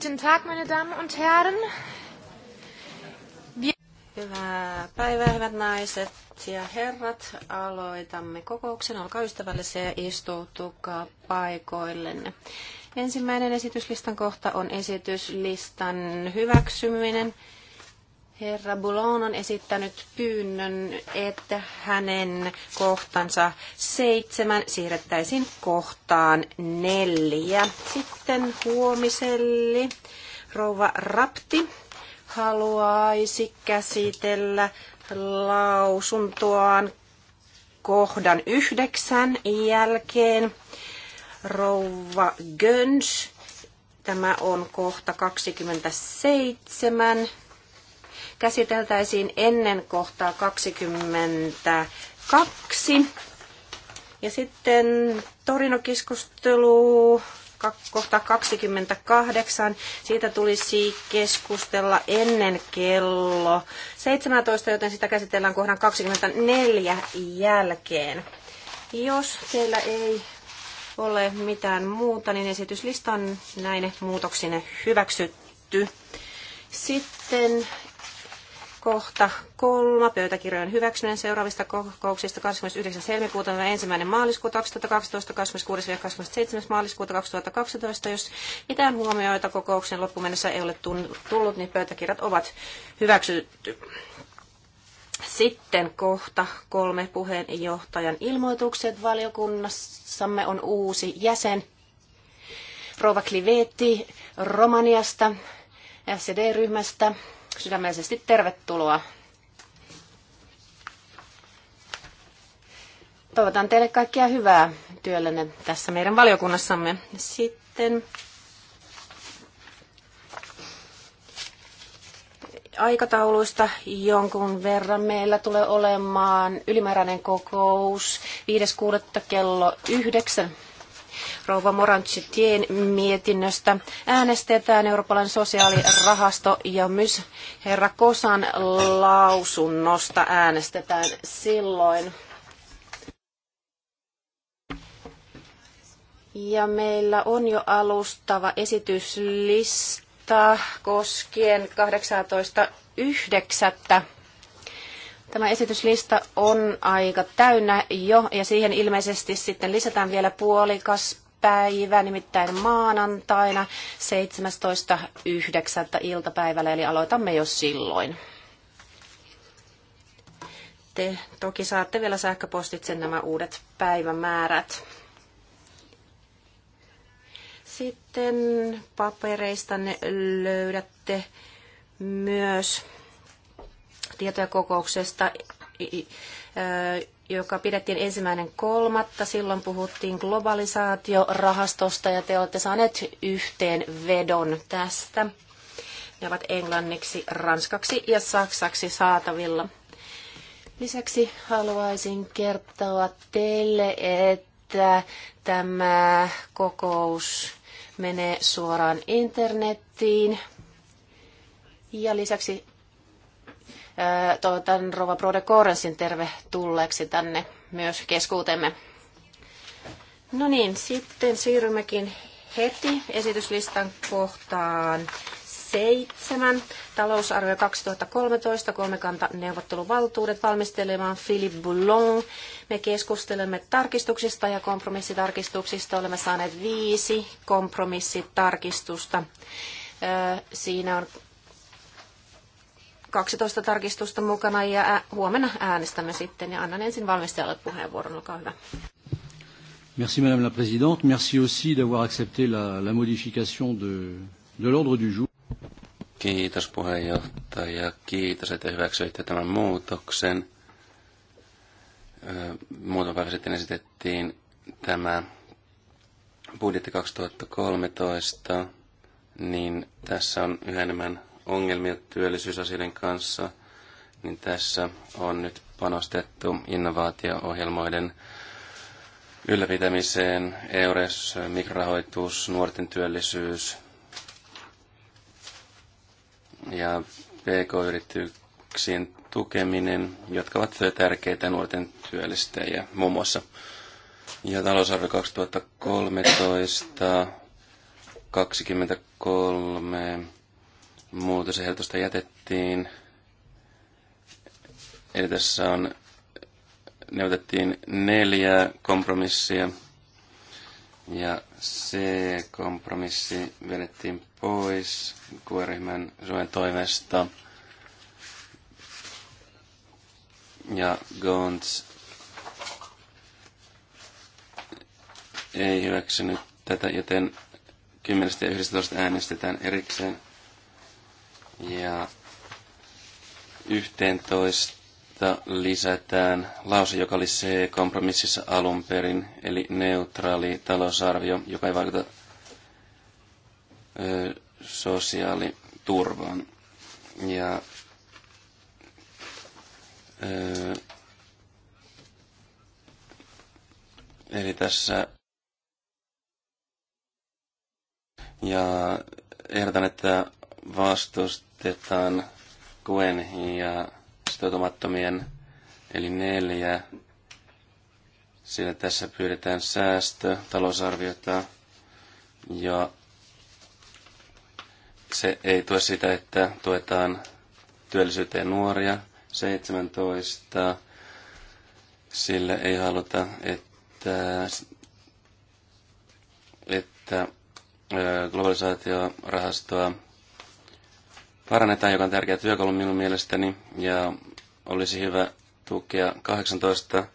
Guten Tag, meine Damen und Herren. Hyvää päivää, hyvät naiset ja herrat. Aloitamme kokouksen. Olkaa ystävällisiä ja istuutukaa paikoillenne. Ensimmäinen esityslistan kohta on esityslistan hyväksyminen. Herra Boulon on esittänyt pyynnön, että hänen kohtansa seitsemän siirrettäisiin kohtaan neljä. Sitten huomiselli rouva Rapti haluaisi käsitellä lausuntoaan kohdan yhdeksän jälkeen. Rouva Göns, tämä on kohta 27 käsiteltäisiin ennen kohtaa 22. Ja sitten torino kohta 28. Siitä tulisi keskustella ennen kello 17, joten sitä käsitellään kohdan 24 jälkeen. Jos teillä ei ole mitään muuta, niin esityslista on näin muutoksine hyväksytty. Sitten kohta kolma pöytäkirjojen hyväksyminen seuraavista kokouksista 29. helmikuuta ja 1. maaliskuuta 2012, 26. ja 27. maaliskuuta 2012. Jos mitään huomioita kokouksen loppuun mennessä ei ole tullut, niin pöytäkirjat ovat hyväksytty. Sitten kohta kolme puheenjohtajan ilmoitukset. Valiokunnassamme on uusi jäsen, Rova Klivetti Romaniasta, SED-ryhmästä sydämellisesti tervetuloa. Toivotan teille kaikkia hyvää työllenne tässä meidän valiokunnassamme. Sitten aikatauluista jonkun verran. Meillä tulee olemaan ylimääräinen kokous 5.6. kello 9 rouva Moranchitien mietinnöstä äänestetään Euroopan sosiaalirahasto ja myös herra Kosan lausunnosta äänestetään silloin. Ja meillä on jo alustava esityslista koskien 18.9. Tämä esityslista on aika täynnä jo ja siihen ilmeisesti sitten lisätään vielä puolikas päivä, nimittäin maanantaina 17.9. iltapäivällä, eli aloitamme jo silloin. Te toki saatte vielä sähköpostitse nämä uudet päivämäärät. Sitten ne löydätte myös tietoja kokouksesta joka pidettiin ensimmäinen kolmatta. Silloin puhuttiin globalisaatiorahastosta ja te olette saaneet vedon tästä. Ne ovat englanniksi, ranskaksi ja saksaksi saatavilla. Lisäksi haluaisin kertoa teille, että tämä kokous menee suoraan internettiin. Ja lisäksi Toivotan Rova Brode Korensin tervetulleeksi tänne myös keskuutemme. No niin, sitten siirrymmekin heti esityslistan kohtaan seitsemän. Talousarvio 2013, kolmekanta neuvotteluvaltuudet valmistelemaan Philippe Boulon. Me keskustelemme tarkistuksista ja kompromissitarkistuksista. Olemme saaneet viisi kompromissitarkistusta. Siinä on 12 tarkistusta mukana ja huomenna äänestämme sitten. Ja annan ensin valmistajalle puheenvuoron, olkaa hyvä. Merci Madame la Présidente. Merci aussi d'avoir accepté la, la modification de, de l'ordre du jour. Kiitos puheenjohtaja, kiitos, että hyväksyitte tämän muutoksen. Muutama päivä sitten esitettiin tämä budjetti 2013, niin tässä on yhä enemmän ongelmia työllisyysasioiden kanssa, niin tässä on nyt panostettu innovaatio-ohjelmoiden ylläpitämiseen, EURES, mikrorahoitus, nuorten työllisyys ja PK-yrityksien tukeminen, jotka ovat tärkeitä nuorten työllistäjiä muun muassa. Ja talousarvio 2013, 23 muutosehdotusta jätettiin. Eli tässä on, ne otettiin neljä kompromissia. Ja C-kompromissi vedettiin pois kuoryhmän Suomen toimesta. Ja Gons ei hyväksynyt tätä, joten 10 ja 11 äänestetään erikseen ja 11 lisätään lause, joka oli se kompromississa alun perin, eli neutraali talousarvio, joka ei vaikuta ö, sosiaaliturvaan. Ja ö, eli tässä ja ehdotan, että vastustetaan Kuen ja sitoutumattomien, eli neljä. Sillä tässä pyydetään säästö, talousarviota, ja se ei tue sitä, että tuetaan työllisyyteen nuoria. 17. Sillä ei haluta, että, että globalisaatiorahastoa parannetaan, joka on tärkeä työkalu minun mielestäni, ja olisi hyvä tukea 18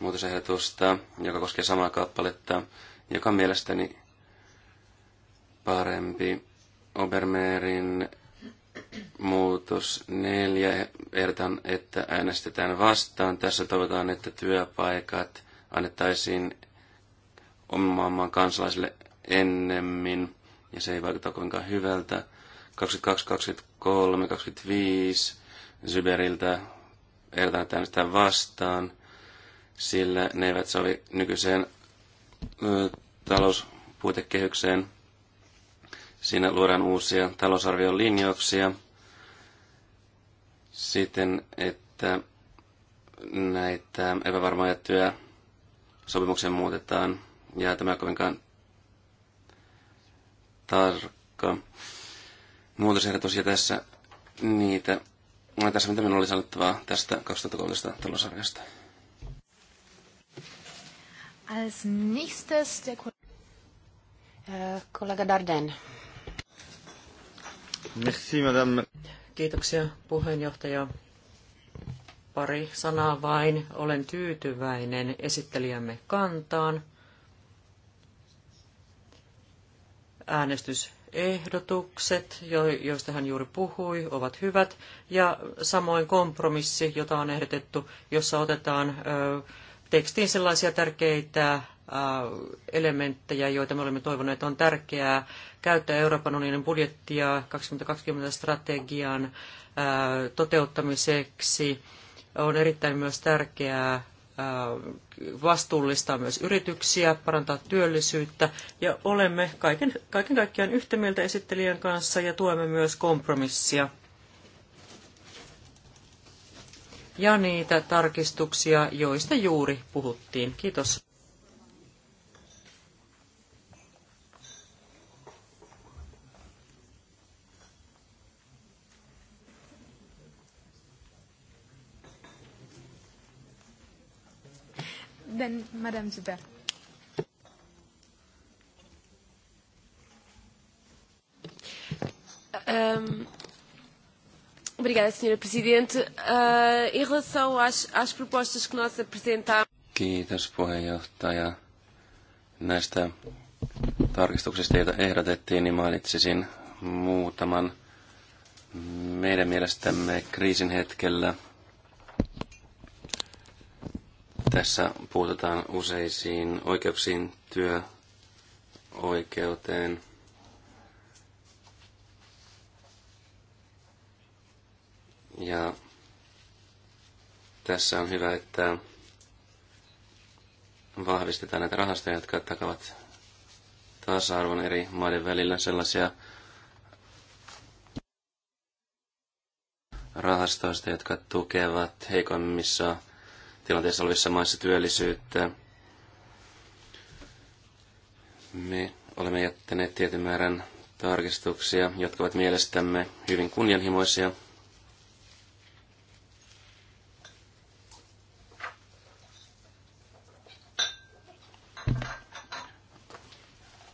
muutosehdotusta, joka koskee samaa kappaletta, joka on mielestäni parempi. Obermeerin muutos neljä. Ehdotan, että äänestetään vastaan. Tässä toivotaan, että työpaikat annettaisiin oman maan kansalaisille ennemmin, ja se ei vaikuta kuinka hyvältä. 22, 23, 25 Zyberiltä ehdotan tämmöistä vastaan, sillä ne eivät sovi nykyiseen talouspuitekehykseen. Siinä luodaan uusia talousarvion linjauksia siten, että näitä epävarmoja sopimuksen muutetaan ja tämä kovinkaan tarkka muutosehdotus ja tässä niitä, no tässä mitä minulla oli sanottavaa tästä 2013 talousarviosta. Als nächstes der äh, Kollega Darden. Merci, madame. Kiitoksia puheenjohtaja. Pari sanaa vain. Olen tyytyväinen esittelijämme kantaan. Äänestys ehdotukset, joista hän juuri puhui, ovat hyvät, ja samoin kompromissi, jota on ehdotettu, jossa otetaan tekstiin sellaisia tärkeitä elementtejä, joita me olemme toivoneet on tärkeää käyttää Euroopan unionin budjettia 2020-strategian toteuttamiseksi. On erittäin myös tärkeää Äh, vastuullistaa myös yrityksiä, parantaa työllisyyttä ja olemme kaiken, kaiken kaikkiaan yhtä mieltä esittelijän kanssa ja tuemme myös kompromissia ja niitä tarkistuksia, joista juuri puhuttiin. Kiitos. Then Madame Zuber. Um, obrigada, Sra. Presidente. Uh, em relação às, às propostas que nós apresentámos... Kiitos puheenjohtaja. Näistä tarkistuksista, joita ehdotettiin, niin mainitsisin muutaman meidän mielestämme kriisin hetkellä – tässä puututaan useisiin oikeuksiin, työoikeuteen, ja tässä on hyvä, että vahvistetaan näitä rahastoja, jotka takavat tasa-arvon eri maiden välillä sellaisia rahastoista, jotka tukevat heikommissa tilanteessa olevissa maissa työllisyyttä. Me olemme jättäneet tietyn määrän tarkistuksia, jotka ovat mielestämme hyvin kunnianhimoisia.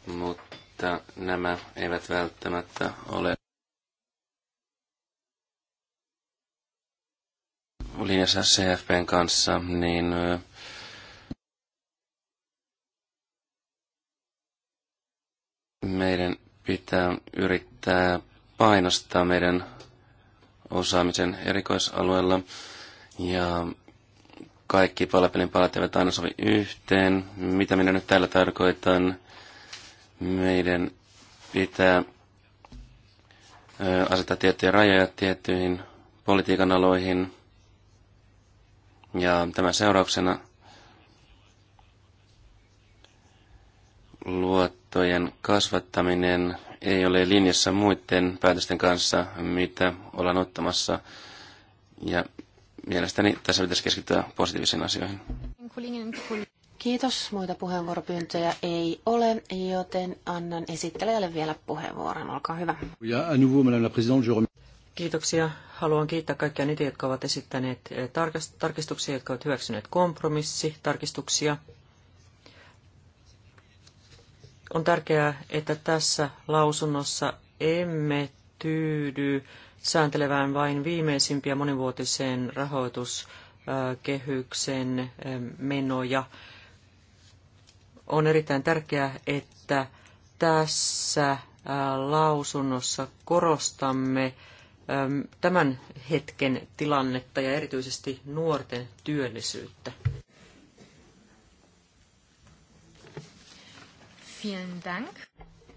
Mutta nämä eivät välttämättä ole linjassa CFPn kanssa, niin meidän pitää yrittää painostaa meidän osaamisen erikoisalueella. Ja kaikki palapelin palat eivät aina sovi yhteen. Mitä minä nyt täällä tarkoitan? Meidän pitää asettaa tiettyjä rajoja tiettyihin politiikan aloihin. Ja tämän seurauksena luottojen kasvattaminen ei ole linjassa muiden päätösten kanssa, mitä ollaan ottamassa. Ja mielestäni tässä pitäisi keskittyä positiivisiin asioihin. Kiitos. Muita puheenvuoropyyntöjä ei ole, joten annan esittelijälle vielä puheenvuoron. Olkaa hyvä. Kiitoksia. Haluan kiittää kaikkia niitä, jotka ovat esittäneet eh, tarkistuksia, jotka ovat hyväksyneet kompromissitarkistuksia. On tärkeää, että tässä lausunnossa emme tyydy sääntelevään vain viimeisimpiä monivuotisen rahoituskehyksen eh, menoja. On erittäin tärkeää, että tässä eh, lausunnossa korostamme tämän hetken tilannetta ja erityisesti nuorten työllisyyttä. Vielen Dank.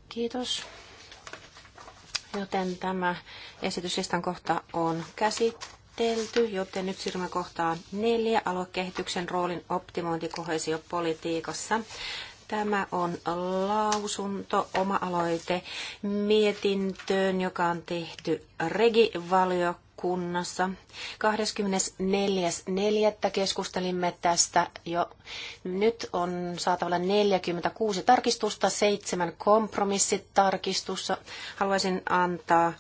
Kiitos. Joten tämä esityslistan kohta on käsitelty, joten nyt siirrymme kohtaan neljä aluekehityksen roolin optimointi kohesiopolitiikassa. Tämä on lausunto, oma-aloite mietintöön, joka on tehty regivaliokunnassa. 24.4. keskustelimme tästä jo. Nyt on saatavilla 46 tarkistusta, seitsemän kompromissitarkistusta. Haluaisin antaa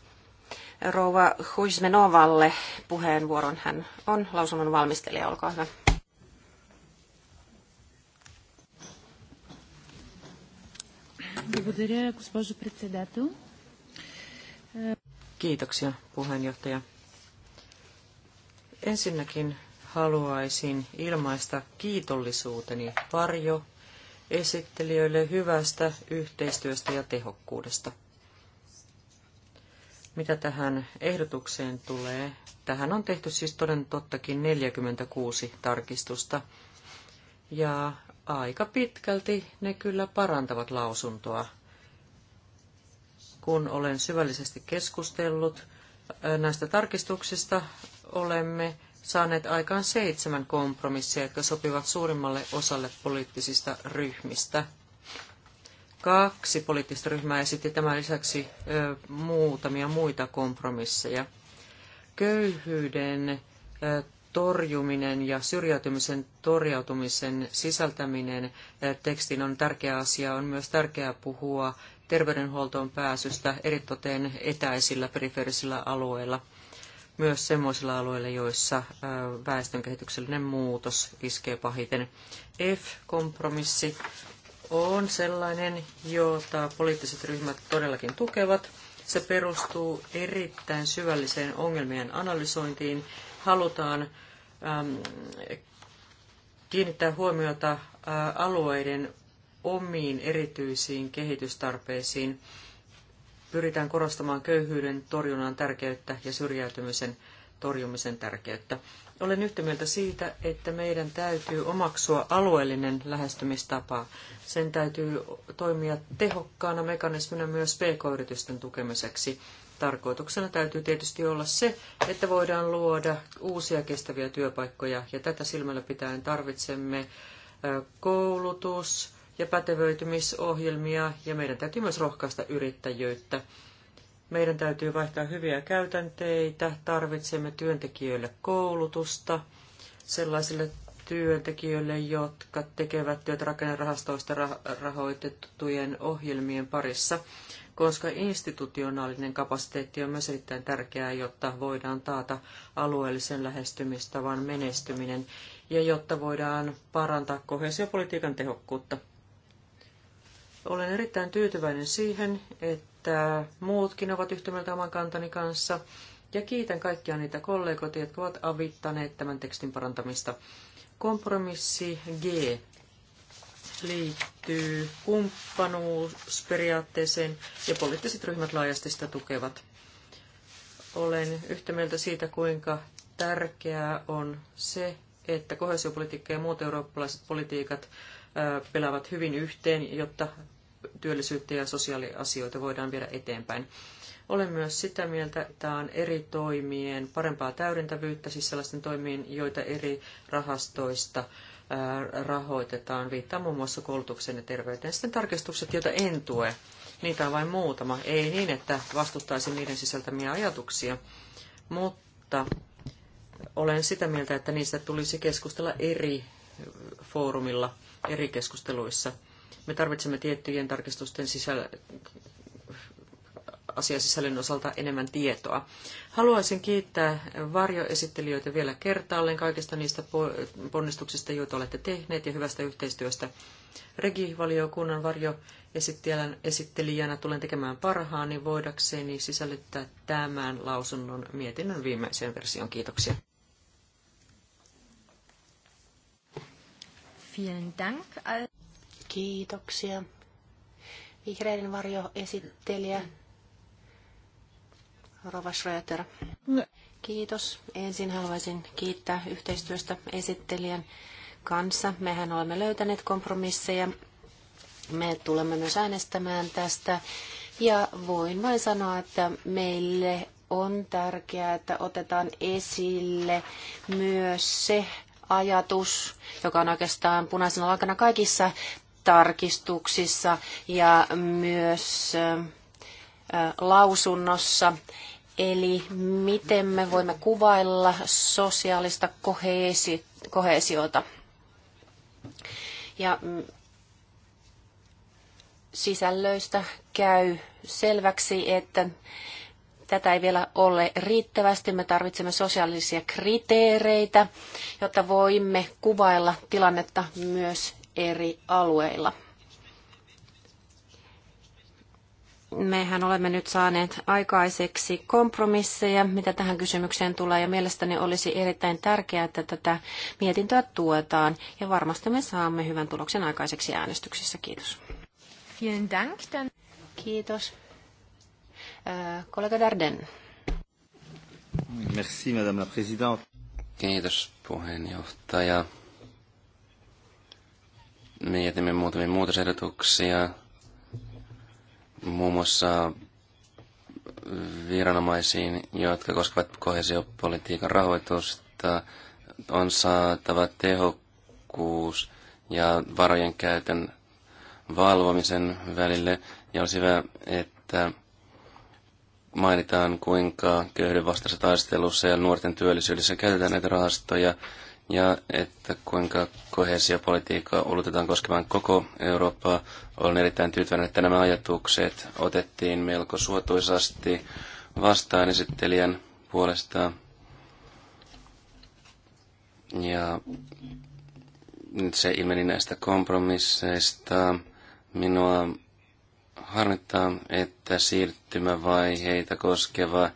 rouva Huismenovalle puheenvuoron. Hän on lausunnon valmistelija. Olkaa hyvä. Благодаря, госпожо председател. Kiitoksia, puheenjohtaja. Ensinnäkin haluaisin ilmaista kiitollisuuteni varjo esittelijöille hyvästä yhteistyöstä ja tehokkuudesta. Mitä tähän ehdotukseen tulee? Tähän on tehty siis toden tottakin 46 tarkistusta. Ja aika pitkälti ne kyllä parantavat lausuntoa. Kun olen syvällisesti keskustellut näistä tarkistuksista, olemme saaneet aikaan seitsemän kompromissia, jotka sopivat suurimmalle osalle poliittisista ryhmistä. Kaksi poliittista ryhmää esitti tämän lisäksi ö, muutamia muita kompromisseja. Köyhyyden ö, torjuminen ja syrjäytymisen torjautumisen sisältäminen eh, tekstin on tärkeä asia. On myös tärkeää puhua terveydenhuoltoon pääsystä eritoten etäisillä perifeerisillä alueilla, myös semmoisilla alueilla, joissa eh, väestönkehityksellinen muutos iskee pahiten. F-kompromissi on sellainen, jota poliittiset ryhmät todellakin tukevat. Se perustuu erittäin syvälliseen ongelmien analysointiin halutaan kiinnittää huomiota alueiden omiin erityisiin kehitystarpeisiin. Pyritään korostamaan köyhyyden torjunnan tärkeyttä ja syrjäytymisen torjumisen tärkeyttä. Olen yhtä mieltä siitä, että meidän täytyy omaksua alueellinen lähestymistapa. Sen täytyy toimia tehokkaana mekanismina myös pk-yritysten tukemiseksi. Tarkoituksena täytyy tietysti olla se, että voidaan luoda uusia kestäviä työpaikkoja ja tätä silmällä pitäen tarvitsemme koulutus- ja pätevöitymisohjelmia ja meidän täytyy myös rohkaista yrittäjyyttä. Meidän täytyy vaihtaa hyviä käytänteitä, tarvitsemme työntekijöille koulutusta, sellaisille työntekijöille, jotka tekevät työtä rakennerahastoista rahoitettujen ohjelmien parissa koska institutionaalinen kapasiteetti on myös erittäin tärkeää, jotta voidaan taata alueellisen lähestymistavan menestyminen ja jotta voidaan parantaa kohesiopolitiikan tehokkuutta. Olen erittäin tyytyväinen siihen, että muutkin ovat yhtä mieltä oman kantani kanssa, ja kiitän kaikkia niitä kollegoita, jotka ovat avittaneet tämän tekstin parantamista. Kompromissi G liittyy kumppanuusperiaatteeseen ja poliittiset ryhmät laajasti sitä tukevat. Olen yhtä mieltä siitä, kuinka tärkeää on se, että kohesiopolitiikka ja muut eurooppalaiset politiikat pelaavat hyvin yhteen, jotta työllisyyttä ja sosiaaliasioita voidaan viedä eteenpäin. Olen myös sitä mieltä, että on eri toimien parempaa täydentävyyttä, siis sellaisten toimien, joita eri rahastoista rahoitetaan, viittaa muun muassa koulutuksen ja terveyteen. Sitten tarkistukset, joita en tue, niitä on vain muutama. Ei niin, että vastuttaisin niiden sisältämiä ajatuksia, mutta olen sitä mieltä, että niistä tulisi keskustella eri foorumilla, eri keskusteluissa. Me tarvitsemme tiettyjen tarkistusten sisällä asiasisällön osalta enemmän tietoa. Haluaisin kiittää varjoesittelijöitä vielä kertaalleen kaikista niistä ponnistuksista, joita olette tehneet ja hyvästä yhteistyöstä. Regi-valiokunnan varjoesittelijänä tulen tekemään parhaani voidakseni sisällyttää tämän lausunnon mietinnön viimeiseen versioon. Kiitoksia. Kiitoksia. Vihreiden varjoesittelijä Rova no. Kiitos. Ensin haluaisin kiittää yhteistyöstä esittelijän kanssa. Mehän olemme löytäneet kompromisseja. Me tulemme myös äänestämään tästä. Ja voin vain sanoa, että meille on tärkeää, että otetaan esille myös se ajatus, joka on oikeastaan punaisena lankana kaikissa tarkistuksissa ja myös lausunnossa, Eli miten me voimme kuvailla sosiaalista kohesi, kohesiota. Ja mm, sisällöistä käy selväksi, että tätä ei vielä ole riittävästi. Me tarvitsemme sosiaalisia kriteereitä, jotta voimme kuvailla tilannetta myös eri alueilla. mehän olemme nyt saaneet aikaiseksi kompromisseja, mitä tähän kysymykseen tulee, ja mielestäni olisi erittäin tärkeää, että tätä mietintöä tuetaan, ja varmasti me saamme hyvän tuloksen aikaiseksi äänestyksissä. Kiitos. Vielen Dank. Kiitos. Äh, kollega Darden. Merci, Madame la Présidente. Kiitos, puheenjohtaja. Mietimme muutamia muutosehdotuksia muun muassa äh, viranomaisiin, jotka koskevat kohesiopolitiikan rahoitusta, on saatava tehokkuus ja varojen käytön valvomisen välille. Ja olisi hyvä, että mainitaan, kuinka köyhyyden vastaisessa taistelussa ja nuorten työllisyydessä käytetään näitä rahastoja ja että kuinka kohesiopolitiikkaa ulotetaan koskemaan koko Eurooppaa. Olen erittäin tyytyväinen, että nämä ajatukset otettiin melko suotuisasti vastaan esittelijän puolesta. Ja nyt se ilmeni näistä kompromisseista. Minua harmittaa, että siirtymävaiheita koskeva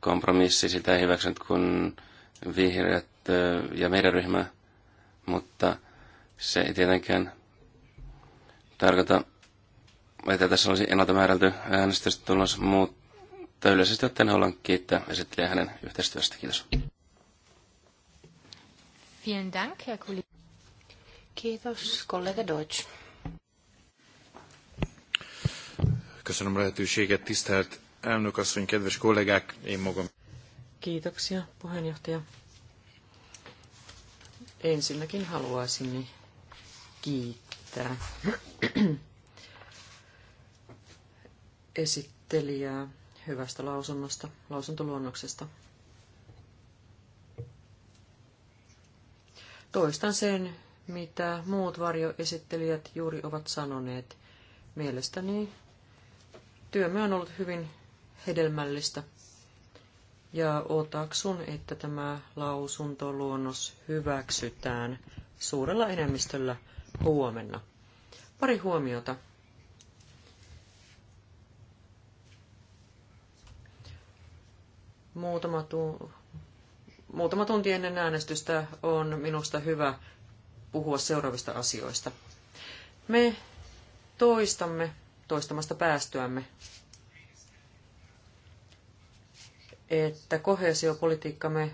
kompromissi sitä ei hyväksynyt, kun vihreät ja meidän ryhmä, mutta se ei tietenkään tarkoita, että tässä olisi ennalta määrälty äänestystulos, mutta yleisesti ottaen haluan kiittää esittelijä hänen yhteistyöstä. Kiitos. Vielen Dank, Herr Kollege. Kiitos, kollega Deutsch. Köszönöm lehetőséget, tisztelt elnök asszony, kedves kollégák, én magam. Kiitoksia, puheenjohtaja. Ensinnäkin haluaisin kiittää esittelijää hyvästä lausunnosta, lausuntoluonnoksesta. Toistan sen, mitä muut varjoesittelijät juuri ovat sanoneet. Mielestäni työmme on ollut hyvin hedelmällistä ja otaksun, että tämä lausuntoluonnos hyväksytään suurella enemmistöllä huomenna. Pari huomiota. Muutama, tu- muutama tunti ennen äänestystä on minusta hyvä puhua seuraavista asioista. Me toistamme toistamasta päästyämme että kohesiopolitiikkamme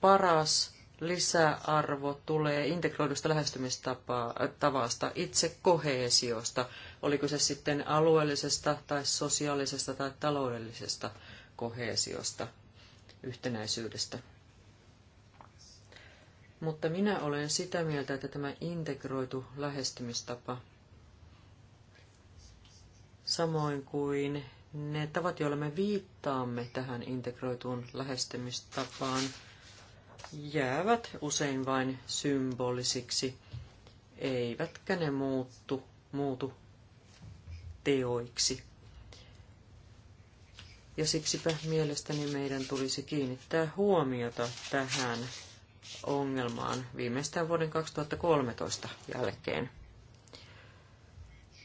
paras lisäarvo tulee integroidusta lähestymistavasta, äh, itse koheesiosta, oliko se sitten alueellisesta tai sosiaalisesta tai taloudellisesta koheesiosta, yhtenäisyydestä. Mutta minä olen sitä mieltä, että tämä integroitu lähestymistapa, samoin kuin ne tavat, joilla me viittaamme tähän integroituun lähestymistapaan, jäävät usein vain symbolisiksi, eivätkä ne muuttu, muutu teoiksi. Ja siksipä mielestäni meidän tulisi kiinnittää huomiota tähän ongelmaan viimeistään vuoden 2013 jälkeen.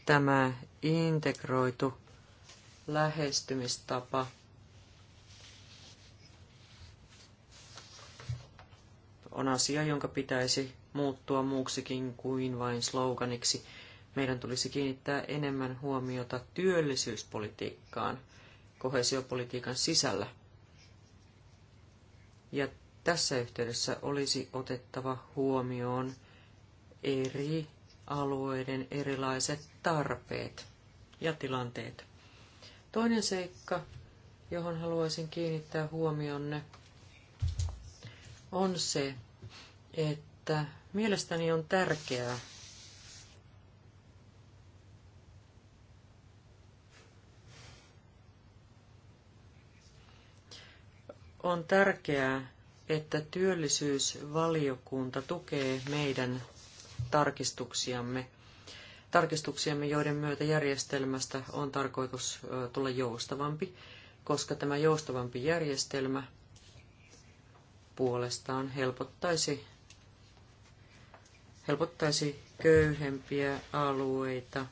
Tämä integroitu lähestymistapa. On asia, jonka pitäisi muuttua muuksikin kuin vain sloganiksi. Meidän tulisi kiinnittää enemmän huomiota työllisyyspolitiikkaan kohesiopolitiikan sisällä. Ja tässä yhteydessä olisi otettava huomioon eri alueiden erilaiset tarpeet ja tilanteet. Toinen seikka, johon haluaisin kiinnittää huomionne, on se, että mielestäni on tärkeää, on tärkeää, että työllisyysvaliokunta tukee meidän tarkistuksiamme tarkistuksiamme, joiden myötä järjestelmästä on tarkoitus tulla joustavampi, koska tämä joustavampi järjestelmä puolestaan helpottaisi, helpottaisi köyhempiä alueita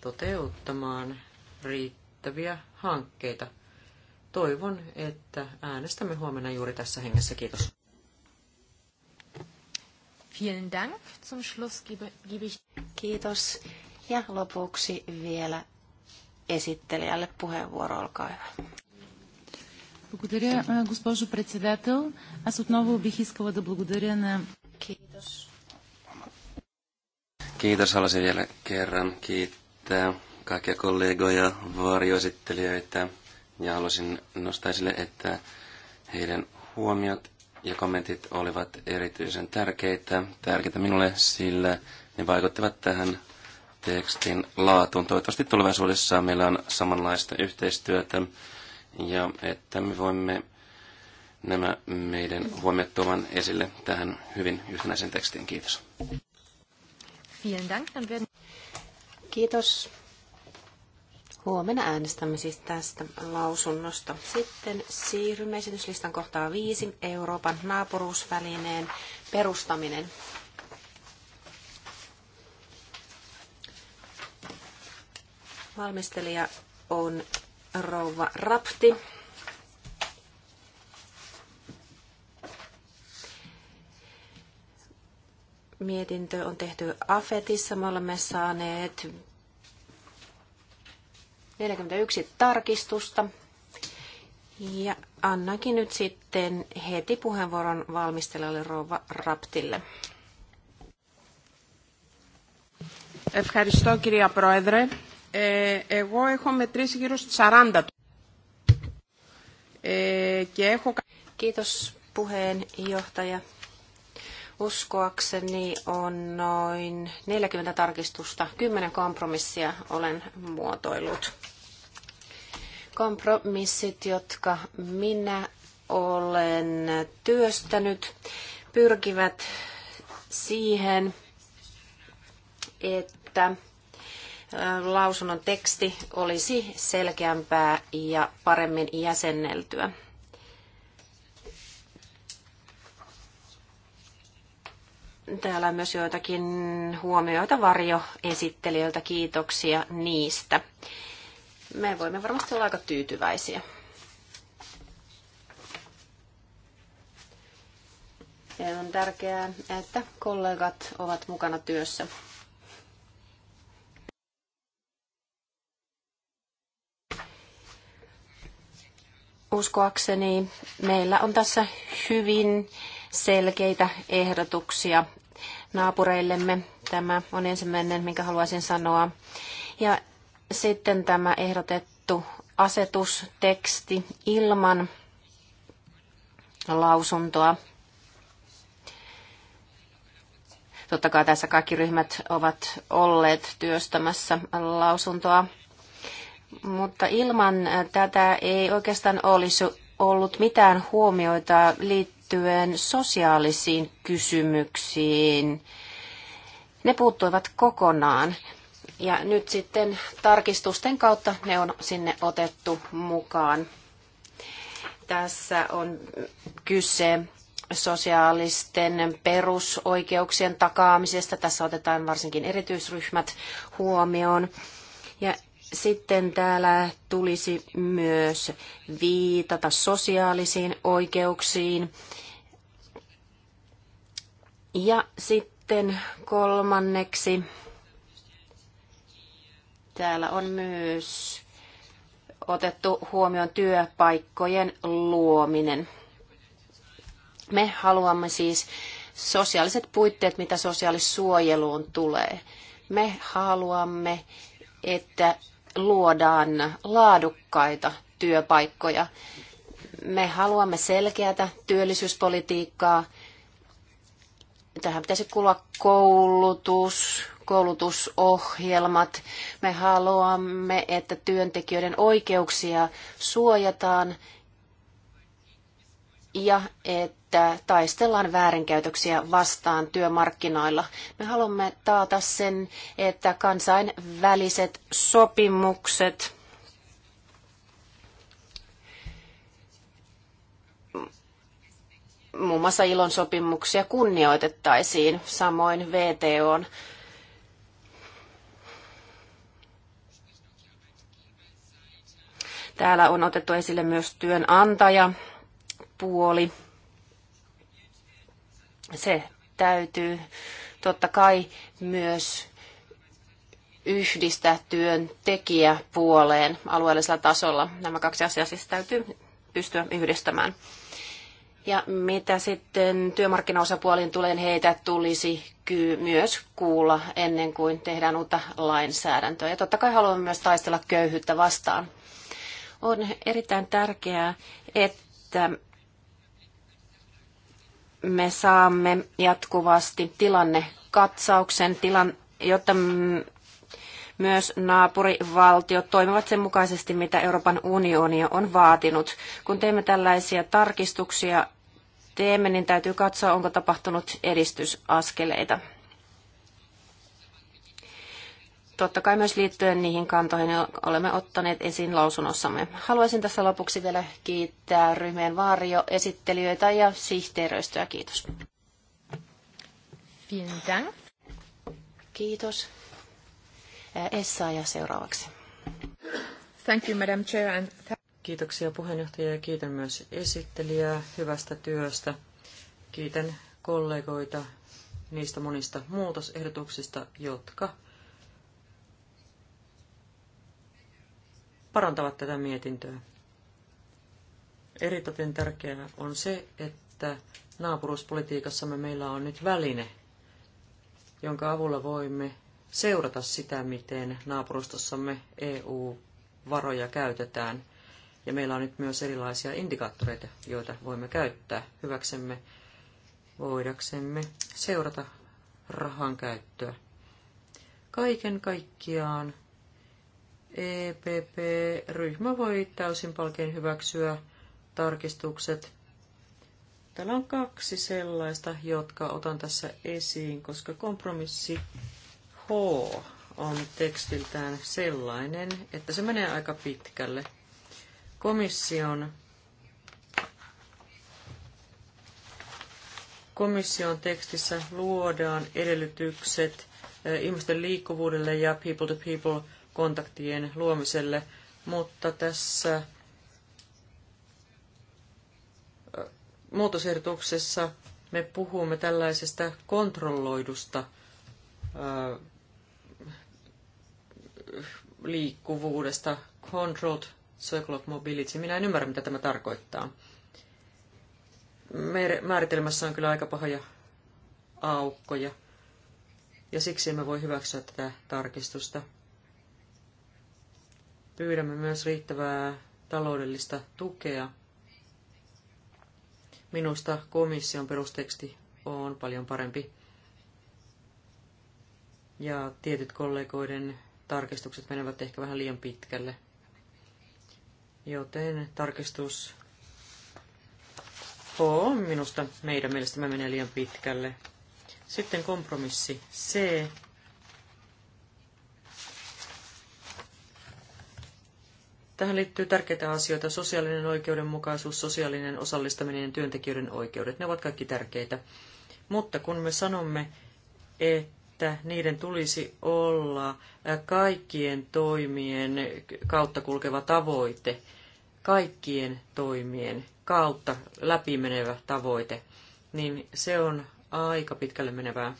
toteuttamaan riittäviä hankkeita. Toivon, että äänestämme huomenna juuri tässä hengessä. Kiitos. Vielen Dank. Zum Schluss gebe, gebe ich... Kiitos. Ja lopuksi vielä esittelijälle puheenvuoro, olkaa hyvä. Благодаря, госпожо председател. Аз отново бих искала да благодаря на... Kiitos. Kiitos. Haluaisin vielä kerran kiittää kaikkia kollegoja, varjoesittelijöitä ja haluaisin nostaa esille, että heidän huomiot ja kommentit olivat erityisen tärkeitä, tärkeitä minulle, sillä ne vaikuttivat tähän tekstin laatuun. Toivottavasti tulevaisuudessa meillä on samanlaista yhteistyötä ja että me voimme nämä meidän huomiot tuovan esille tähän hyvin yhtenäisen tekstiin. Kiitos. Kiitos. Huomenna äänestämme siis tästä lausunnosta. Sitten siirrymme esityslistan kohtaan viisi Euroopan naapuruusvälineen perustaminen. Valmistelija on rouva Rapti. Mietintö on tehty AFETissa. Me olemme saaneet 41 tarkistusta. Ja annankin nyt sitten heti puheenvuoron valmistelijalle rouva Raptille. Ευχαριστώ κυρία Πρόεδρε. Ε, εγώ έχω μετρήσει γύρω στις 40 ε, και έχω... Kiitos puheenjohtaja. Uskoakseni on noin 40 tarkistusta, 10 kompromissia olen muotoillut. Kompromissit, jotka minä olen työstänyt, pyrkivät siihen, että lausunnon teksti olisi selkeämpää ja paremmin jäsenneltyä. Täällä on myös joitakin huomioita varjoesittelijöiltä. Kiitoksia niistä. Me voimme varmasti olla aika tyytyväisiä. Ja on tärkeää, että kollegat ovat mukana työssä. uskoakseni meillä on tässä hyvin selkeitä ehdotuksia naapureillemme. Tämä on ensimmäinen, minkä haluaisin sanoa. Ja sitten tämä ehdotettu asetusteksti ilman lausuntoa. Totta kai tässä kaikki ryhmät ovat olleet työstämässä lausuntoa mutta ilman tätä ei oikeastaan olisi ollut mitään huomioita liittyen sosiaalisiin kysymyksiin. Ne puuttuivat kokonaan. Ja nyt sitten tarkistusten kautta ne on sinne otettu mukaan. Tässä on kyse sosiaalisten perusoikeuksien takaamisesta. Tässä otetaan varsinkin erityisryhmät huomioon. Ja sitten täällä tulisi myös viitata sosiaalisiin oikeuksiin. Ja sitten kolmanneksi täällä on myös otettu huomioon työpaikkojen luominen. Me haluamme siis sosiaaliset puitteet, mitä sosiaalisuojeluun tulee. Me haluamme, että luodaan laadukkaita työpaikkoja. Me haluamme selkeätä työllisyyspolitiikkaa. Tähän pitäisi kuulua koulutus, koulutusohjelmat. Me haluamme, että työntekijöiden oikeuksia suojataan ja että että taistellaan väärinkäytöksiä vastaan työmarkkinoilla. Me haluamme taata sen, että kansainväliset sopimukset muun muassa ilon sopimuksia kunnioitettaisiin, samoin VTOn Täällä on otettu esille myös työnantajapuoli. puoli. Se täytyy totta kai myös yhdistää työn tekijäpuoleen alueellisella tasolla. Nämä kaksi asiaa siis täytyy pystyä yhdistämään. Ja mitä sitten työmarkkinaosapuoliin tulee, niin heitä tulisi myös kuulla ennen kuin tehdään uutta lainsäädäntöä. Ja totta kai haluamme myös taistella köyhyyttä vastaan. On erittäin tärkeää, että me saamme jatkuvasti tilannekatsauksen, tilan, jotta myös naapurivaltiot toimivat sen mukaisesti, mitä Euroopan unioni on vaatinut. Kun teemme tällaisia tarkistuksia, teemme, niin täytyy katsoa, onko tapahtunut edistysaskeleita totta kai myös liittyen niihin kantoihin olemme ottaneet esiin lausunnossamme. Haluaisin tässä lopuksi vielä kiittää ryhmien varjoesittelijöitä ja sihteeröistöä. Kiitos. Vielen Kiitos. Äh, Essa ja seuraavaksi. Thank you, Madam Chair. And Kiitoksia puheenjohtaja ja kiitän myös esittelijää hyvästä työstä. Kiitän kollegoita niistä monista muutosehdotuksista, jotka parantavat tätä mietintöä. Eritoten tärkeää on se, että naapuruuspolitiikassamme meillä on nyt väline, jonka avulla voimme seurata sitä, miten naapurustossamme EU-varoja käytetään. Ja meillä on nyt myös erilaisia indikaattoreita, joita voimme käyttää hyväksemme, voidaksemme seurata rahan käyttöä. Kaiken kaikkiaan EPP-ryhmä voi täysin palkein hyväksyä tarkistukset. Täällä on kaksi sellaista, jotka otan tässä esiin, koska kompromissi H on tekstiltään sellainen, että se menee aika pitkälle. Komission, komission tekstissä luodaan edellytykset e, ihmisten liikkuvuudelle ja people-to-people people to people kontaktien luomiselle, mutta tässä muutosehdotuksessa me puhumme tällaisesta kontrolloidusta liikkuvuudesta, controlled circle of mobility. Minä en ymmärrä, mitä tämä tarkoittaa. Määritelmässä on kyllä aika pahoja aukkoja, ja siksi emme voi hyväksyä tätä tarkistusta. Pyydämme myös riittävää taloudellista tukea. Minusta komission perusteksti on paljon parempi. Ja tietyt kollegoiden tarkistukset menevät ehkä vähän liian pitkälle. Joten tarkistus H on minusta meidän mielestämme menee liian pitkälle. Sitten kompromissi C Tähän liittyy tärkeitä asioita, sosiaalinen oikeudenmukaisuus, sosiaalinen osallistaminen ja työntekijöiden oikeudet. Ne ovat kaikki tärkeitä. Mutta kun me sanomme, että niiden tulisi olla kaikkien toimien kautta kulkeva tavoite, kaikkien toimien kautta läpimenevä tavoite, niin se on aika pitkälle menevää.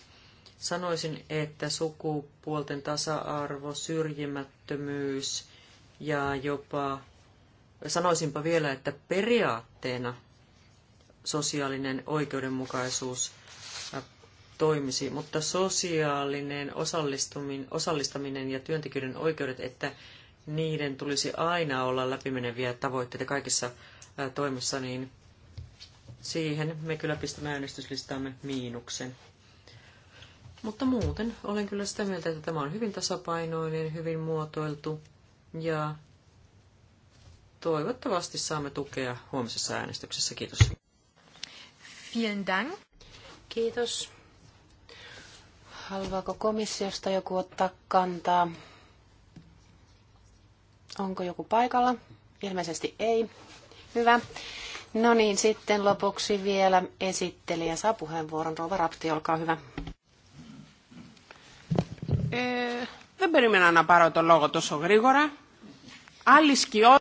Sanoisin, että sukupuolten tasa-arvo, syrjimättömyys, ja jopa sanoisinpa vielä, että periaatteena sosiaalinen oikeudenmukaisuus toimisi, mutta sosiaalinen osallistuminen, osallistaminen ja työntekijöiden oikeudet, että niiden tulisi aina olla läpimeneviä tavoitteita kaikissa toimissa, niin siihen me kyllä pistämme äänestyslistaamme miinuksen. Mutta muuten olen kyllä sitä mieltä, että tämä on hyvin tasapainoinen, hyvin muotoiltu ja toivottavasti saamme tukea huomisessa äänestyksessä. Kiitos. Vielen dank. Kiitos. Haluaako komissiosta joku ottaa kantaa? Onko joku paikalla? Ilmeisesti ei. Hyvä. No niin, sitten lopuksi vielä esittelijä saa puheenvuoron. Rouva Rapti, olkaa hyvä. Eh, Δεν περίμενα να πάρω το λόγο τόσο γρήγορα. Άλλη σκιό...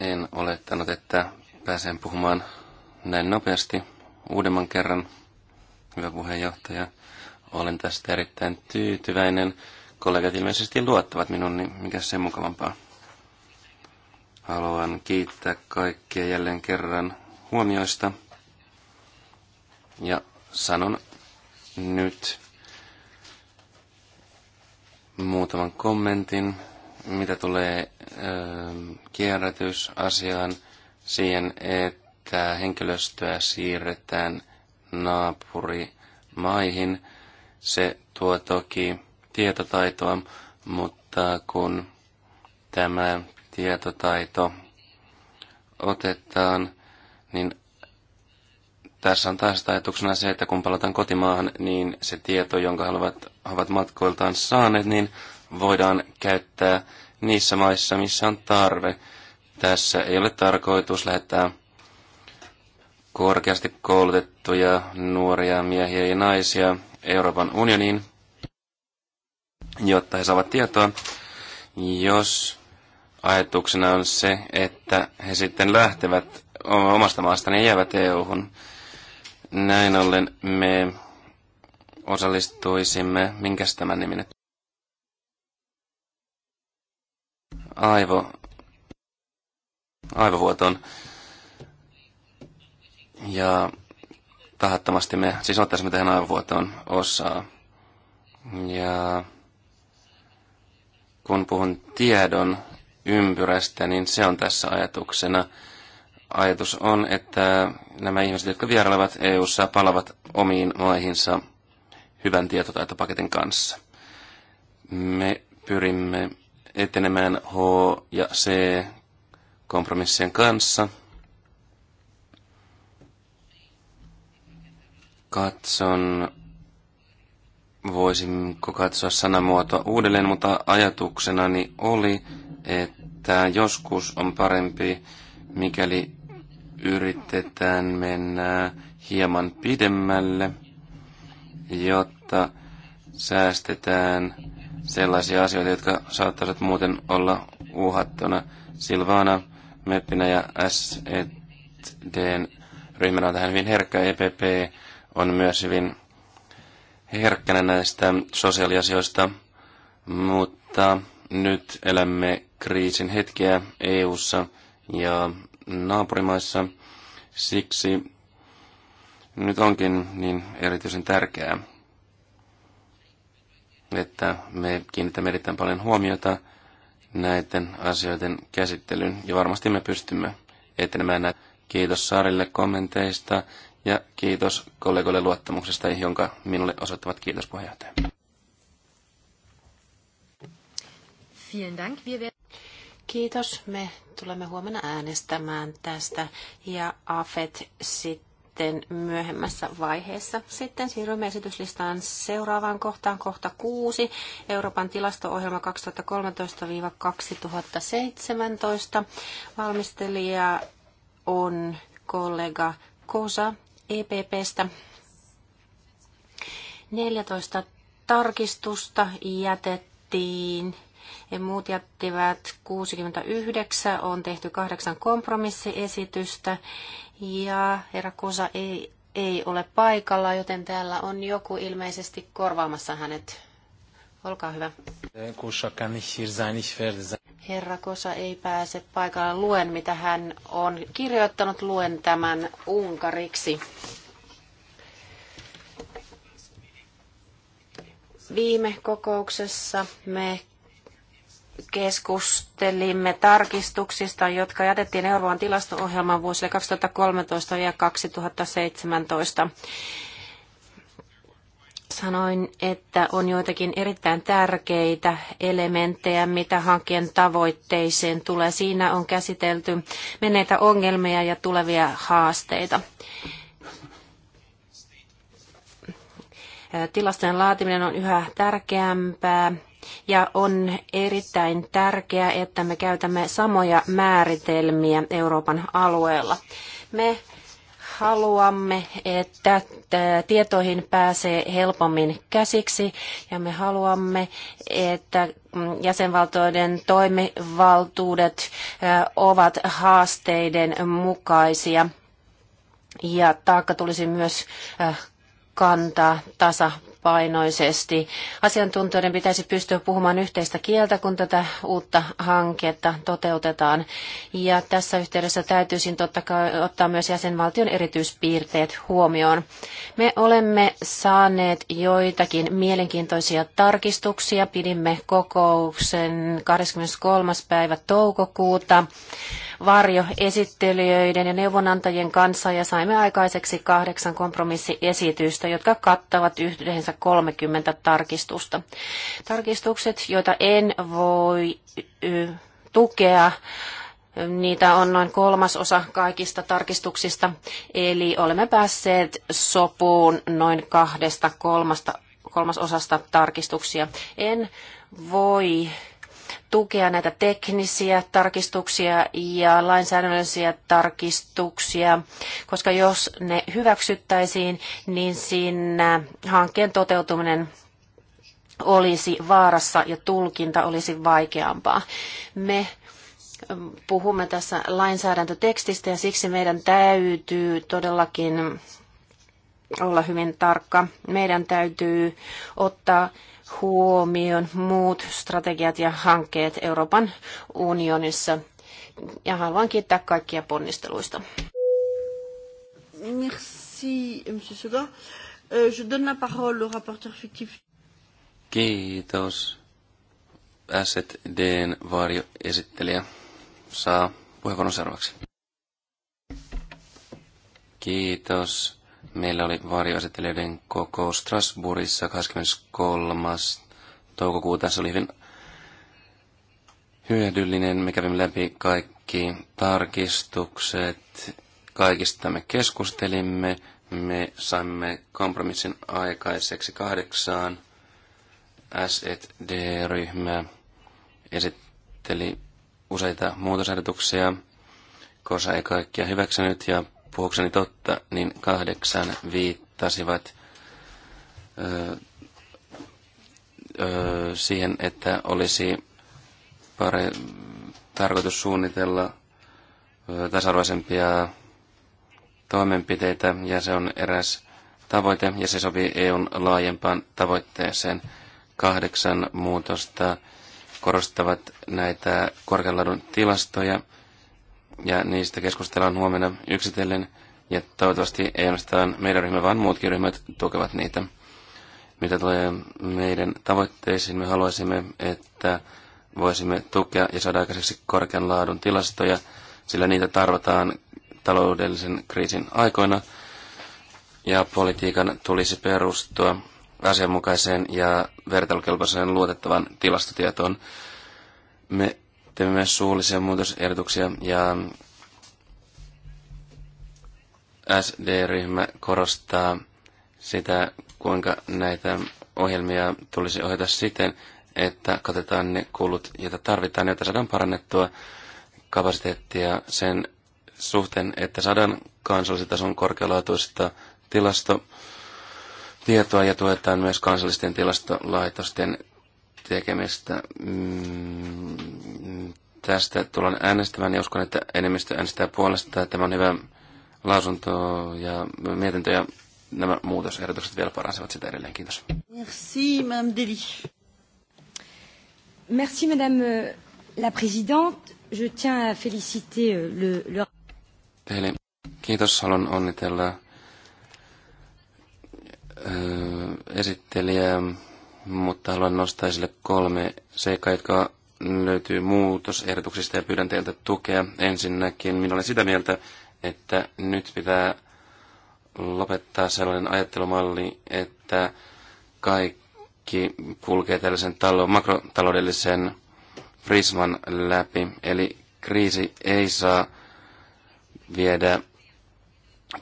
En olettanut, että pääsen puhumaan näin nopeasti uudemman kerran. Hyvä puheenjohtaja. Olen tästä erittäin tyytyväinen. Kollegat ilmeisesti luottavat minun, niin mikä se mukavampaa. Haluan kiittää kaikkia jälleen kerran huomioista. Ja sanon nyt muutaman kommentin, mitä tulee ähm, kierrätysasiaan siihen, että henkilöstöä siirretään naapurimaihin. Se tuo toki tietotaitoa, mutta kun tämä tietotaito otetaan, niin tässä on taas ajatuksena se, että kun palataan kotimaahan, niin se tieto, jonka haluavat ovat matkoiltaan saaneet, niin voidaan käyttää niissä maissa, missä on tarve. Tässä ei ole tarkoitus lähettää korkeasti koulutettuja nuoria miehiä ja naisia Euroopan unioniin, jotta he saavat tietoa. Jos ajatuksena on se, että he sitten lähtevät omasta maastaan ja jäävät EU-hun, näin ollen me osallistuisimme. Minkäs tämä nimi nyt? Aivo. Aivovuotoon. Ja tahattomasti me siis ottaisimme tähän aivovuotoon osaa. Ja kun puhun tiedon ympyrästä, niin se on tässä ajatuksena. Ajatus on, että nämä ihmiset, jotka vierailevat EU-ssa, palavat omiin maihinsa – hyvän tietotaitopaketin kanssa. Me pyrimme etenemään H ja C kompromissien kanssa. Katson, voisinko katsoa sanamuotoa uudelleen, mutta ajatuksenani oli, että joskus on parempi, mikäli yritetään mennä hieman pidemmälle – jotta säästetään sellaisia asioita, jotka saattaisivat muuten olla uhattuna. Silvana Meppinä ja SEDn ryhmänä on tähän hyvin herkkä. EPP on myös hyvin herkkänä näistä sosiaaliasioista, mutta nyt elämme kriisin hetkeä EU:ssa ja naapurimaissa. Siksi nyt onkin niin erityisen tärkeää, että me kiinnitämme erittäin paljon huomiota näiden asioiden käsittelyyn ja varmasti me pystymme etenemään näitä. Kiitos Saarille kommenteista ja kiitos kollegoille luottamuksesta, jonka minulle osoittavat kiitos puheenjohtaja. Kiitos. Me tulemme huomenna äänestämään tästä ja AFET sitten sitten myöhemmässä vaiheessa. Sitten siirrymme esityslistaan seuraavaan kohtaan, kohta 6, Euroopan tilasto-ohjelma 2013-2017. Valmistelija on kollega Kosa EPPstä. 14 tarkistusta jätettiin Muut jättivät 69, on tehty kahdeksan kompromissiesitystä ja herra Kosa ei, ei ole paikalla, joten täällä on joku ilmeisesti korvaamassa hänet. Olkaa hyvä. Herra Kosa ei pääse paikalle. Luen, mitä hän on kirjoittanut. Luen tämän unkariksi. Viime kokouksessa me keskustelimme tarkistuksista, jotka jätettiin Euroopan tilasto-ohjelman vuosille 2013 ja 2017. Sanoin, että on joitakin erittäin tärkeitä elementtejä, mitä hankkeen tavoitteeseen tulee. Siinä on käsitelty menneitä ongelmia ja tulevia haasteita. Tilastojen laatiminen on yhä tärkeämpää ja on erittäin tärkeää, että me käytämme samoja määritelmiä Euroopan alueella. Me haluamme, että tietoihin pääsee helpommin käsiksi ja me haluamme, että jäsenvaltioiden toimivaltuudet ovat haasteiden mukaisia ja taakka tulisi myös kantaa tasapuolisesti tasapainoisesti. Asiantuntijoiden pitäisi pystyä puhumaan yhteistä kieltä, kun tätä uutta hanketta toteutetaan. Ja tässä yhteydessä täytyisi totta kai ottaa myös jäsenvaltion erityispiirteet huomioon. Me olemme saaneet joitakin mielenkiintoisia tarkistuksia. Pidimme kokouksen 23. päivä toukokuuta esittelijöiden ja neuvonantajien kanssa ja saimme aikaiseksi kahdeksan kompromissiesitystä, jotka kattavat yhdessä 30 tarkistusta. Tarkistukset, joita en voi tukea, Niitä on noin kolmasosa kaikista tarkistuksista, eli olemme päässeet sopuun noin kahdesta kolmasta, kolmasosasta tarkistuksia. En voi tukea näitä teknisiä tarkistuksia ja lainsäädännöllisiä tarkistuksia, koska jos ne hyväksyttäisiin, niin siinä hankkeen toteutuminen olisi vaarassa ja tulkinta olisi vaikeampaa. Me puhumme tässä lainsäädäntötekstistä ja siksi meidän täytyy todellakin olla hyvin tarkka. Meidän täytyy ottaa huomioon muut strategiat ja hankkeet Euroopan unionissa. Ja haluan kiittää kaikkia ponnisteluista. Merci, Monsieur Sogar. Euh, je donne la parole au rapporteur fictif. Kiitos. Asset SDn varjoesittelijä saa puheenvuoron seuraavaksi. Kiitos Meillä oli varjoasettelijoiden koko Strasbourgissa 23. toukokuuta. Se oli hyvin hyödyllinen. Me kävimme läpi kaikki tarkistukset. Kaikista me keskustelimme. Me saimme kompromissin aikaiseksi kahdeksaan. SED-ryhmä esitteli useita muutosehdotuksia. Kosa ei kaikkia hyväksynyt ja puhukseni totta, niin kahdeksan viittasivat ö, ö, siihen, että olisi pare, tarkoitus suunnitella tasa-arvoisempia toimenpiteitä, ja se on eräs tavoite, ja se sopii EUn laajempaan tavoitteeseen. Kahdeksan muutosta korostavat näitä korkean tilastoja, ja niistä keskustellaan huomenna yksitellen. Ja toivottavasti ei ainoastaan meidän ryhmä, vaan muutkin ryhmät tukevat niitä. Mitä tulee meidän tavoitteisiin, me haluaisimme, että voisimme tukea ja saada aikaiseksi korkean laadun tilastoja, sillä niitä tarvitaan taloudellisen kriisin aikoina, ja politiikan tulisi perustua asianmukaiseen ja vertailukelpoiseen luotettavan tilastotietoon. Me Teemme myös suullisia muutosehdotuksia ja SD-ryhmä korostaa sitä, kuinka näitä ohjelmia tulisi ohjata siten, että katetaan ne kulut, joita tarvitaan, joita saadaan parannettua kapasiteettia sen suhteen, että saadaan kansallisen korkealaatuista tilastotietoa ja tuetaan myös kansallisten tilastolaitosten tekemistä. Mm, Tästä tullaan äänestämään ja uskon, että enemmistö äänestää puolesta. Tämä on hyvä lausunto ja mietintö ja nämä muutosehdotukset vielä paransivat sitä edelleen. Kiitos. Merci, Madame Deli. Merci, Madame la Présidente. Je tiens à féliciter euh, le... le... Eli kiitos, haluan onnitella esittelijä mutta haluan nostaa esille kolme seikkaa, jotka löytyy muutosehdotuksista ja pyydän teiltä tukea. Ensinnäkin minä olen sitä mieltä, että nyt pitää lopettaa sellainen ajattelumalli, että kaikki kulkee tällaisen talo- makrotaloudellisen prisman läpi. Eli kriisi ei saa viedä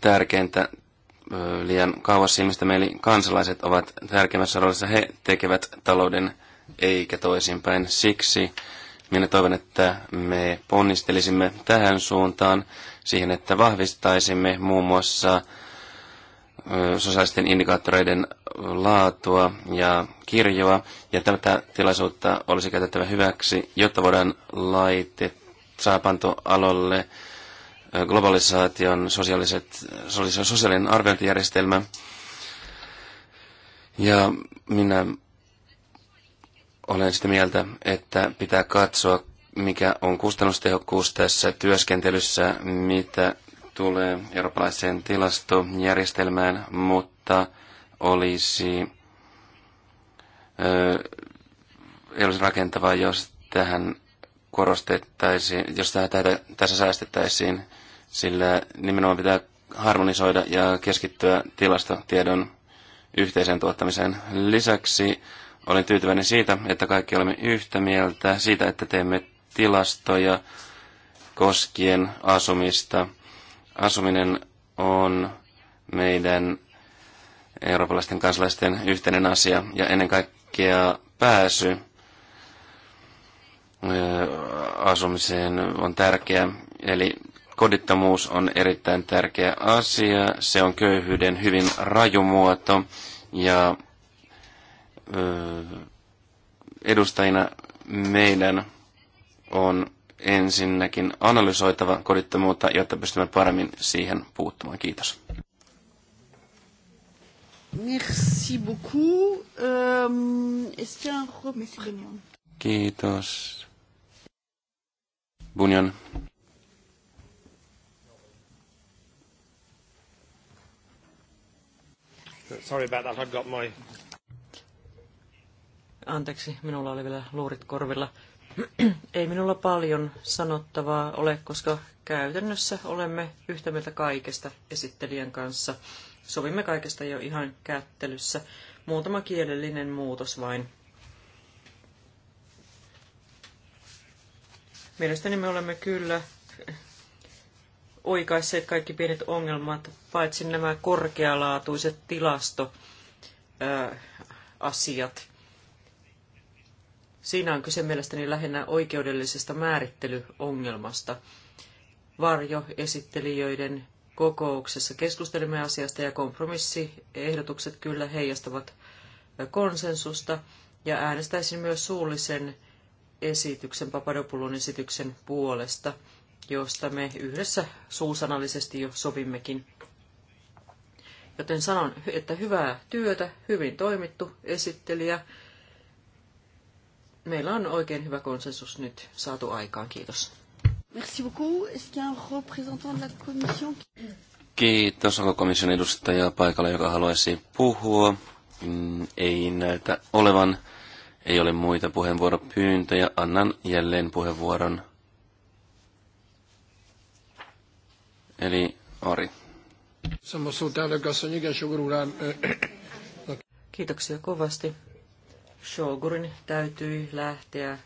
tärkeintä liian kauas silmistä meili kansalaiset ovat tärkeimmässä roolissa. He tekevät talouden eikä toisinpäin. Siksi minä toivon, että me ponnistelisimme tähän suuntaan siihen, että vahvistaisimme muun muassa sosiaalisten indikaattoreiden laatua ja kirjoa. Ja tätä tilaisuutta olisi käytettävä hyväksi, jotta voidaan laite saapantoalolle globalisaation sosiaaliset, sosiaalinen arviointijärjestelmä. Ja minä olen sitä mieltä, että pitää katsoa, mikä on kustannustehokkuus tässä työskentelyssä, mitä tulee eurooppalaiseen tilastojärjestelmään, mutta olisi, ö, ei olisi rakentavaa, jos tähän korostettaisiin, jos tähän, tässä säästettäisiin sillä nimenomaan pitää harmonisoida ja keskittyä tilastotiedon yhteiseen tuottamiseen. Lisäksi olen tyytyväinen siitä, että kaikki olemme yhtä mieltä siitä, että teemme tilastoja koskien asumista. Asuminen on meidän eurooppalaisten kansalaisten yhteinen asia ja ennen kaikkea pääsy asumiseen on tärkeä. Eli Kodittomuus on erittäin tärkeä asia. Se on köyhyyden hyvin rajumuoto ja ö, edustajina meidän on ensinnäkin analysoitava kodittomuutta, jotta pystymme paremmin siihen puuttumaan. Kiitos. Merci beaucoup. Um, Est-ce un Kiitos. Bunyan. Sorry about that, I've got my... Anteeksi, minulla oli vielä luurit korvilla. Ei minulla paljon sanottavaa ole, koska käytännössä olemme yhtä mieltä kaikesta esittelijän kanssa. Sovimme kaikesta jo ihan kättelyssä. Muutama kielellinen muutos vain. Mielestäni me olemme kyllä oikaisseet kaikki pienet ongelmat, paitsi nämä korkealaatuiset tilastoasiat. Siinä on kyse mielestäni lähinnä oikeudellisesta määrittelyongelmasta. Varjoesittelijöiden kokouksessa keskustelimme asiasta ja kompromissiehdotukset kyllä heijastavat konsensusta ja äänestäisin myös suullisen esityksen, Papadopulon esityksen puolesta – josta me yhdessä suusanallisesti jo sovimmekin. Joten sanon, että hyvää työtä, hyvin toimittu esittelijä. Meillä on oikein hyvä konsensus nyt saatu aikaan. Kiitos. Merci beaucoup. Est-ce la commission? Kiitos. Onko komission edustaja paikalla, joka haluaisi puhua? Mm, ei näytä olevan. Ei ole muita puheenvuoropyyntöjä. Annan jälleen puheenvuoron eli Ari. Kiitoksia kovasti. Shogurin täytyi lähteä,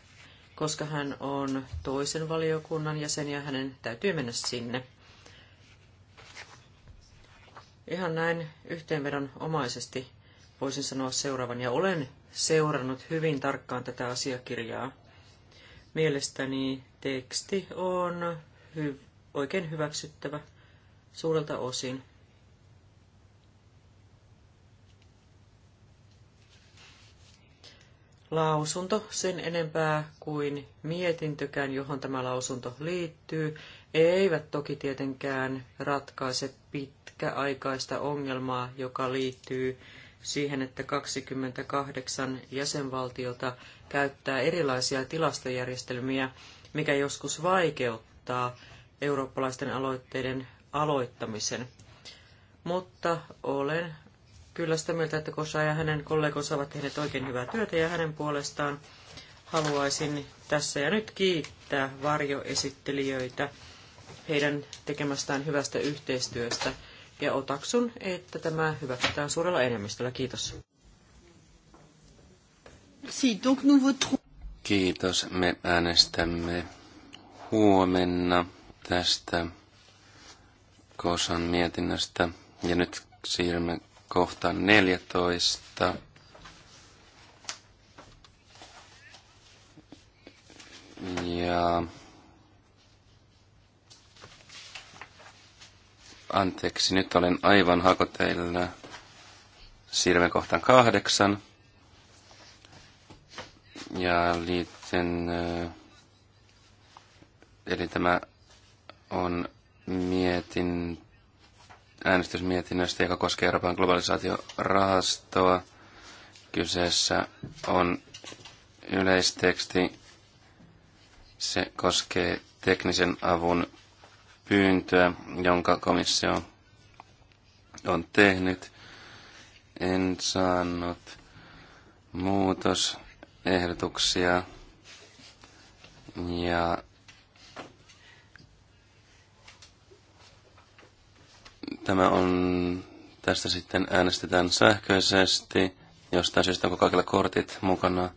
koska hän on toisen valiokunnan jäsen ja hänen täytyy mennä sinne. Ihan näin yhteenvedon omaisesti voisin sanoa seuraavan, ja olen seurannut hyvin tarkkaan tätä asiakirjaa. Mielestäni teksti on hyvä oikein hyväksyttävä suurelta osin. Lausunto sen enempää kuin mietintökään, johon tämä lausunto liittyy, eivät toki tietenkään ratkaise pitkäaikaista ongelmaa, joka liittyy siihen, että 28 jäsenvaltiota käyttää erilaisia tilastojärjestelmiä, mikä joskus vaikeuttaa eurooppalaisten aloitteiden aloittamisen. Mutta olen kyllä sitä mieltä, että Kosa ja hänen kollegonsa ovat tehneet oikein hyvää työtä ja hänen puolestaan haluaisin tässä ja nyt kiittää varjoesittelijöitä heidän tekemästään hyvästä yhteistyöstä ja otaksun, että tämä hyväksytään suurella enemmistöllä. Kiitos. Kiitos. Me äänestämme huomenna tästä Kosan mietinnöstä. Ja nyt siirrymme kohtaan 14. Ja anteeksi, nyt olen aivan hakoteilla. Siirrymme kohtaan kahdeksan. Ja liitten, eli tämä on mietin, äänestysmietinnöstä, joka koskee Euroopan globalisaatiorahastoa. Kyseessä on yleisteksti. Se koskee teknisen avun pyyntöä, jonka komissio on tehnyt. En saanut muutosehdotuksia ja Tämä on, tästä sitten äänestetään sähköisesti. Jostain syystä onko kaikilla kortit mukana?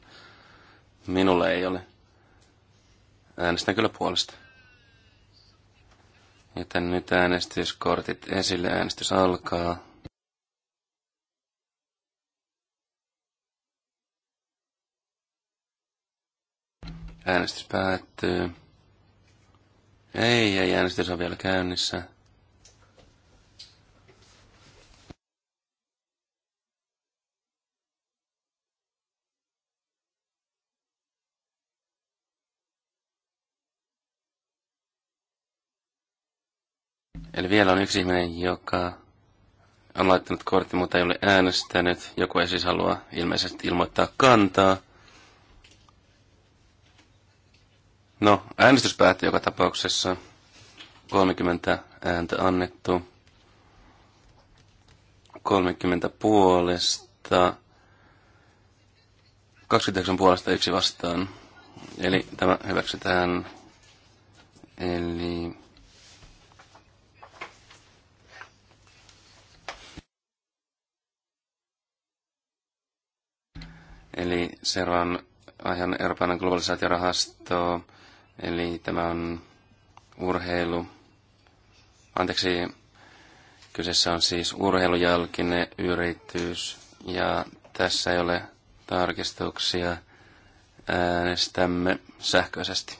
Minulla ei ole. Äänestän kyllä puolesta. Joten nyt äänestyskortit esille, äänestys alkaa. Äänestys päättyy. Ei, ei, äänestys on vielä käynnissä. Eli vielä on yksi ihminen, joka on laittanut kortin, mutta ei ole äänestänyt. Joku ei siis halua ilmeisesti ilmoittaa kantaa. No, äänestys päättyi joka tapauksessa. 30 ääntä annettu. 30 puolesta. 29 puolesta yksi vastaan. Eli tämä hyväksytään. Eli Eli seuraan ajan Euroopan globalisaatiorahasto, eli tämä on urheilu. Anteeksi, kyseessä on siis urheilujalkinen yritys, ja tässä ei ole tarkistuksia. Äänestämme sähköisesti.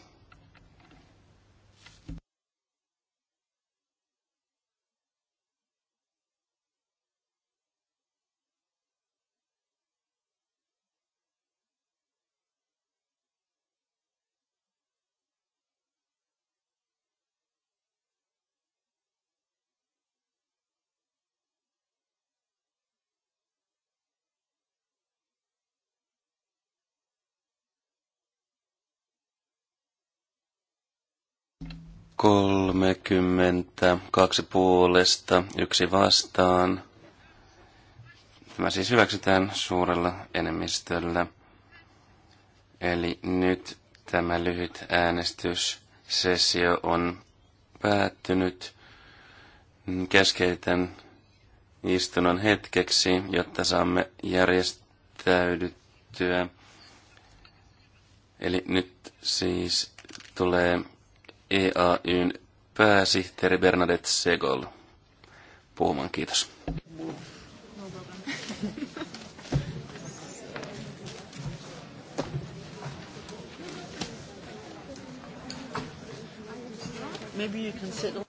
30, kaksi puolesta, yksi vastaan. Tämä siis hyväksytään suurella enemmistöllä. Eli nyt tämä lyhyt äänestyssessio on päättynyt. Keskeytän istunnon hetkeksi, jotta saamme järjestäydyttyä. Eli nyt siis tulee EAYn pääsihteeri Bernadette Segol puhumaan. Kiitos. Maybe you can sit on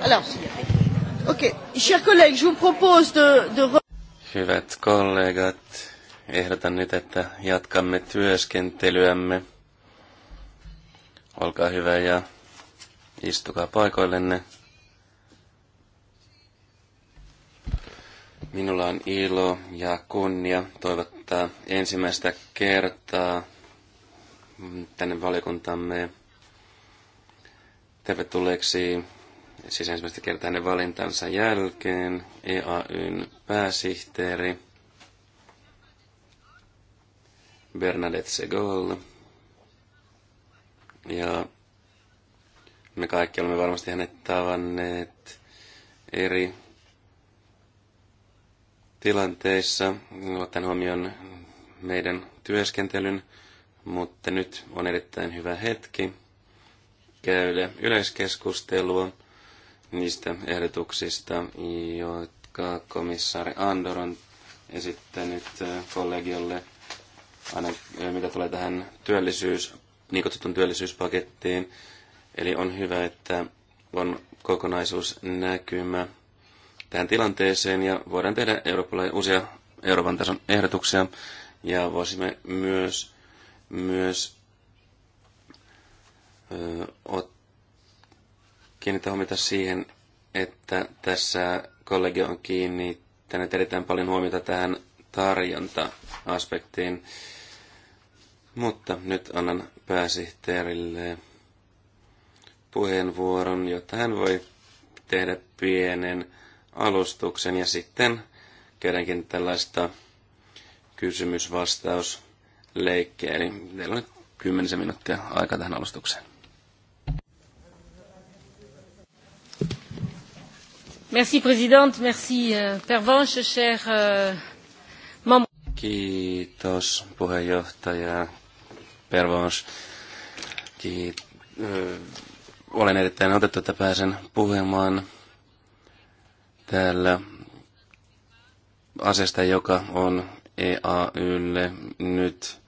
Alors, Chers collègues, je vous propose de, de... Hyvät kollegat, ehdotan nyt, että jatkamme työskentelyämme. Olkaa hyvä ja istukaa paikoillenne. Minulla on ilo ja kunnia toivottaa ensimmäistä kertaa tänne valiokuntamme tervetulleeksi siis ensimmäistä kertaa hänen valintansa jälkeen, EAYn pääsihteeri Bernadette Segol. Ja me kaikki olemme varmasti hänet tavanneet eri tilanteissa, ottaen huomioon meidän työskentelyn, mutta nyt on erittäin hyvä hetki käydä yleiskeskustelua niistä ehdotuksista, jotka komissaari Andor on esittänyt äh, kollegiolle, aina, äh, mitä tulee tähän työllisyys, niin kutsutun työllisyyspakettiin. Eli on hyvä, että on kokonaisuusnäkymä tähän tilanteeseen ja voidaan tehdä uusia Euroopan tason ehdotuksia ja voisimme myös, myös ö, ottaa kiinnitän huomiota siihen, että tässä kollegio on kiinnittänyt erittäin paljon huomiota tähän tarjonta-aspektiin. Mutta nyt annan pääsihteerille puheenvuoron, jotta hän voi tehdä pienen alustuksen ja sitten käydäänkin tällaista kysymysvastausleikkiä. Eli teillä on nyt kymmenisen minuuttia aikaa tähän alustukseen. Merci présidente, merci euh, Pervenche, cher euh, membre. Kiitos puheenjohtaja Pervenche. Kiit- olen erittäin otettu, että pääsen puhumaan täällä asiasta, joka on EAYlle nyt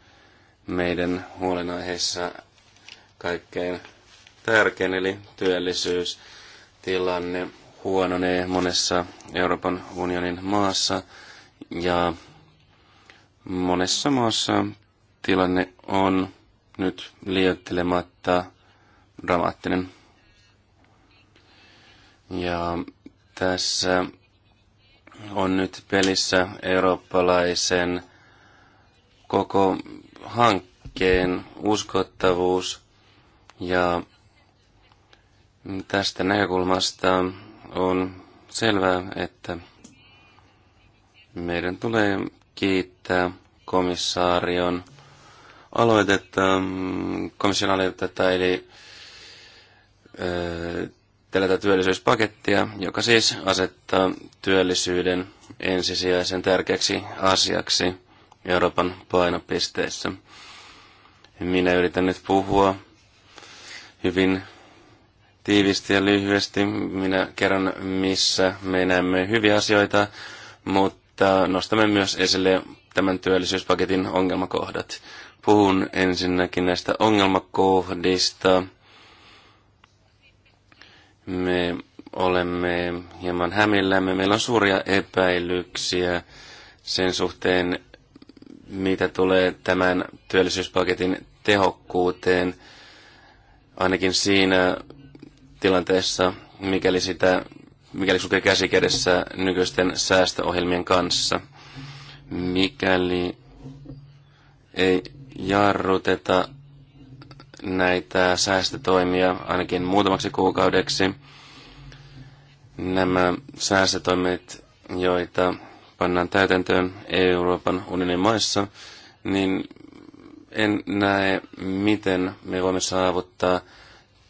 meidän huolenaiheessa kaikkein tärkein, eli työllisyystilanne huononee monessa Euroopan unionin maassa ja monessa maassa tilanne on nyt liioittelematta dramaattinen. Ja tässä on nyt pelissä eurooppalaisen koko hankkeen uskottavuus ja tästä näkökulmasta on selvää, että meidän tulee kiittää komissaarion aloitetta, komission aloitetta, eli tätä työllisyyspakettia, joka siis asettaa työllisyyden ensisijaisen tärkeäksi asiaksi Euroopan painopisteessä. Minä yritän nyt puhua hyvin tiivisti ja lyhyesti. Minä kerron, missä me näemme hyviä asioita, mutta nostamme myös esille tämän työllisyyspaketin ongelmakohdat. Puhun ensinnäkin näistä ongelmakohdista. Me olemme hieman hämillämme. Meillä on suuria epäilyksiä sen suhteen, mitä tulee tämän työllisyyspaketin tehokkuuteen. Ainakin siinä tilanteessa, mikäli, sitä, mikäli sukee käsi kädessä nykyisten säästöohjelmien kanssa. Mikäli ei jarruteta näitä säästötoimia ainakin muutamaksi kuukaudeksi, nämä säästötoimet, joita pannaan täytäntöön Euroopan unionin maissa, niin en näe, miten me voimme saavuttaa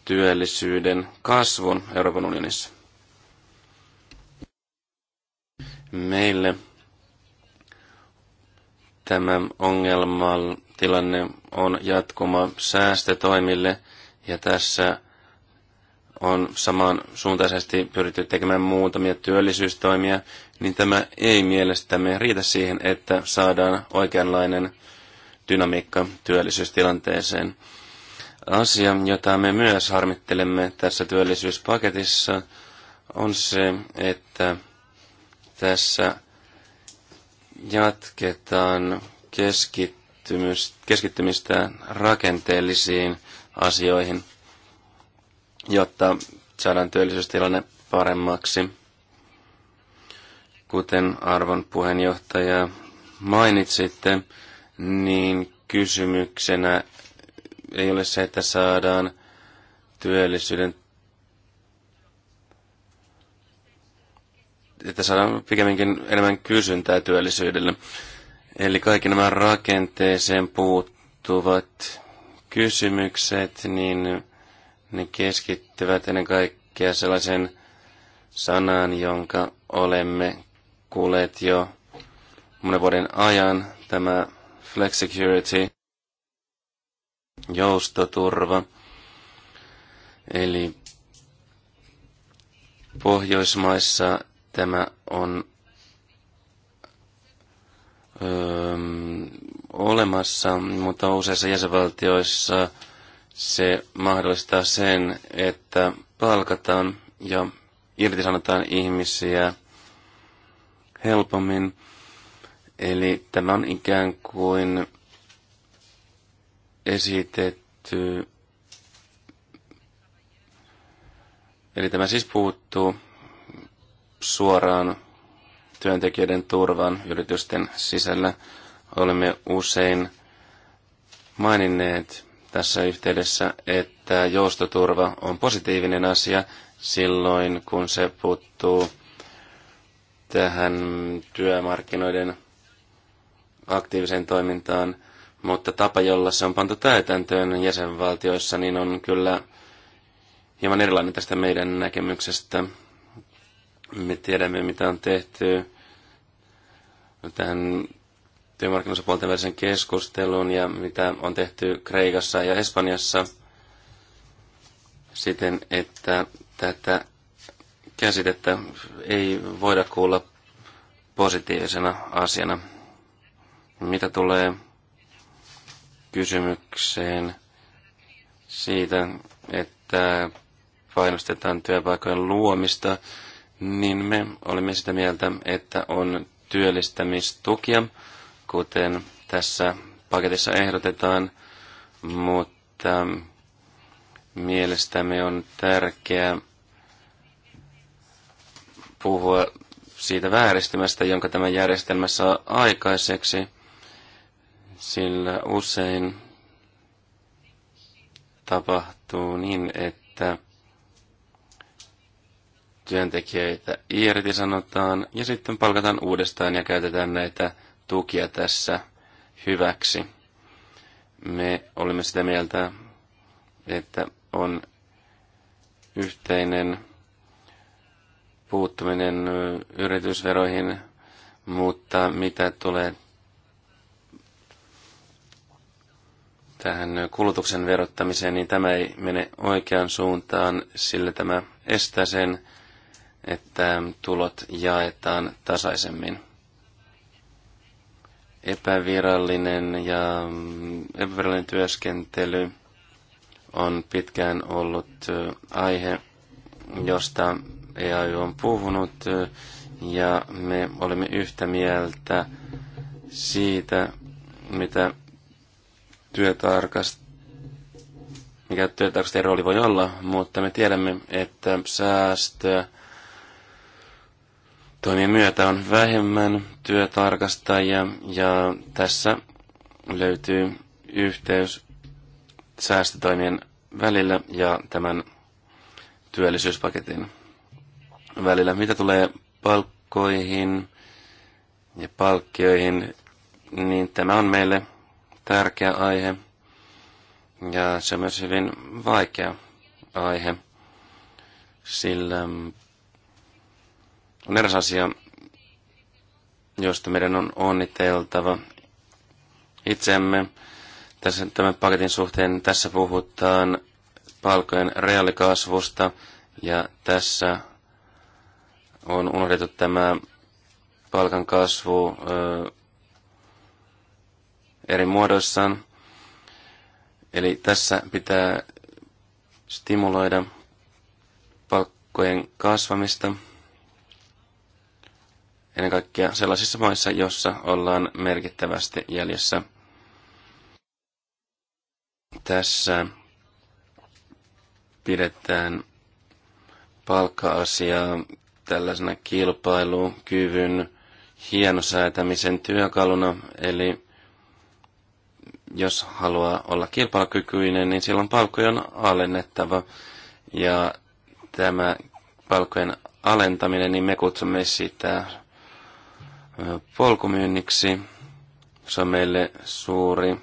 työllisyyden kasvun Euroopan unionissa. Meille tämä ongelmatilanne on jatkuma säästötoimille ja tässä on samaan suuntaisesti pyritty tekemään muutamia työllisyystoimia, niin tämä ei mielestämme riitä siihen, että saadaan oikeanlainen dynamiikka työllisyystilanteeseen. Asia, jota me myös harmittelemme tässä työllisyyspaketissa, on se, että tässä jatketaan keskittymistä rakenteellisiin asioihin, jotta saadaan työllisyystilanne paremmaksi. Kuten arvon puheenjohtaja mainitsitte, niin kysymyksenä ei ole se, että saadaan työllisyyden että saadaan pikemminkin enemmän kysyntää työllisyydelle. Eli kaikki nämä rakenteeseen puuttuvat kysymykset, niin ne keskittyvät ennen kaikkea sellaisen sanaan, jonka olemme kuulet jo monen vuoden ajan, tämä flexicurity joustoturva. Eli Pohjoismaissa tämä on öö, olemassa, mutta useissa jäsenvaltioissa se mahdollistaa sen, että palkataan ja irtisanotaan ihmisiä helpommin. Eli tämä on ikään kuin esitetty. Eli tämä siis puuttuu suoraan työntekijöiden turvan yritysten sisällä. Olemme usein maininneet tässä yhteydessä, että joustoturva on positiivinen asia silloin, kun se puuttuu tähän työmarkkinoiden aktiiviseen toimintaan – mutta tapa, jolla se on pantu täytäntöön jäsenvaltioissa, niin on kyllä hieman erilainen tästä meidän näkemyksestä. Me tiedämme, mitä on tehty tähän työmarkkinoisapuolten välisen keskusteluun ja mitä on tehty Kreikassa ja Espanjassa siten, että tätä käsitettä ei voida kuulla positiivisena asiana. Mitä tulee kysymykseen siitä, että painostetaan työpaikojen luomista, niin me olemme sitä mieltä, että on työllistämistukia, kuten tässä paketissa ehdotetaan, mutta mielestämme on tärkeää puhua siitä vääristymästä, jonka tämä järjestelmä saa aikaiseksi – sillä usein tapahtuu niin, että työntekijöitä irtisanotaan ja sitten palkataan uudestaan ja käytetään näitä tukia tässä hyväksi. Me olemme sitä mieltä, että on yhteinen puuttuminen yritysveroihin, mutta mitä tulee tähän kulutuksen verottamiseen, niin tämä ei mene oikeaan suuntaan, sillä tämä estää sen, että tulot jaetaan tasaisemmin. Epävirallinen ja epävirallinen työskentely on pitkään ollut aihe, josta EAY on puhunut, ja me olemme yhtä mieltä siitä, mitä työtarkast, mikä työtarkastajan rooli voi olla, mutta me tiedämme, että säästö toimien myötä on vähemmän työtarkastajia ja tässä löytyy yhteys säästötoimien välillä ja tämän työllisyyspaketin välillä. Mitä tulee palkkoihin ja palkkioihin, niin tämä on meille tärkeä aihe ja se on myös hyvin vaikea aihe, sillä on eräs asia, josta meidän on onniteltava itseämme tässä, tämän paketin suhteen. Tässä puhutaan palkojen reaalikasvusta ja tässä on unohdettu tämä palkan kasvu ö, eri muodoissaan. Eli tässä pitää stimuloida palkkojen kasvamista ennen kaikkea sellaisissa maissa, joissa ollaan merkittävästi jäljessä. Tässä pidetään palkka-asiaa tällaisena kilpailukyvyn hienosäätämisen työkaluna, eli jos haluaa olla kilpailukykyinen, niin silloin palkkoja on alennettava. Ja tämä palkkojen alentaminen, niin me kutsumme sitä polkumyynniksi. Se on meille suuri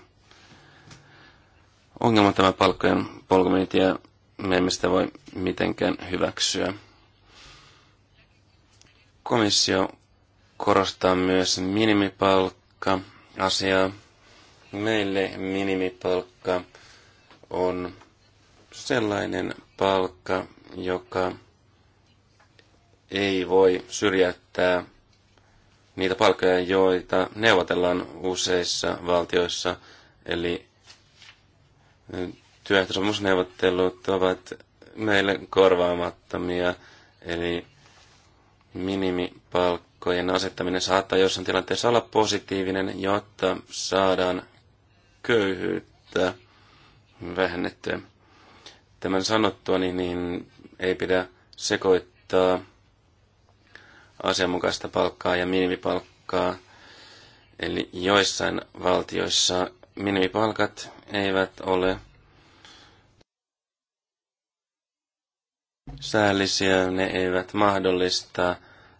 ongelma tämä palkkojen polkumyynti ja me emme sitä voi mitenkään hyväksyä. Komissio korostaa myös minimipalkka-asiaa. Meille minimipalkka on sellainen palkka, joka ei voi syrjäyttää niitä palkkoja, joita neuvotellaan useissa valtioissa. Eli työehtosopimusneuvottelut ovat meille korvaamattomia, eli minimipalkkojen asettaminen saattaa jossain tilanteessa olla positiivinen, jotta saadaan köyhyyttä vähennettyä. Tämän sanottua niin, niin ei pidä sekoittaa asianmukaista palkkaa ja minimipalkkaa. Eli joissain valtioissa minimipalkat eivät ole säällisiä, ne eivät mahdollista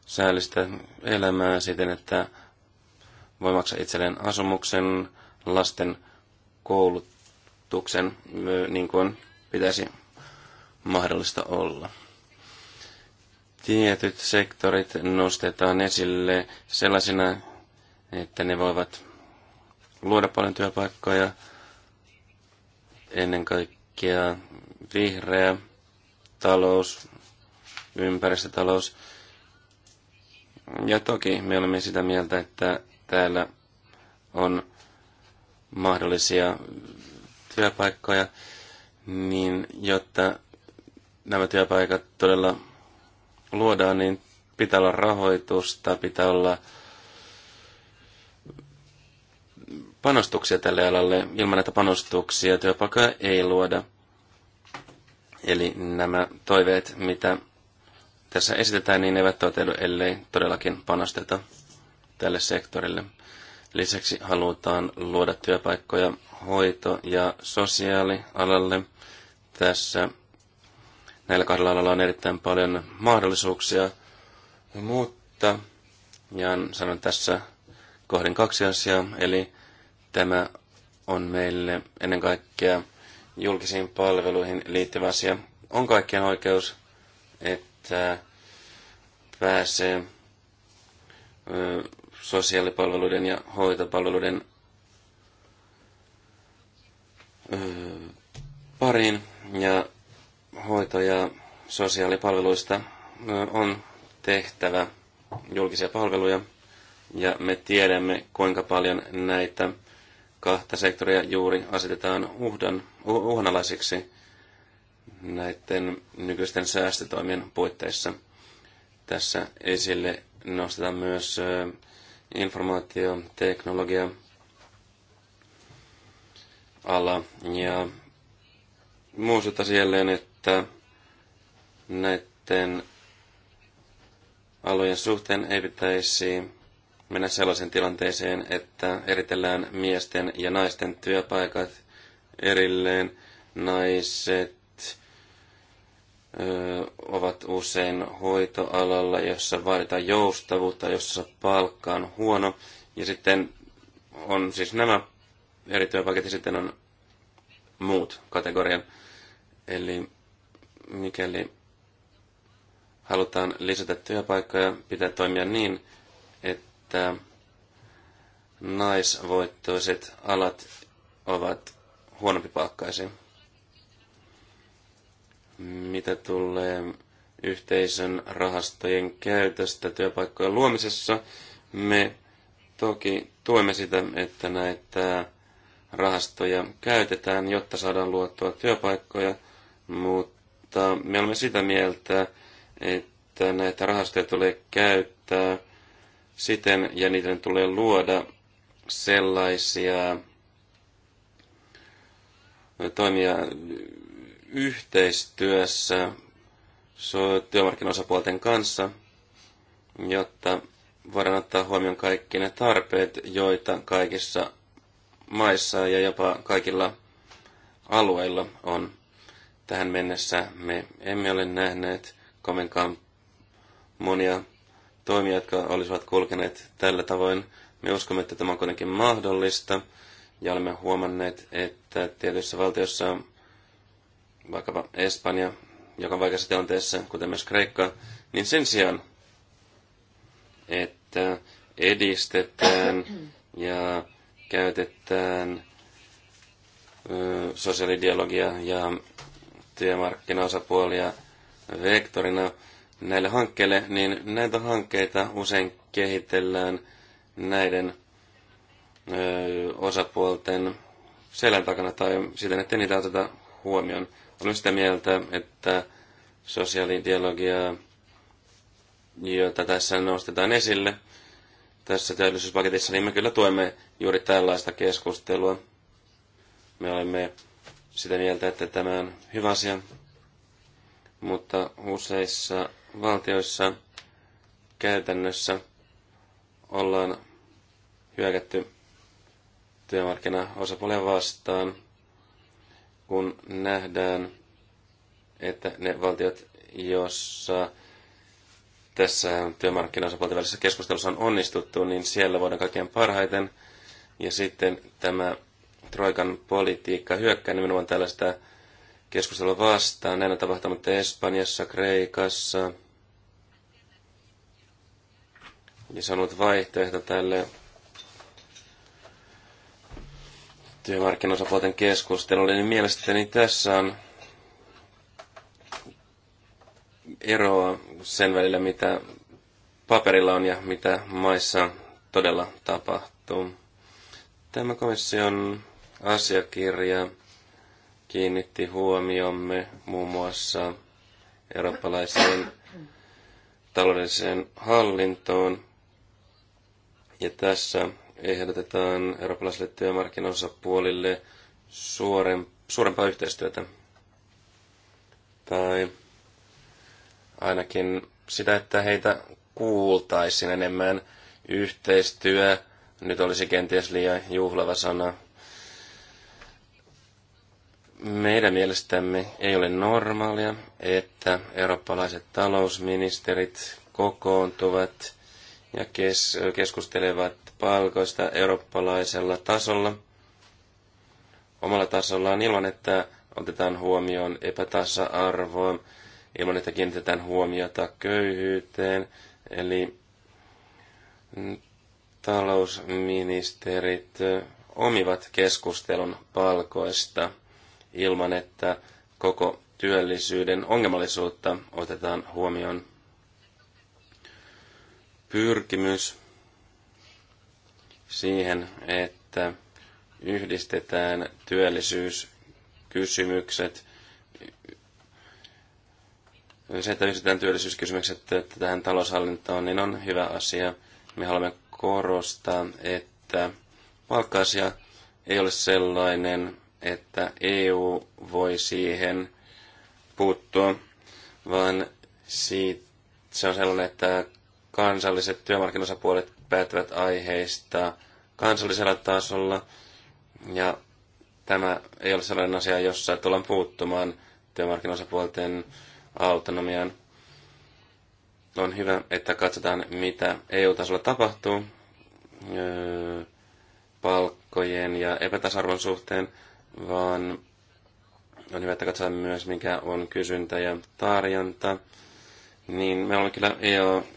säällistä elämää siten, että voi maksaa itselleen asumuksen, lasten koulutuksen niin kuin pitäisi mahdollista olla. Tietyt sektorit nostetaan esille sellaisina, että ne voivat luoda paljon työpaikkoja, ennen kaikkea vihreä talous, ympäristötalous. Ja toki me olemme sitä mieltä, että täällä on mahdollisia työpaikkoja, niin jotta nämä työpaikat todella luodaan, niin pitää olla rahoitusta, pitää olla panostuksia tälle alalle. Ilman näitä panostuksia työpaikkoja ei luoda. Eli nämä toiveet, mitä tässä esitetään, niin eivät toteudu, ellei todellakin panosteta tälle sektorille. Lisäksi halutaan luoda työpaikkoja hoito- ja sosiaalialalle. Tässä näillä kahdella alalla on erittäin paljon mahdollisuuksia, mutta ja sanon tässä kohden kaksi asiaa, eli tämä on meille ennen kaikkea julkisiin palveluihin liittyvä asia. On kaikkien oikeus, että pääsee sosiaalipalveluiden ja hoitopalveluiden pariin ja hoito- ja sosiaalipalveluista on tehtävä julkisia palveluja ja me tiedämme kuinka paljon näitä kahta sektoria juuri asetetaan uhdan, uhanalaisiksi näiden nykyisten säästötoimien puitteissa. Tässä esille nostetaan myös informaatioteknologia ala ja muistuttaisin jälleen, että näiden alojen suhteen ei pitäisi mennä sellaisen tilanteeseen, että eritellään miesten ja naisten työpaikat erilleen. Naiset ovat usein hoitoalalla, jossa vaaditaan joustavuutta, jossa palkka on huono. Ja sitten on siis nämä eri työpaikat ja sitten on muut kategorian. Eli mikäli halutaan lisätä työpaikkoja, pitää toimia niin, että naisvoittoiset alat ovat huonompi palkkaisia mitä tulee yhteisön rahastojen käytöstä työpaikkojen luomisessa. Me toki tuemme sitä, että näitä rahastoja käytetään, jotta saadaan luottua työpaikkoja, mutta me olemme sitä mieltä, että näitä rahastoja tulee käyttää siten ja niiden tulee luoda sellaisia toimia yhteistyössä työmarkkinaosapuolten kanssa, jotta voidaan ottaa huomioon kaikki ne tarpeet, joita kaikissa maissa ja jopa kaikilla alueilla on. Tähän mennessä me emme ole nähneet kovinkaan monia toimia, jotka olisivat kulkeneet tällä tavoin. Me uskomme, että tämä on kuitenkin mahdollista ja olemme huomanneet, että tietyissä valtiossa vaikkapa Espanja, joka on vaikeassa tilanteessa, kuten myös Kreikka, niin sen sijaan, että edistetään ja käytetään sosiaalidialogia ja työmarkkinaosapuolia vektorina näille hankkeille, niin näitä hankkeita usein kehitellään näiden osapuolten selän takana tai siten, että niitä oteta huomioon. Olen sitä mieltä, että sosiaalidialogia, jota tässä nostetaan esille, tässä teollisuuspaketissa, niin me kyllä tuemme juuri tällaista keskustelua. Me olemme sitä mieltä, että tämä on hyvä asia, mutta useissa valtioissa käytännössä ollaan hyökätty työmarkkinaosapuolia vastaan – kun nähdään, että ne valtiot, joissa tässä työmarkkinaosapuolten välisessä keskustelussa on onnistuttu, niin siellä voidaan kaikkein parhaiten. Ja sitten tämä Troikan politiikka hyökkää nimenomaan tällaista keskustelua vastaan. Näin on tapahtunut Espanjassa, Kreikassa. Ja se on ollut vaihtoehto tälle työmarkkinosapuolten keskustelulle, niin mielestäni tässä on eroa sen välillä, mitä paperilla on ja mitä maissa todella tapahtuu. Tämä komission asiakirja kiinnitti huomiomme muun muassa eurooppalaiseen taloudelliseen hallintoon. Ja tässä ehdotetaan eurooppalaisille työmarkkinaosapuolille suurempaa yhteistyötä. Tai ainakin sitä, että heitä kuultaisiin enemmän. Yhteistyö nyt olisi kenties liian juhlava sana. Meidän mielestämme ei ole normaalia, että eurooppalaiset talousministerit kokoontuvat ja kes- keskustelevat palkoista eurooppalaisella tasolla, omalla tasollaan ilman, että otetaan huomioon epätasa-arvoa, ilman, että kiinnitetään huomiota köyhyyteen. Eli talousministerit omivat keskustelun palkoista ilman, että koko työllisyyden ongelmallisuutta otetaan huomioon. Pyrkimys siihen, että yhdistetään työllisyyskysymykset, se, että yhdistetään työllisyyskysymykset tähän taloushallintoon, niin on hyvä asia. Me haluamme korostaa, että palkka ei ole sellainen, että EU voi siihen puuttua, vaan siitä, se on sellainen, että kansalliset työmarkkinosapuolet päättävät aiheista kansallisella tasolla. Ja tämä ei ole sellainen asia, jossa tullaan puuttumaan työmarkkinaosapuolten autonomiaan. On hyvä, että katsotaan, mitä EU-tasolla tapahtuu öö, palkkojen ja epätasarvon suhteen, vaan on hyvä, että katsotaan myös, mikä on kysyntä ja tarjonta. Niin me olemme kyllä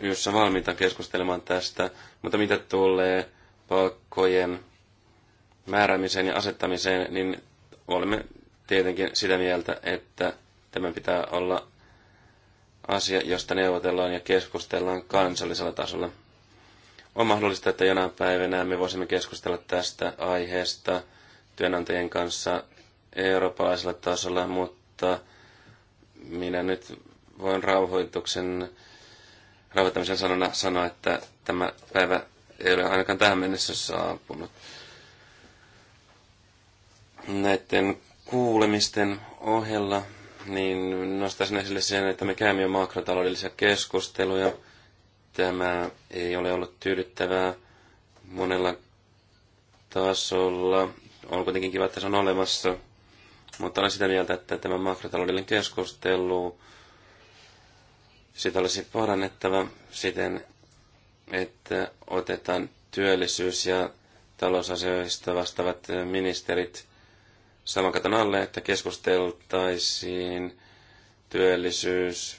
EUssa valmiita keskustelemaan tästä, mutta mitä tulee pakkojen määräämiseen ja asettamiseen, niin olemme tietenkin sitä mieltä, että tämän pitää olla asia, josta neuvotellaan ja keskustellaan kansallisella tasolla. On mahdollista, että jonain päivänä me voisimme keskustella tästä aiheesta työnantajien kanssa eurooppalaisella tasolla, mutta minä nyt voin rauhoituksen rauhoittamisen sanona sanoa, että tämä päivä ei ole ainakaan tähän mennessä saapunut. Näiden kuulemisten ohella niin nostaisin esille sen, että me käymme jo makrotaloudellisia keskusteluja. Tämä ei ole ollut tyydyttävää monella tasolla. On kuitenkin kiva, että se on olemassa. Mutta olen sitä mieltä, että tämä makrotaloudellinen keskustelu, sitä olisi parannettava siten, että otetaan työllisyys- ja talousasioista vastaavat ministerit saman katon alle, että keskusteltaisiin työllisyys,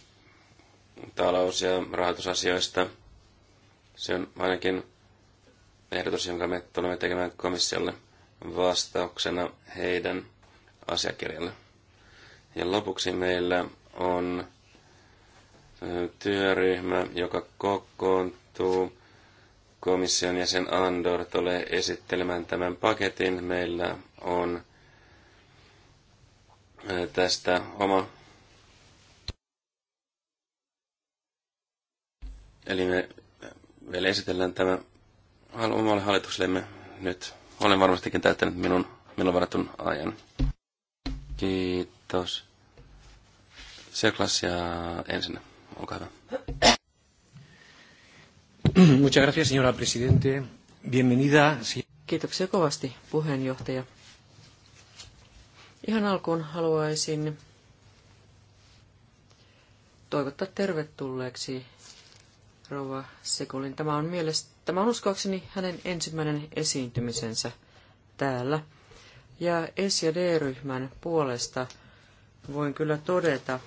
talous- ja rahoitusasioista. Se on ainakin ehdotus, jonka me tulemme tekemään komissiolle vastauksena heidän asiakirjalle. Ja lopuksi meillä on työryhmä, joka kokoontuu kutsuttu komission jäsen Andor tulee esittelemään tämän paketin. Meillä on äh, tästä oma Eli me äh, vielä esitellään tämä omalle hallituksellemme nyt. Olen varmastikin täyttänyt minun, minun varatun ajan. Kiitos. Se klassia ensin, olkaa hyvä. Kiitoksia kovasti, puheenjohtaja. Ihan alkuun haluaisin toivottaa tervetulleeksi rouva Sekulin. Tämä on, mielestä, tämä on uskoakseni hänen ensimmäinen esiintymisensä täällä. Ja S- ja D-ryhmän puolesta voin kyllä todeta,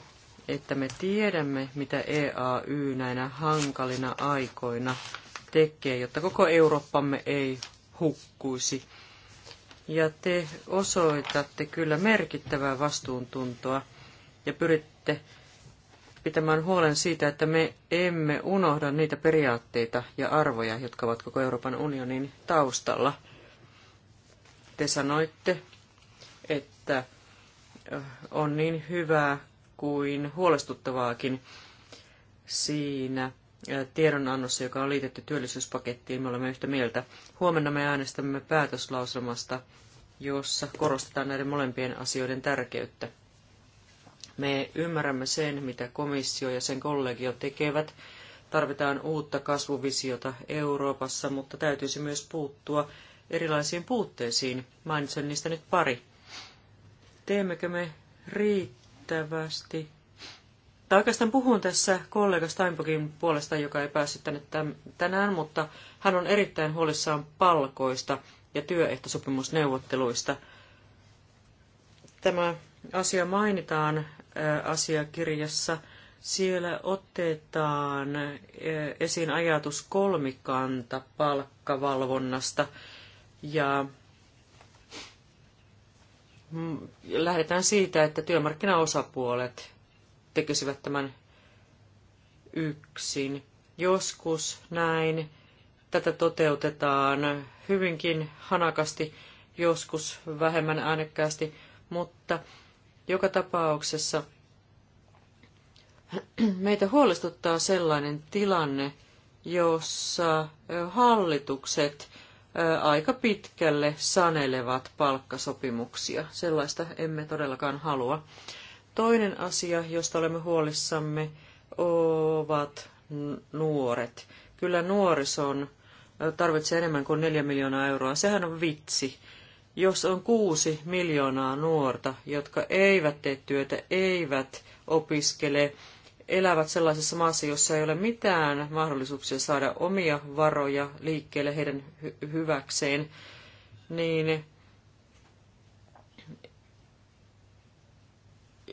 että me tiedämme, mitä EAY näinä hankalina aikoina tekee, jotta koko Eurooppamme ei hukkuisi. Ja te osoitatte kyllä merkittävää vastuuntuntoa ja pyritte pitämään huolen siitä, että me emme unohda niitä periaatteita ja arvoja, jotka ovat koko Euroopan unionin taustalla. Te sanoitte, että on niin hyvää kuin huolestuttavaakin siinä tiedonannossa, joka on liitetty työllisyyspakettiin. Me olemme yhtä mieltä. Huomenna me äänestämme päätöslauselmasta, jossa korostetaan näiden molempien asioiden tärkeyttä. Me ymmärrämme sen, mitä komissio ja sen kollegio tekevät. Tarvitaan uutta kasvuvisiota Euroopassa, mutta täytyisi myös puuttua erilaisiin puutteisiin. Mainitsen niistä nyt pari. Teemmekö me riittävästi? riittävästi. Tai oikeastaan puhun tässä kollega Steinbockin puolesta, joka ei päässyt tänne tänään, mutta hän on erittäin huolissaan palkoista ja työehtosopimusneuvotteluista. Tämä asia mainitaan äh, asiakirjassa. Siellä otetaan äh, esiin ajatus kolmikanta palkkavalvonnasta ja Mm, lähdetään siitä, että työmarkkinaosapuolet tekisivät tämän yksin. Joskus näin tätä toteutetaan hyvinkin hanakasti, joskus vähemmän äänekkäästi, mutta joka tapauksessa meitä huolestuttaa sellainen tilanne, jossa hallitukset – aika pitkälle sanelevat palkkasopimuksia. Sellaista emme todellakaan halua. Toinen asia, josta olemme huolissamme, ovat nuoret. Kyllä nuorison tarvitsee enemmän kuin 4 miljoonaa euroa. Sehän on vitsi. Jos on kuusi miljoonaa nuorta, jotka eivät tee työtä, eivät opiskele, elävät sellaisessa maassa, jossa ei ole mitään mahdollisuuksia saada omia varoja liikkeelle heidän hy- hyväkseen, niin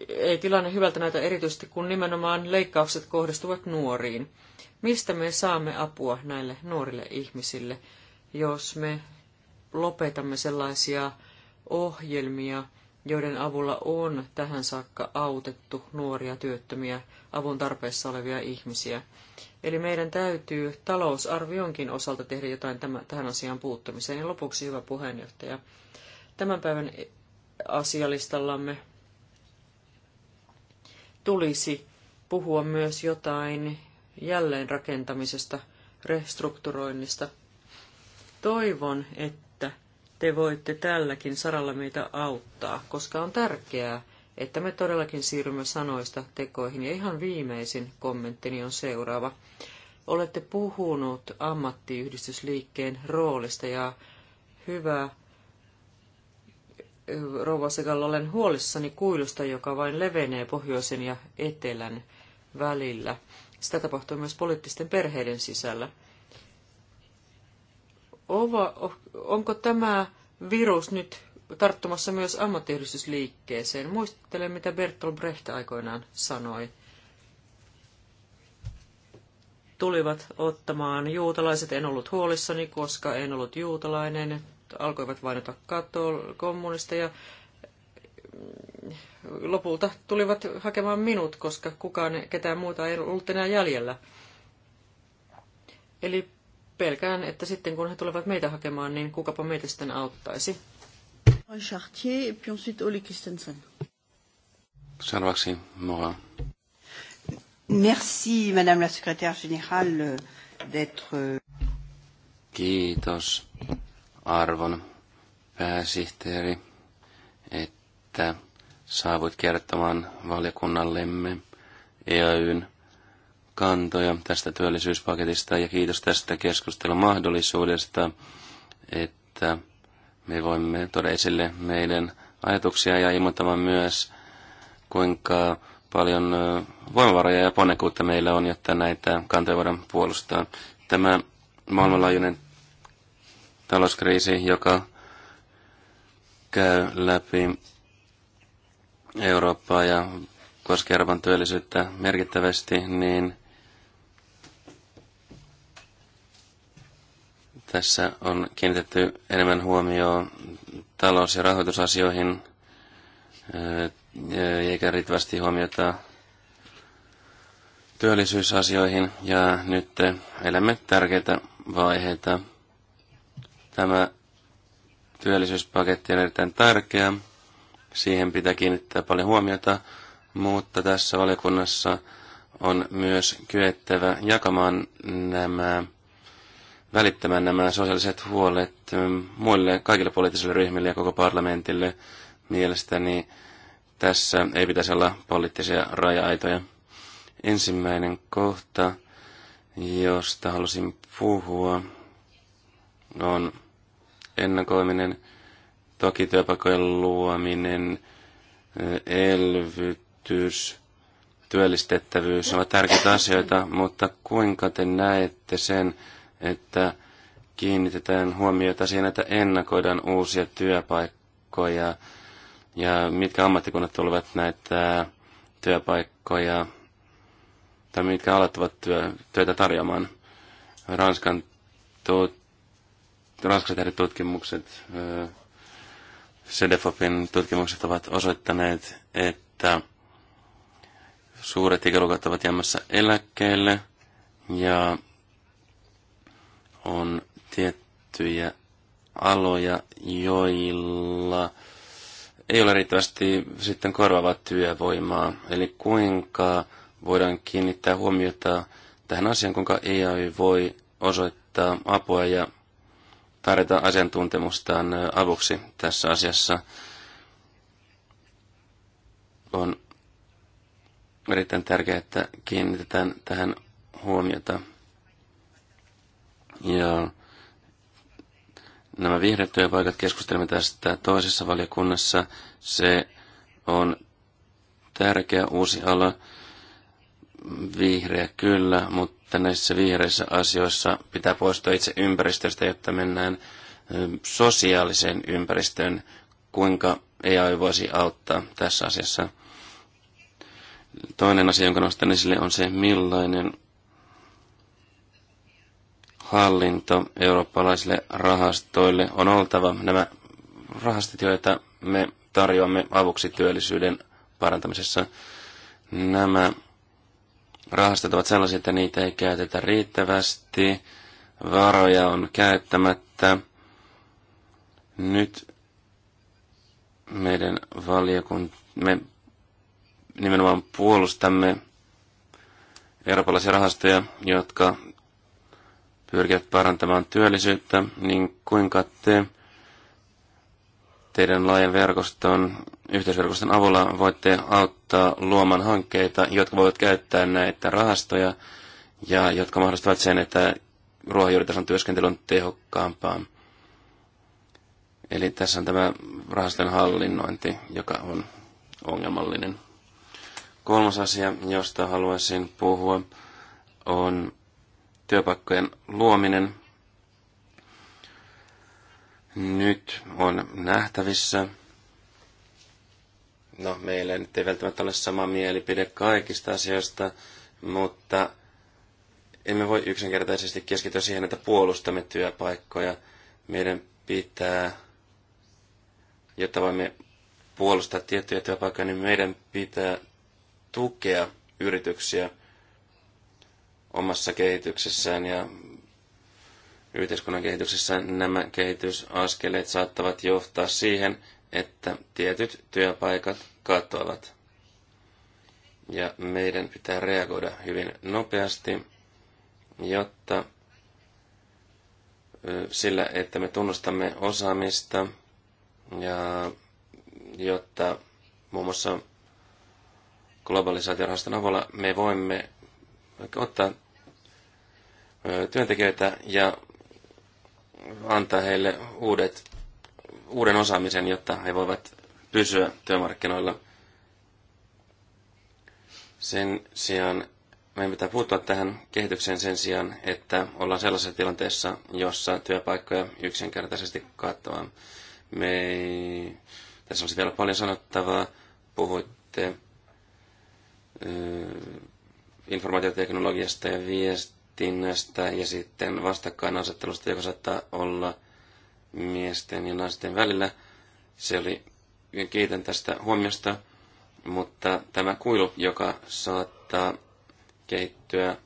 ei tilanne hyvältä näytä erityisesti, kun nimenomaan leikkaukset kohdistuvat nuoriin. Mistä me saamme apua näille nuorille ihmisille, jos me lopetamme sellaisia ohjelmia, joiden avulla on tähän saakka autettu nuoria työttömiä avun tarpeessa olevia ihmisiä. Eli meidän täytyy talousarvionkin osalta tehdä jotain tämän, tähän asiaan puuttumiseen. Ja lopuksi hyvä puheenjohtaja. Tämän päivän asialistallamme tulisi puhua myös jotain jälleenrakentamisesta, restrukturoinnista. Toivon, että te voitte tälläkin saralla meitä auttaa, koska on tärkeää, että me todellakin siirrymme sanoista tekoihin. Ja ihan viimeisin kommenttini on seuraava. Olette puhunut ammattiyhdistysliikkeen roolista ja hyvä rouva Segal, olen huolissani kuilusta, joka vain levenee pohjoisen ja etelän välillä. Sitä tapahtuu myös poliittisten perheiden sisällä. Oh, onko tämä virus nyt tarttumassa myös ammattiyhdistysliikkeeseen? Muistelen, mitä Bertolt Brecht aikoinaan sanoi. Tulivat ottamaan juutalaiset, en ollut huolissani, koska en ollut juutalainen. Alkoivat vainota katol, kommunisteja. Mm, lopulta tulivat hakemaan minut, koska kukaan, ketään muuta ei ollut enää jäljellä. Eli pelkään, että sitten kun he tulevat meitä hakemaan, niin kukapa meitä sitten auttaisi. Chartier, puis Seuraavaksi Merci, Madame la Secrétaire Générale, d'être... Euh, Kiitos, arvon pääsihteeri, että saavut kertomaan valiokunnallemme EAYn kantoja tästä työllisyyspaketista ja kiitos tästä keskustelun mahdollisuudesta, että me voimme tuoda esille meidän ajatuksia ja ilmoittamaan myös, kuinka paljon voimavaroja ja ponnekuutta meillä on, jotta näitä kantoja voidaan puolustaa. Tämä maailmanlaajuinen talouskriisi, joka käy läpi Eurooppaa ja koskee Euroopan työllisyyttä merkittävästi, niin Tässä on kiinnitetty enemmän huomioon talous- ja rahoitusasioihin, eikä riittävästi huomiota työllisyysasioihin, ja nyt elämme tärkeitä vaiheita. Tämä työllisyyspaketti on erittäin tärkeä. Siihen pitää kiinnittää paljon huomiota, mutta tässä valiokunnassa on myös kyettävä jakamaan nämä välittämään nämä sosiaaliset huolet ähm, muille, kaikille poliittisille ryhmille ja koko parlamentille. Mielestäni tässä ei pitäisi olla poliittisia raja-aitoja. Ensimmäinen kohta, josta halusin puhua, on ennakoiminen, toki työpaikojen luominen, äh, elvytys, työllistettävyys ovat tärkeitä asioita, mutta kuinka te näette sen, että kiinnitetään huomiota siihen, että ennakoidaan uusia työpaikkoja ja mitkä ammattikunnat tulevat näitä työpaikkoja tai mitkä alat ovat työ, työtä tarjoamaan. Ranskan tut, Ranskassa tehdyt tutkimukset, CDFOPin tutkimukset ovat osoittaneet, että suuret ikäluokat ovat jäämässä eläkkeelle ja on tiettyjä aloja, joilla ei ole riittävästi sitten korvaavaa työvoimaa. Eli kuinka voidaan kiinnittää huomiota tähän asiaan, kuinka AI voi osoittaa apua ja tarjota asiantuntemustaan avuksi tässä asiassa. On erittäin tärkeää, että kiinnitetään tähän huomiota. Ja nämä vihreät työpaikat keskustelemme tästä toisessa valiokunnassa. Se on tärkeä uusi ala. Vihreä kyllä, mutta näissä vihreissä asioissa pitää poistua itse ympäristöstä, jotta mennään sosiaaliseen ympäristöön. Kuinka AI voisi auttaa tässä asiassa? Toinen asia, jonka nostan esille, on se, millainen hallinto eurooppalaisille rahastoille on oltava nämä rahastot, joita me tarjoamme avuksi työllisyyden parantamisessa. Nämä rahastot ovat sellaisia, että niitä ei käytetä riittävästi, varoja on käyttämättä. Nyt meidän valiokunta, me nimenomaan puolustamme eurooppalaisia rahastoja, jotka pyrkivät parantamaan työllisyyttä, niin kuinka te teidän laajan verkoston, yhteisverkoston avulla voitte auttaa luomaan hankkeita, jotka voivat käyttää näitä rahastoja ja jotka mahdollistavat sen, että ruohonjuuritason työskentely on tehokkaampaa. Eli tässä on tämä rahastojen hallinnointi, joka on ongelmallinen. Kolmas asia, josta haluaisin puhua, on työpaikkojen luominen. Nyt on nähtävissä. No, meillä nyt ei välttämättä ole sama mielipide kaikista asioista, mutta emme voi yksinkertaisesti keskittyä siihen, että puolustamme työpaikkoja. Meidän pitää, jotta voimme puolustaa tiettyjä työpaikkoja, niin meidän pitää tukea yrityksiä omassa kehityksessään ja yhteiskunnan kehityksessä nämä kehitysaskeleet saattavat johtaa siihen, että tietyt työpaikat katoavat. Ja meidän pitää reagoida hyvin nopeasti, jotta sillä, että me tunnustamme osaamista ja jotta muun muassa globalisaatiorahaston avulla me voimme ottaa työntekijöitä ja antaa heille uudet, uuden osaamisen, jotta he voivat pysyä työmarkkinoilla. Sen sijaan meidän pitää puuttua tähän kehitykseen sen sijaan, että ollaan sellaisessa tilanteessa, jossa työpaikkoja yksinkertaisesti katoaa. Me ei... Tässä on vielä paljon sanottavaa. Puhuitte informaatioteknologiasta ja viestinnästä ja sitten vastakkainasettelusta, joka saattaa olla miesten ja naisten välillä. Se oli, kiitän tästä huomiosta, mutta tämä kuilu, joka saattaa kehittyä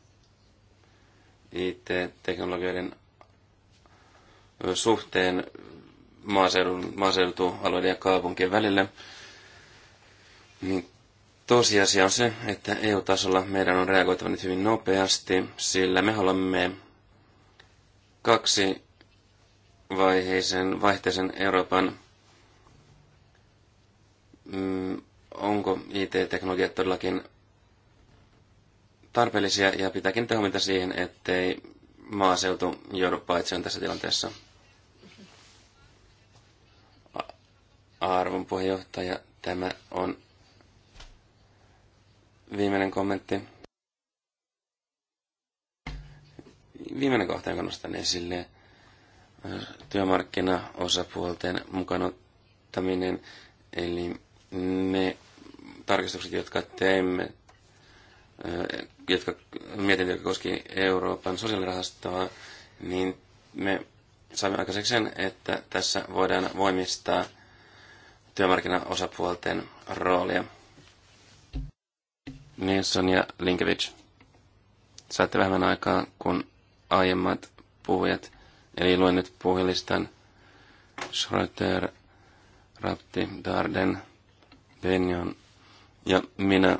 IT-teknologioiden suhteen maaseudun, maaseutualueiden ja kaupunkien välillä, niin Tosiasia on se, että EU-tasolla meidän on reagoitava nyt hyvin nopeasti, sillä me haluamme kaksi vaiheisen, vaihteisen Euroopan, mm, onko IT-teknologiat todellakin tarpeellisia ja pitääkin kiinnittää siihen, ettei maaseutu joudu paitsi tässä tilanteessa. Arvon puheenjohtaja, tämä on viimeinen kommentti. Viimeinen kohta, jonka nostan esille, työmarkkinaosapuolten mukanottaminen, eli ne tarkistukset, jotka teemme, jotka, mietin, jotka koski Euroopan sosiaalirahastoa, niin me saimme aikaiseksi sen, että tässä voidaan voimistaa työmarkkinaosapuolten roolia. Nilsson ja Linkevich. Saatte vähemmän aikaa kuin aiemmat puhujat. Eli luen nyt puhelistan Schröter, Rapti, Darden, Benjon ja minä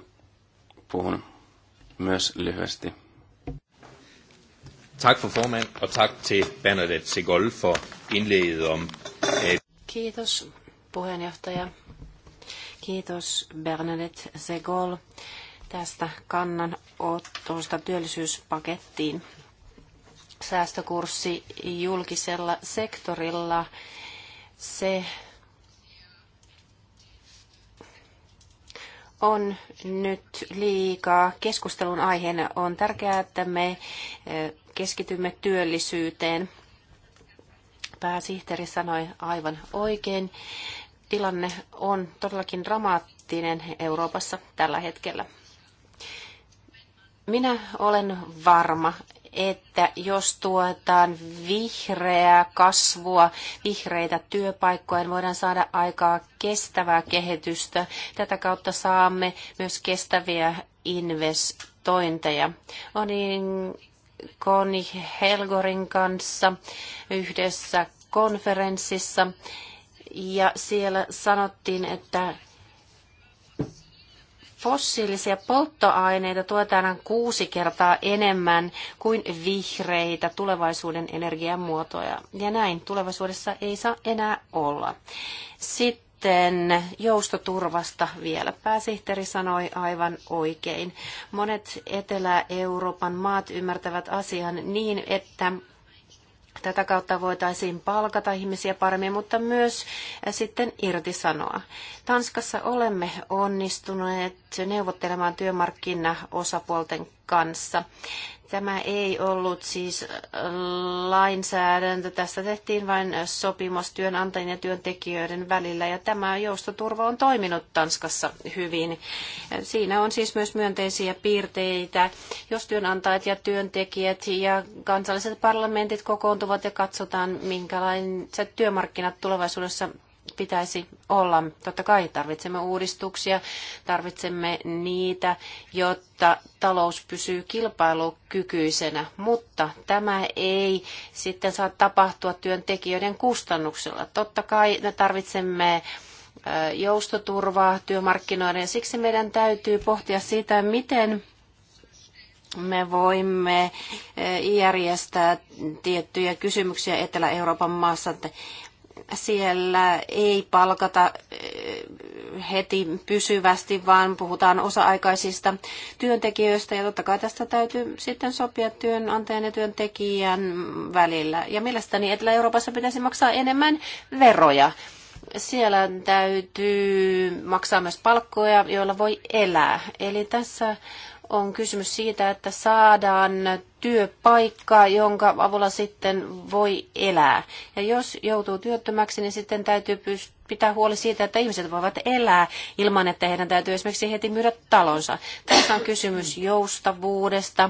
puhun myös lyhyesti. Tack för formen och tack till Bernadette Sigol for inledet om... Kiitos puheenjohtaja. Kiitos Bernadette Segol tästä kannanotosta työllisyyspakettiin. Säästökurssi julkisella sektorilla, se on nyt liikaa keskustelun aiheena. On tärkeää, että me keskitymme työllisyyteen. Pääsihteeri sanoi aivan oikein. Tilanne on todellakin dramaattinen Euroopassa tällä hetkellä. Minä olen varma, että jos tuetaan vihreää kasvua, vihreitä työpaikkoja, niin voidaan saada aikaa kestävää kehitystä. Tätä kautta saamme myös kestäviä investointeja. Olin Koni Helgorin kanssa yhdessä konferenssissa ja siellä sanottiin, että fossiilisia polttoaineita tuetaan kuusi kertaa enemmän kuin vihreitä tulevaisuuden energiamuotoja. Ja näin tulevaisuudessa ei saa enää olla. Sitten joustoturvasta vielä. Pääsihteeri sanoi aivan oikein. Monet Etelä-Euroopan maat ymmärtävät asian niin, että Tätä kautta voitaisiin palkata ihmisiä paremmin, mutta myös eh, sitten irtisanoa. Tanskassa olemme onnistuneet neuvottelemaan työmarkkinaosapuolten kanssa. Tämä ei ollut siis äh, lainsäädäntö, tässä tehtiin vain äh, sopimus työnantajien ja työntekijöiden välillä ja tämä joustoturva on toiminut Tanskassa hyvin. Äh, siinä on siis myös myönteisiä piirteitä, jos työnantajat ja työntekijät ja kansalliset parlamentit kokoontuvat ja katsotaan, minkälaiset työmarkkinat tulevaisuudessa pitäisi olla. Totta kai tarvitsemme uudistuksia, tarvitsemme niitä, jotta talous pysyy kilpailukykyisenä, mutta tämä ei sitten saa tapahtua työntekijöiden kustannuksella. Totta kai me tarvitsemme joustoturvaa työmarkkinoiden ja siksi meidän täytyy pohtia sitä, miten me voimme järjestää tiettyjä kysymyksiä Etelä-Euroopan maassa siellä ei palkata eh, heti pysyvästi, vaan puhutaan osa-aikaisista työntekijöistä ja totta kai tästä täytyy sitten sopia työnantajan ja työntekijän välillä. Ja mielestäni Etelä-Euroopassa pitäisi maksaa enemmän veroja. Siellä täytyy maksaa myös palkkoja, joilla voi elää. Eli tässä on kysymys siitä, että saadaan työpaikka, jonka avulla sitten voi elää. Ja jos joutuu työttömäksi, niin sitten täytyy pitää huoli siitä, että ihmiset voivat elää ilman, että heidän täytyy esimerkiksi heti myydä talonsa. Tässä on kysymys joustavuudesta.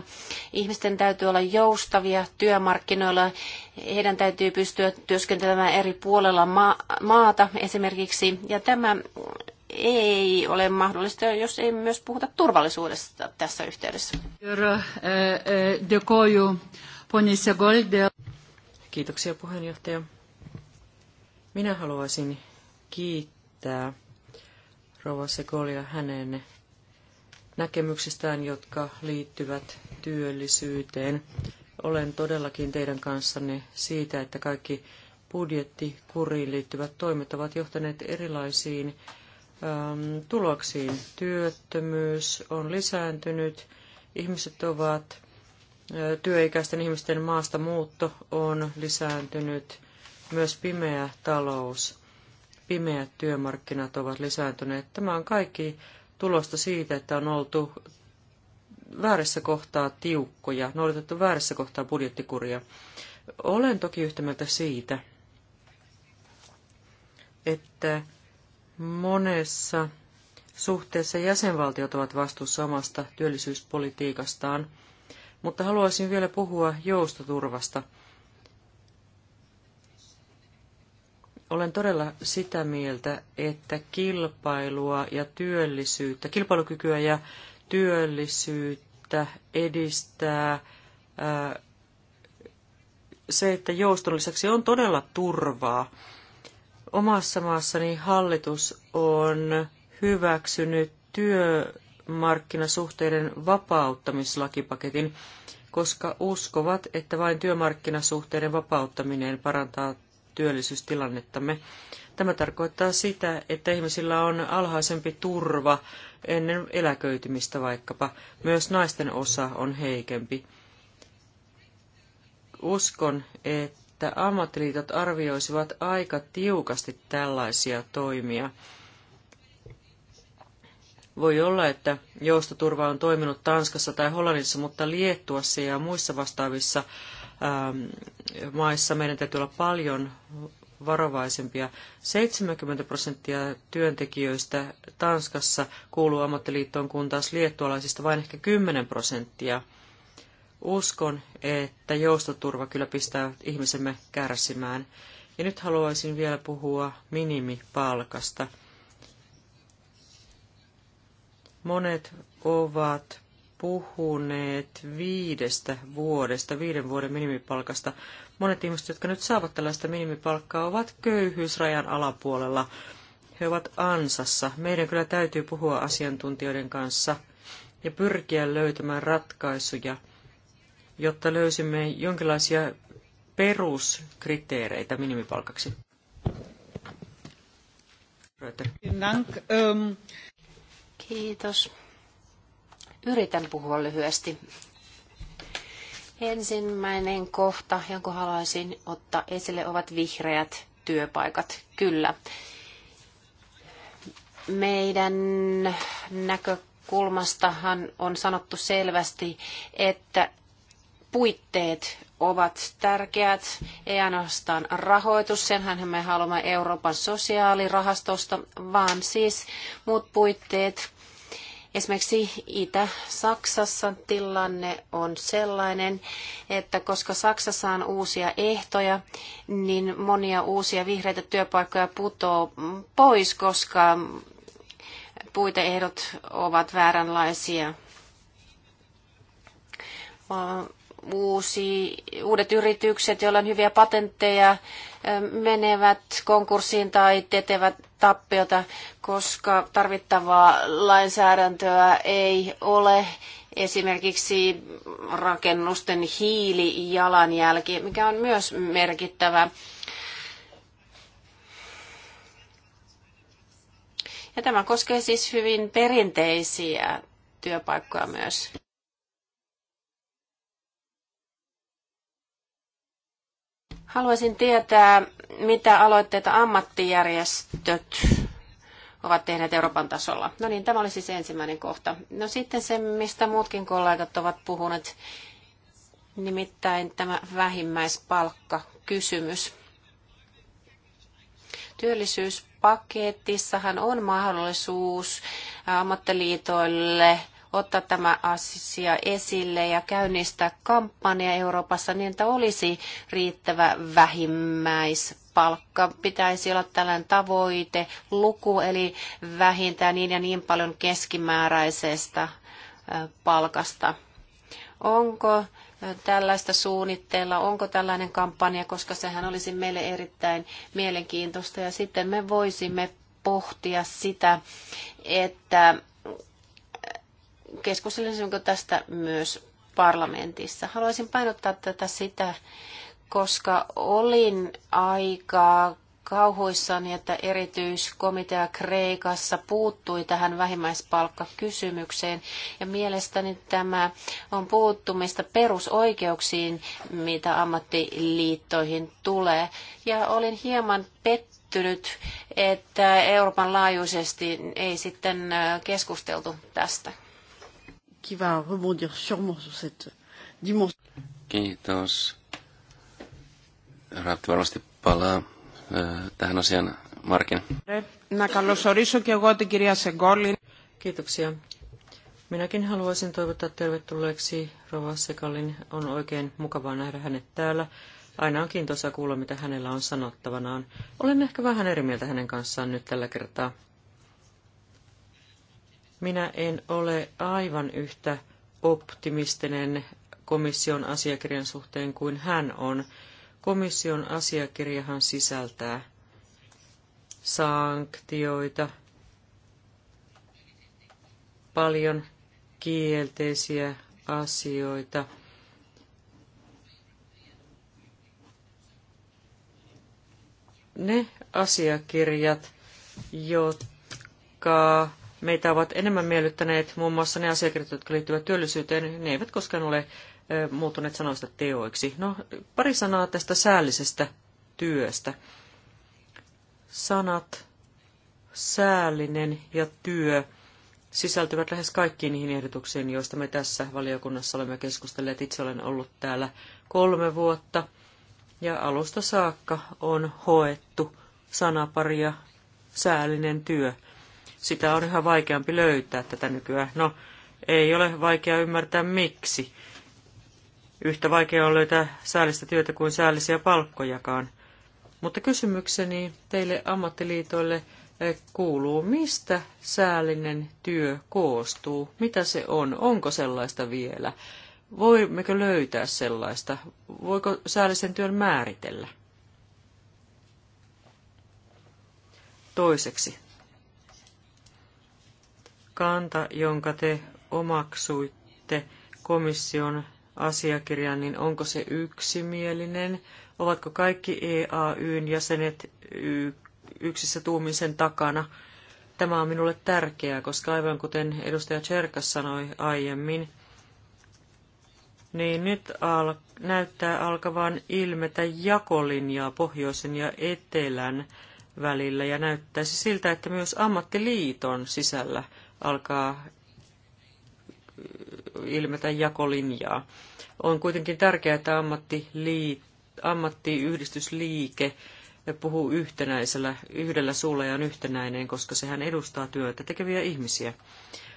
Ihmisten täytyy olla joustavia työmarkkinoilla. Heidän täytyy pystyä työskentelemään eri puolella maata esimerkiksi. Ja tämä ei ole mahdollista, jos ei myös puhuta turvallisuudesta tässä yhteydessä. E, e, Kiitoksia puheenjohtaja. Minä haluaisin kiittää Rova Segolia hänen näkemyksistään, jotka liittyvät työllisyyteen. Olen todellakin teidän kanssanne siitä, että kaikki budjettikuriin liittyvät toimet ovat johtaneet erilaisiin Ähm, tuloksiin. Työttömyys on lisääntynyt, ihmiset ovat, työikäisten ihmisten maasta muutto on lisääntynyt, myös pimeä talous, pimeät työmarkkinat ovat lisääntyneet. Tämä on kaikki tulosta siitä, että on oltu väärässä kohtaa tiukkoja, noudatettu väärässä kohtaa budjettikuria. Olen toki yhtä mieltä siitä, että monessa suhteessa jäsenvaltiot ovat vastuussa omasta työllisyyspolitiikastaan, mutta haluaisin vielä puhua joustoturvasta. Olen todella sitä mieltä, että kilpailua ja työllisyyttä, kilpailukykyä ja työllisyyttä edistää se, että jouston lisäksi on todella turvaa Omassa maassani hallitus on hyväksynyt työmarkkinasuhteiden vapauttamislakipaketin, koska uskovat, että vain työmarkkinasuhteiden vapauttaminen parantaa työllisyystilannettamme. Tämä tarkoittaa sitä, että ihmisillä on alhaisempi turva ennen eläköitymistä vaikkapa. Myös naisten osa on heikempi. Uskon, että että ammattiliitot arvioisivat aika tiukasti tällaisia toimia. Voi olla, että joustoturva on toiminut Tanskassa tai Hollannissa, mutta Liettuassa ja muissa vastaavissa ähm, maissa meidän täytyy olla paljon varovaisempia. 70 prosenttia työntekijöistä Tanskassa kuuluu ammattiliittoon, kun taas liettualaisista vain ehkä 10 prosenttia. Uskon, että joustoturva kyllä pistää ihmisemme kärsimään. Ja nyt haluaisin vielä puhua minimipalkasta. Monet ovat puhuneet viidestä vuodesta, viiden vuoden minimipalkasta. Monet ihmiset, jotka nyt saavat tällaista minimipalkkaa, ovat köyhyysrajan alapuolella. He ovat ansassa. Meidän kyllä täytyy puhua asiantuntijoiden kanssa ja pyrkiä löytämään ratkaisuja – jotta löysimme jonkinlaisia peruskriteereitä minimipalkaksi? Ähm. Kiitos. Yritän puhua lyhyesti. Ensimmäinen kohta, jonka haluaisin ottaa esille, ovat vihreät työpaikat. Kyllä. Meidän näkökulmastahan on sanottu selvästi, että puitteet ovat tärkeät, ei ainoastaan rahoitus, senhän me haluamme Euroopan sosiaalirahastosta, vaan siis muut puitteet. Esimerkiksi Itä-Saksassa tilanne on sellainen, että koska Saksassa on uusia ehtoja, niin monia uusia vihreitä työpaikkoja putoo pois, koska puiteehdot ovat vääränlaisia uusi, uudet yritykset, joilla on hyviä patentteja, menevät konkurssiin tai tekevät tappiota, koska tarvittavaa lainsäädäntöä ei ole. Esimerkiksi rakennusten hiilijalanjälki, mikä on myös merkittävä. Ja tämä koskee siis hyvin perinteisiä työpaikkoja myös. Haluaisin tietää, mitä aloitteita ammattijärjestöt ovat tehneet Euroopan tasolla. No niin, tämä oli siis ensimmäinen kohta. No sitten se, mistä muutkin kollegat ovat puhuneet, nimittäin tämä vähimmäispalkkakysymys. Työllisyyspaketissahan on mahdollisuus ammattiliitoille ottaa tämä asia esille ja käynnistää kampanja Euroopassa niin, että olisi riittävä vähimmäispalkka. Pitäisi olla tällainen tavoite, luku, eli vähintään niin ja niin paljon keskimääräisestä palkasta. Onko tällaista suunnitteilla, onko tällainen kampanja, koska sehän olisi meille erittäin mielenkiintoista ja sitten me voisimme pohtia sitä, että keskustelisimmeko tästä myös parlamentissa. Haluaisin painottaa tätä sitä, koska olin aika kauhuissani, että erityiskomitea Kreikassa puuttui tähän vähimmäispalkkakysymykseen. Ja mielestäni tämä on puuttumista perusoikeuksiin, mitä ammattiliittoihin tulee. Ja olin hieman pettynyt, että Euroopan laajuisesti ei sitten keskusteltu tästä qui va rebondir sûrement sur cette dimension. Kiitos. Raatti varmasti palaa äh, tähän asiaan Markin. Να καλωσορίσω και εγώ την κυρία Σεγκόλη. Kiitoksia. Minäkin haluaisin toivottaa tervetulleeksi Rova Sekalin. On oikein mukavaa nähdä hänet täällä. Aina on kiintoisaa kuulla, mitä hänellä on sanottavanaan. Olen ehkä vähän eri mieltä hänen kanssaan nyt tällä kertaa. Minä en ole aivan yhtä optimistinen komission asiakirjan suhteen kuin hän on. Komission asiakirjahan sisältää sanktioita, paljon kielteisiä asioita. Ne asiakirjat, jotka meitä ovat enemmän miellyttäneet muun muassa ne asiakirjat, jotka liittyvät työllisyyteen. Ne eivät koskaan ole muuttuneet sanoista teoiksi. No, pari sanaa tästä säällisestä työstä. Sanat säällinen ja työ sisältyvät lähes kaikkiin niihin ehdotuksiin, joista me tässä valiokunnassa olemme keskustelleet. Itse olen ollut täällä kolme vuotta ja alusta saakka on hoettu sanaparia säällinen työ sitä on yhä vaikeampi löytää tätä nykyään. No, ei ole vaikea ymmärtää miksi. Yhtä vaikea on löytää säällistä työtä kuin säällisiä palkkojakaan. Mutta kysymykseni teille ammattiliitoille eh, kuuluu, mistä säällinen työ koostuu? Mitä se on? Onko sellaista vielä? Voimmeko löytää sellaista? Voiko säällisen työn määritellä? Toiseksi kanta, jonka te omaksuitte komission asiakirjan, niin onko se yksimielinen? Ovatko kaikki EAYn jäsenet yksissä tuumin sen takana? Tämä on minulle tärkeää, koska aivan kuten edustaja Cherkas sanoi aiemmin, niin nyt al- näyttää alkavan ilmetä jakolinjaa pohjoisen ja etelän välillä ja näyttäisi siltä, että myös ammattiliiton sisällä alkaa ilmetä jakolinjaa. On kuitenkin tärkeää, että ammattiliit, ammattiyhdistysliike puhuu yhtenäisellä, yhdellä suulla ja on yhtenäinen, koska sehän edustaa työtä tekeviä ihmisiä.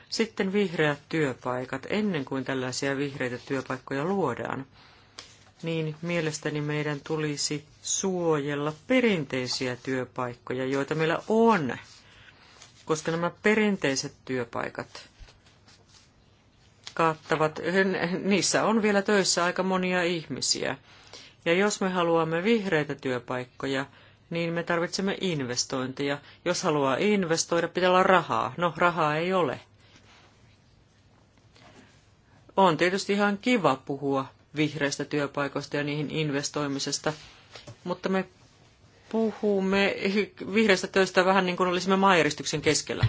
Sitten vihreät työpaikat. Ennen kuin tällaisia vihreitä työpaikkoja luodaan, niin mielestäni meidän tulisi suojella perinteisiä työpaikkoja, joita meillä on koska nämä perinteiset työpaikat kattavat, niin niissä on vielä töissä aika monia ihmisiä. Ja jos me haluamme vihreitä työpaikkoja, niin me tarvitsemme investointeja. Jos haluaa investoida, pitää olla rahaa. No, rahaa ei ole. On tietysti ihan kiva puhua vihreistä työpaikoista ja niihin investoimisesta, mutta me puhumme vihreistä töistä vähän niin kuin olisimme maanjäristyksen keskellä.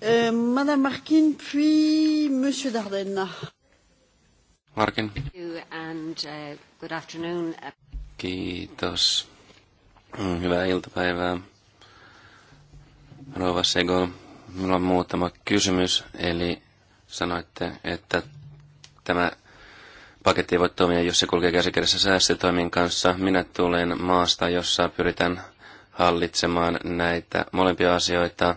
Eh, Madame Markin, puis Monsieur Dardenne. Markin. Uh, Kiitos. Hyvää iltapäivää. Rova Sego, minulla on muutama kysymys. Eli sanoitte, että tämä paketti ei voi toimia, jos se kulkee käsikädessä säästötoimin kanssa. Minä tulen maasta, jossa pyritään hallitsemaan näitä molempia asioita.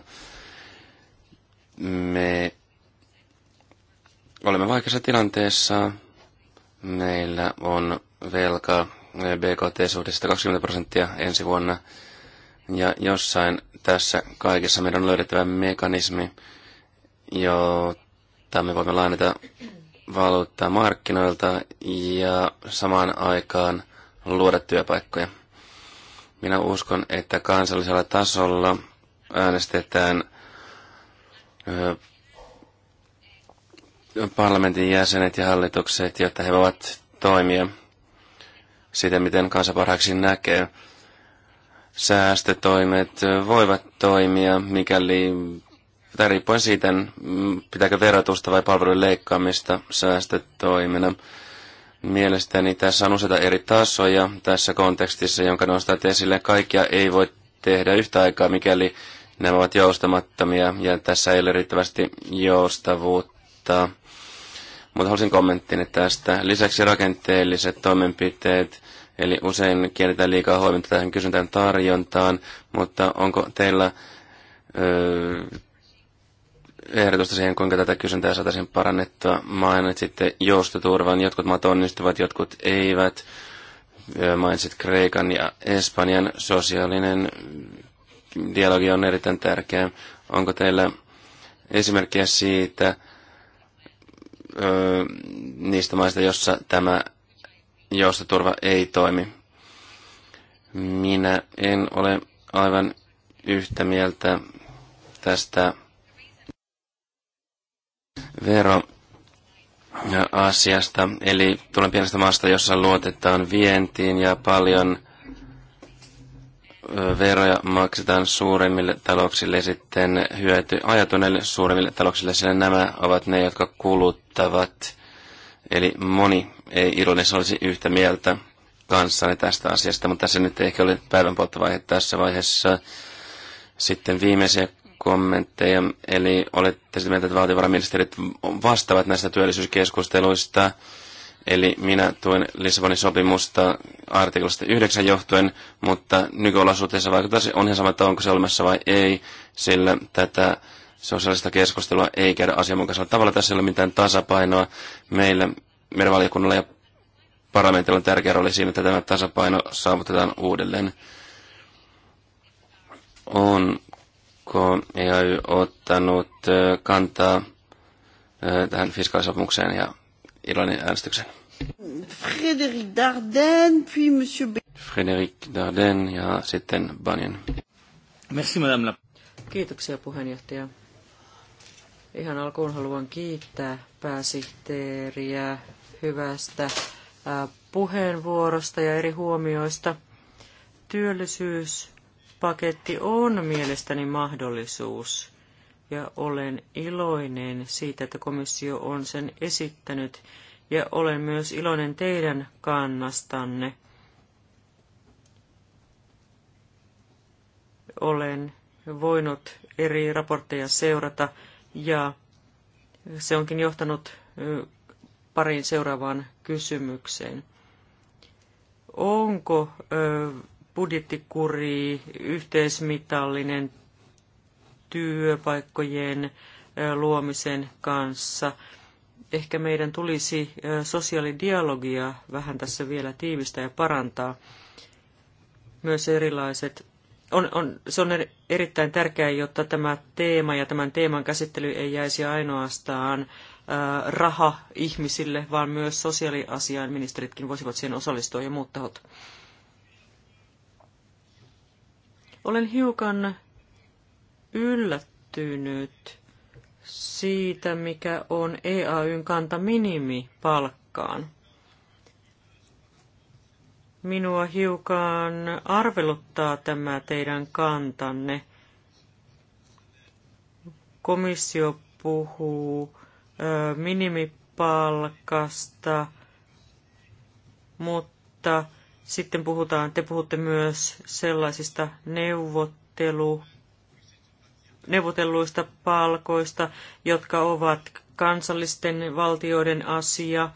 Me olemme vaikeassa tilanteessa. Meillä on velka bkt suhdista 20 prosenttia ensi vuonna. Ja jossain tässä kaikessa meidän on löydettävä mekanismi, jota me voimme lainata valuuttaa markkinoilta ja samaan aikaan luoda työpaikkoja. Minä uskon, että kansallisella tasolla äänestetään parlamentin jäsenet ja hallitukset, jotta he voivat toimia sitä, miten kansa parhaaksi näkee. Säästötoimet voivat toimia, mikäli Tämä riippuen siitä, pitääkö verotusta vai palvelujen leikkaamista säästötoimena. Mielestäni tässä on useita eri tasoja tässä kontekstissa, jonka nostat esille. Kaikkia ei voi tehdä yhtä aikaa, mikäli nämä ovat joustamattomia ja tässä ei ole riittävästi joustavuutta. Mutta halusin kommenttini tästä. Lisäksi rakenteelliset toimenpiteet, eli usein kiinnitetään liikaa huomiota tähän kysyntään tarjontaan, mutta onko teillä ö, ehdotusta siihen, kuinka tätä kysyntää saataisiin parannettua. Mainitsit joustoturvan, jotkut maat onnistuvat, jotkut eivät. Mainitsit Kreikan ja Espanjan sosiaalinen dialogi on erittäin tärkeä. Onko teillä esimerkkiä siitä öö, niistä maista, jossa tämä joustoturva ei toimi? Minä en ole aivan yhtä mieltä tästä vero Eli tulen pienestä maasta, jossa luotetaan vientiin ja paljon veroja maksetaan suuremmille talouksille ja sitten hyöty ajatuneille suuremmille talouksille, sillä nämä ovat ne, jotka kuluttavat. Eli moni ei ironissa olisi yhtä mieltä kanssani tästä asiasta, mutta tässä nyt ehkä oli päivän polttava tässä vaiheessa. Sitten viimeisiä kommentteja. Eli olette sitä mieltä, että valtiovarainministerit vastaavat näistä työllisyyskeskusteluista. Eli minä tuen Lissabonin sopimusta artiklasta 9 johtuen, mutta nykyolosuhteissa vaikuttaisi on ihan sama, että onko se olemassa vai ei, sillä tätä sosiaalista keskustelua ei käydä asianmukaisella tavalla. Tässä ei ole mitään tasapainoa. Meillä, meidän valiokunnalla ja parlamentilla on tärkeä rooli siinä, että tämä tasapaino saavutetaan uudelleen. On onko EU ottanut kantaa tähän fiskaalisopimukseen ja Irlannin äänestykseen? Frédéric Dardenne, puis Monsieur B... Frédéric Dardenne ja sitten Banin. Merci, Madame la... Kiitoksia puheenjohtaja. Ihan alkuun haluan kiittää pääsihteeriä hyvästä puheenvuorosta ja eri huomioista. Työllisyys paketti on mielestäni mahdollisuus ja olen iloinen siitä, että komissio on sen esittänyt ja olen myös iloinen teidän kannastanne. Olen voinut eri raportteja seurata ja se onkin johtanut pariin seuraavaan kysymykseen. Onko budjettikuri, yhteismitallinen työpaikkojen luomisen kanssa. Ehkä meidän tulisi sosiaalidialogia vähän tässä vielä tiivistää ja parantaa. Myös erilaiset on, on, se on erittäin tärkeää, jotta tämä teema ja tämän teeman käsittely ei jäisi ainoastaan raha ihmisille, vaan myös sosiaaliasiainministeritkin voisivat siihen osallistua ja muut tahot. Olen hiukan yllättynyt siitä, mikä on EAYn kanta minimipalkkaan. Minua hiukan arveluttaa tämä teidän kantanne. Komissio puhuu ö, minimipalkasta, mutta sitten puhutaan, te puhutte myös sellaisista neuvottelu, neuvotelluista palkoista, jotka ovat kansallisten valtioiden asia.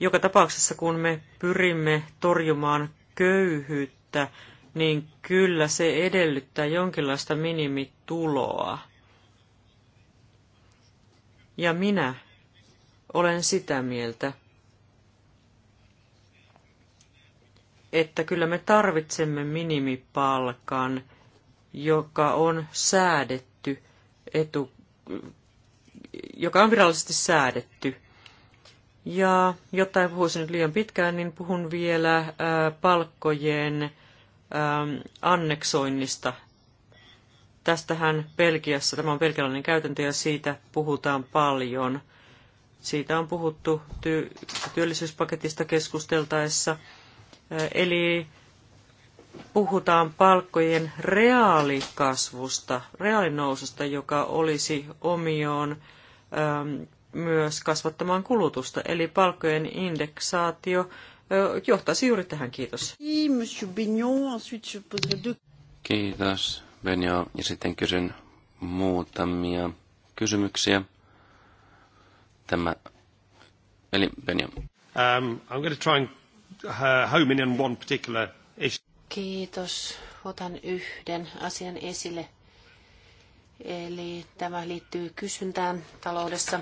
Joka tapauksessa, kun me pyrimme torjumaan köyhyyttä, niin kyllä se edellyttää jonkinlaista minimituloa. Ja minä olen sitä mieltä, että kyllä me tarvitsemme minimipalkan, joka on säädetty etu, joka on virallisesti säädetty. Ja jotta en puhuisi nyt liian pitkään, niin puhun vielä ää, äh, palkkojen ää, ähm, anneksoinnista. Tästähän Belgiassa, tämä on belgialainen käytäntö ja siitä puhutaan paljon. Siitä on puhuttu ty- työllisyyspaketista keskusteltaessa – Eli puhutaan palkkojen reaalikasvusta, reaalinoususta, joka olisi omioon ähm, myös kasvattamaan kulutusta. Eli palkkojen indeksaatio johtaisi juuri tähän. Kiitos. Kiitos, Benjo. Ja sitten kysyn muutamia kysymyksiä. Tämä, eli Benjo. Um, I'm going to try and in one particular issue. Kiitos. Otan yhden asian esille. Eli tämä liittyy kysyntään taloudessa.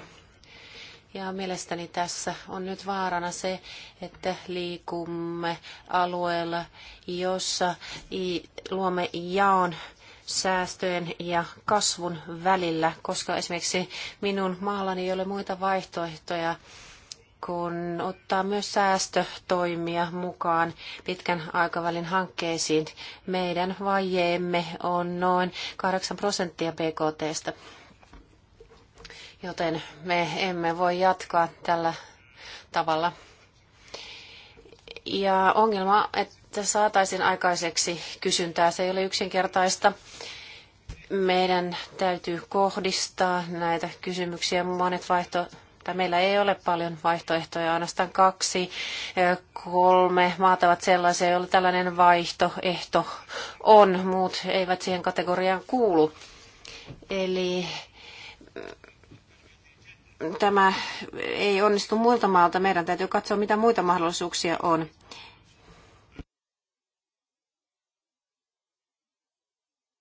Ja mielestäni tässä on nyt vaarana se, että liikumme alueella, jossa luomme jaon säästöjen ja kasvun välillä, koska esimerkiksi minun maallani ei ole muita vaihtoehtoja kun ottaa myös säästötoimia mukaan pitkän aikavälin hankkeisiin. Meidän vajeemme on noin 8 prosenttia BKT. joten me emme voi jatkaa tällä tavalla. Ja ongelma, että saataisiin aikaiseksi kysyntää, se ei ole yksinkertaista meidän täytyy kohdistaa näitä kysymyksiä. Monet vaihto, tai meillä ei ole paljon vaihtoehtoja, ainoastaan kaksi, kolme maata ovat sellaisia, joilla tällainen vaihtoehto on, muut eivät siihen kategoriaan kuulu. Eli mm, tämä ei onnistu muilta maalta. Meidän täytyy katsoa, mitä muita mahdollisuuksia on.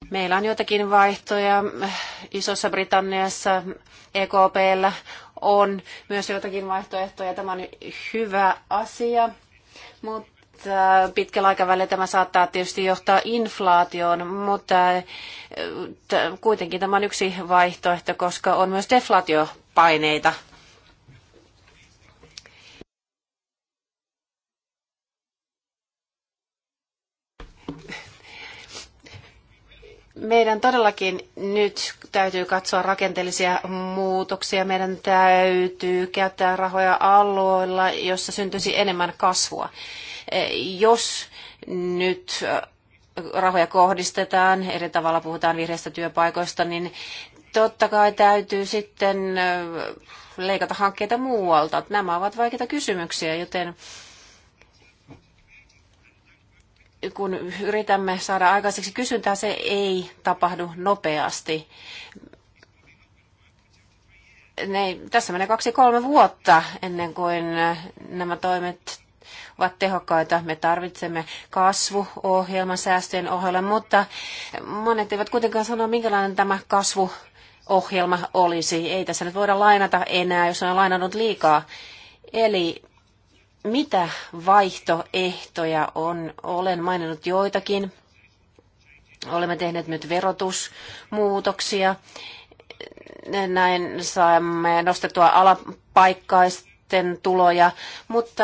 Meillä on joitakin vaihtoja Isossa Britanniassa, EKPllä on myös jotakin vaihtoehtoja. Tämä on hyvä asia, mutta äh, pitkällä aikavälillä tämä saattaa tietysti johtaa inflaatioon, mutta äh, kuitenkin tämä on yksi vaihtoehto, koska on myös deflaatiopaineita meidän todellakin nyt täytyy katsoa rakenteellisia muutoksia. Meidän täytyy käyttää rahoja alueilla, jossa syntyisi enemmän kasvua. E, jos nyt rahoja kohdistetaan, eri tavalla puhutaan vihreistä työpaikoista, niin totta kai täytyy sitten leikata hankkeita muualta. Nämä ovat vaikeita kysymyksiä, joten kun yritämme saada aikaiseksi kysyntää, se ei tapahdu nopeasti. Ne, tässä menee kaksi-kolme vuotta ennen kuin nämä toimet ovat tehokkaita. Me tarvitsemme kasvuohjelman, säästöjen ohjelman, mutta monet eivät kuitenkaan sano, minkälainen tämä kasvuohjelma olisi. Ei tässä nyt voida lainata enää, jos on lainannut liikaa. Eli mitä vaihtoehtoja on? Olen maininnut joitakin. Olemme tehneet nyt verotusmuutoksia. Näin saamme nostettua alapaikkaisten tuloja, mutta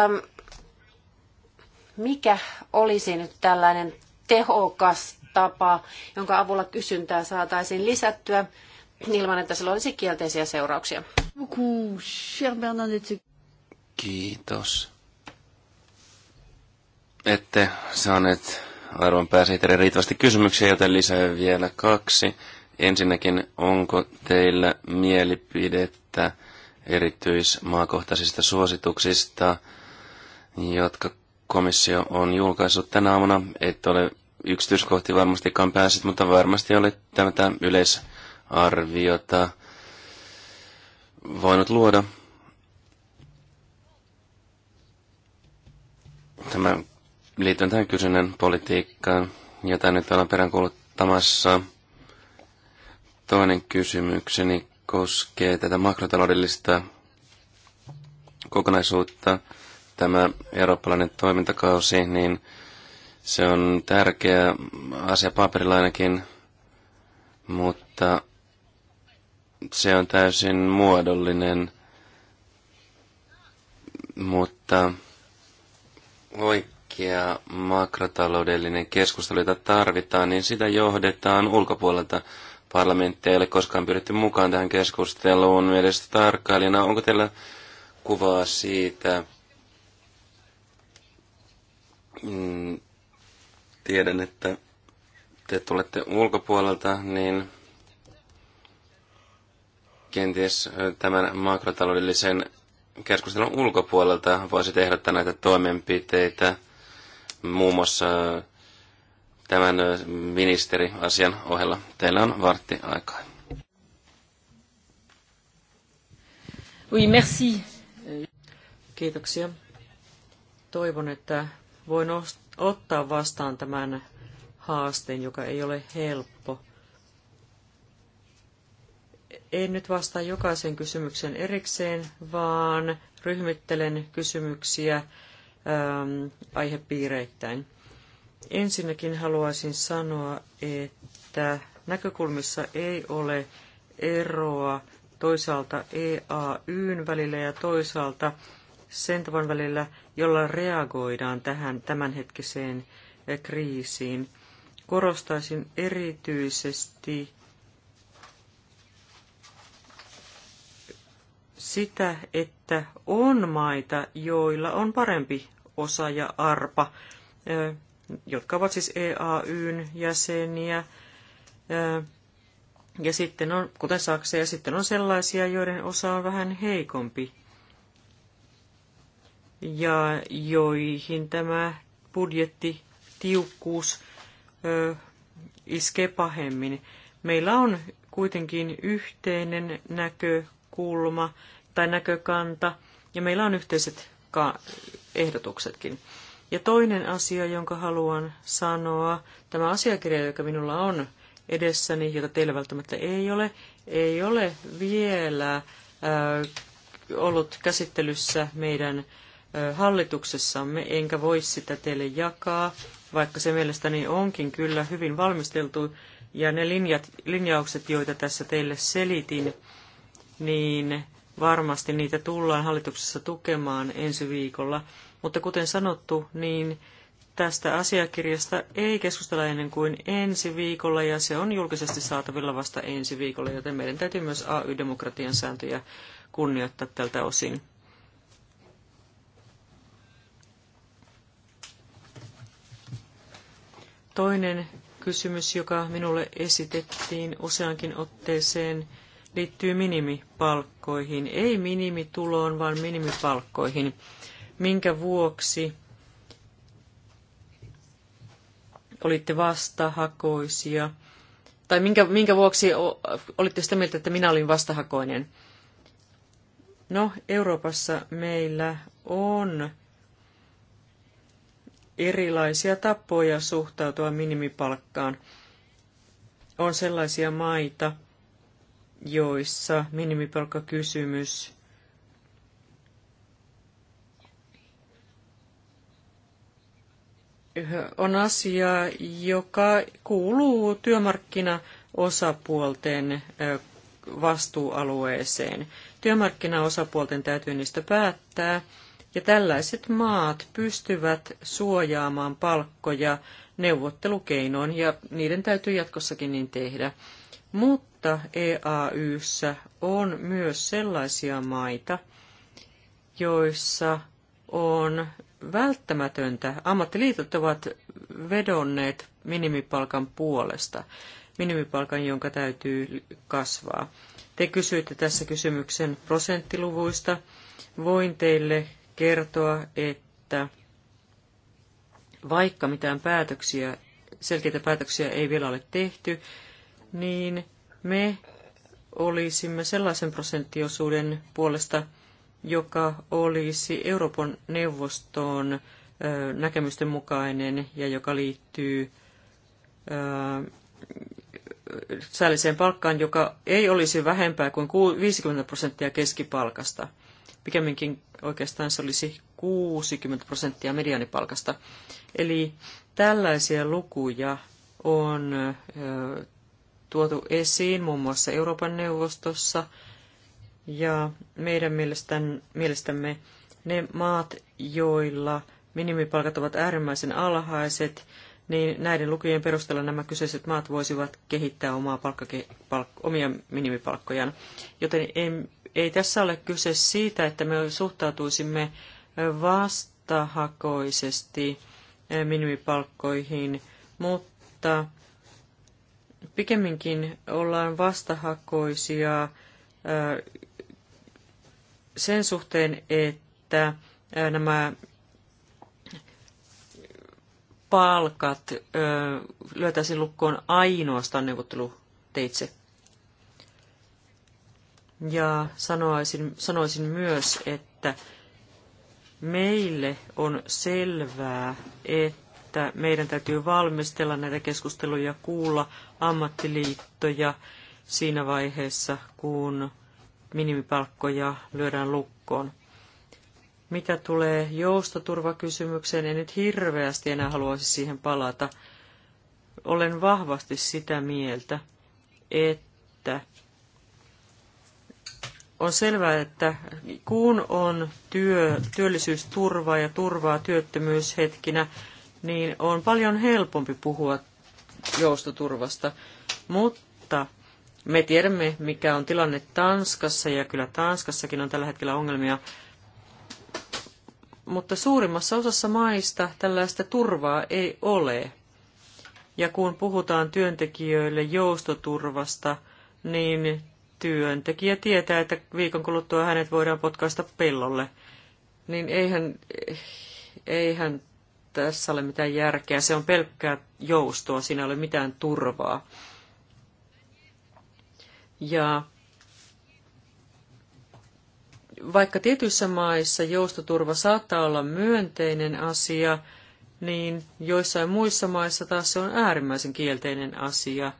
mikä olisi nyt tällainen tehokas tapa, jonka avulla kysyntää saataisiin lisättyä ilman, että sillä olisi kielteisiä seurauksia. Kiitos ette saaneet arvon pääsihteerin riittävästi kysymyksiä, joten lisää vielä kaksi. Ensinnäkin, onko teillä mielipidettä erityismaakohtaisista suosituksista, jotka komissio on julkaissut tänä aamuna? Et ole yksityiskohti varmastikaan pääsit, mutta varmasti olet tätä yleisarviota voinut luoda. Tämä liittyen tähän kysynnän politiikkaan, jota nyt ollaan peräänkuuluttamassa. Toinen kysymykseni koskee tätä makrotaloudellista kokonaisuutta. Tämä eurooppalainen toimintakausi, niin se on tärkeä asia paperilla ainakin, mutta se on täysin muodollinen, mutta voi tärkeä makrotaloudellinen keskustelu, jota tarvitaan, niin sitä johdetaan ulkopuolelta. Parlamentti ei ole koskaan pyritty mukaan tähän keskusteluun edes tarkkailijana. Onko teillä kuvaa siitä? Mm, tiedän, että te tulette ulkopuolelta, niin kenties tämän makrotaloudellisen keskustelun ulkopuolelta voisi tehdä näitä toimenpiteitä muun muassa äh, tämän äh, ministeriasian ohella. Teillä on vartti aikaa. Oui, merci. Kiitoksia. Toivon, että voin ottaa vastaan tämän haasteen, joka ei ole helppo. En nyt vastaa jokaisen kysymyksen erikseen, vaan ryhmittelen kysymyksiä Ähm, aihepiireittäin. Ensinnäkin haluaisin sanoa, että näkökulmissa ei ole eroa toisaalta EAYn välillä ja toisaalta sen välillä, jolla reagoidaan tähän tämänhetkiseen eh, kriisiin. Korostaisin erityisesti sitä, että on maita, joilla on parempi osa ja ARPA, jotka ovat siis EAYn jäseniä. Ja sitten on, kuten Saksa, ja sitten on sellaisia, joiden osa on vähän heikompi ja joihin tämä budjetti ö, iskee pahemmin. Meillä on kuitenkin yhteinen näkökulma tai näkökanta, ja meillä on yhteiset ehdotuksetkin. Ja toinen asia, jonka haluan sanoa, tämä asiakirja, joka minulla on edessäni, jota teillä välttämättä ei ole, ei ole vielä äh, ollut käsittelyssä meidän äh, hallituksessamme, enkä voi sitä teille jakaa, vaikka se mielestäni onkin kyllä hyvin valmisteltu. Ja ne linjat, linjaukset, joita tässä teille selitin, niin Varmasti niitä tullaan hallituksessa tukemaan ensi viikolla, mutta kuten sanottu, niin tästä asiakirjasta ei keskustella ennen kuin ensi viikolla ja se on julkisesti saatavilla vasta ensi viikolla, joten meidän täytyy myös AY-demokratian sääntöjä kunnioittaa tältä osin. Toinen kysymys, joka minulle esitettiin useankin otteeseen, liittyy minimipalkkoihin, ei minimituloon, vaan minimipalkkoihin, minkä vuoksi olitte vastahakoisia, tai minkä, minkä vuoksi olitte sitä mieltä, että minä olin vastahakoinen. No, Euroopassa meillä on erilaisia tapoja suhtautua minimipalkkaan. On sellaisia maita, joissa minimipalkkakysymys on asia, joka kuuluu työmarkkinaosapuolten vastuualueeseen. Työmarkkinaosapuolten täytyy niistä päättää, ja tällaiset maat pystyvät suojaamaan palkkoja neuvottelukeinoin, ja niiden täytyy jatkossakin niin tehdä. Mutta EAYssä on myös sellaisia maita, joissa on välttämätöntä. Ammattiliitot ovat vedonneet minimipalkan puolesta, minimipalkan, jonka täytyy kasvaa. Te kysyitte tässä kysymyksen prosenttiluvuista. Voin teille kertoa, että vaikka mitään päätöksiä, selkeitä päätöksiä ei vielä ole tehty, niin me olisimme sellaisen prosenttiosuuden puolesta, joka olisi Euroopan neuvostoon näkemysten mukainen ja joka liittyy säälliseen palkkaan, joka ei olisi vähempää kuin 50 prosenttia keskipalkasta. Pikemminkin oikeastaan se olisi 60 prosenttia medianipalkasta. Eli tällaisia lukuja on tuotu esiin muun muassa Euroopan neuvostossa. Ja meidän mielestämme ne maat, joilla minimipalkat ovat äärimmäisen alhaiset, niin näiden lukujen perusteella nämä kyseiset maat voisivat kehittää omaa palkkake- palk- omia minimipalkkojaan. Joten ei, ei tässä ole kyse siitä, että me suhtautuisimme vastahakoisesti eh, minimipalkkoihin, mutta pikemminkin ollaan vastahakoisia sen suhteen, että nämä palkat löytäisiin lukkoon ainoastaan neuvotteluteitse. Ja sanoisin, sanoisin myös, että meille on selvää, että että meidän täytyy valmistella näitä keskusteluja, kuulla ammattiliittoja siinä vaiheessa, kun minimipalkkoja lyödään lukkoon. Mitä tulee joustoturvakysymykseen, en nyt hirveästi enää haluaisi siihen palata. Olen vahvasti sitä mieltä, että on selvää, että kun on työ, ja turvaa työttömyyshetkinä, niin on paljon helpompi puhua joustoturvasta. Mutta me tiedämme, mikä on tilanne Tanskassa, ja kyllä Tanskassakin on tällä hetkellä ongelmia. Mutta suurimmassa osassa maista tällaista turvaa ei ole. Ja kun puhutaan työntekijöille joustoturvasta, niin työntekijä tietää, että viikon kuluttua hänet voidaan potkaista pellolle. Niin eihän, eihän tässä ole mitään järkeä. Se on pelkkää joustoa, siinä ei ole mitään turvaa. Ja vaikka tietyissä maissa joustoturva saattaa olla myönteinen asia, niin joissain muissa maissa taas se on äärimmäisen kielteinen asia.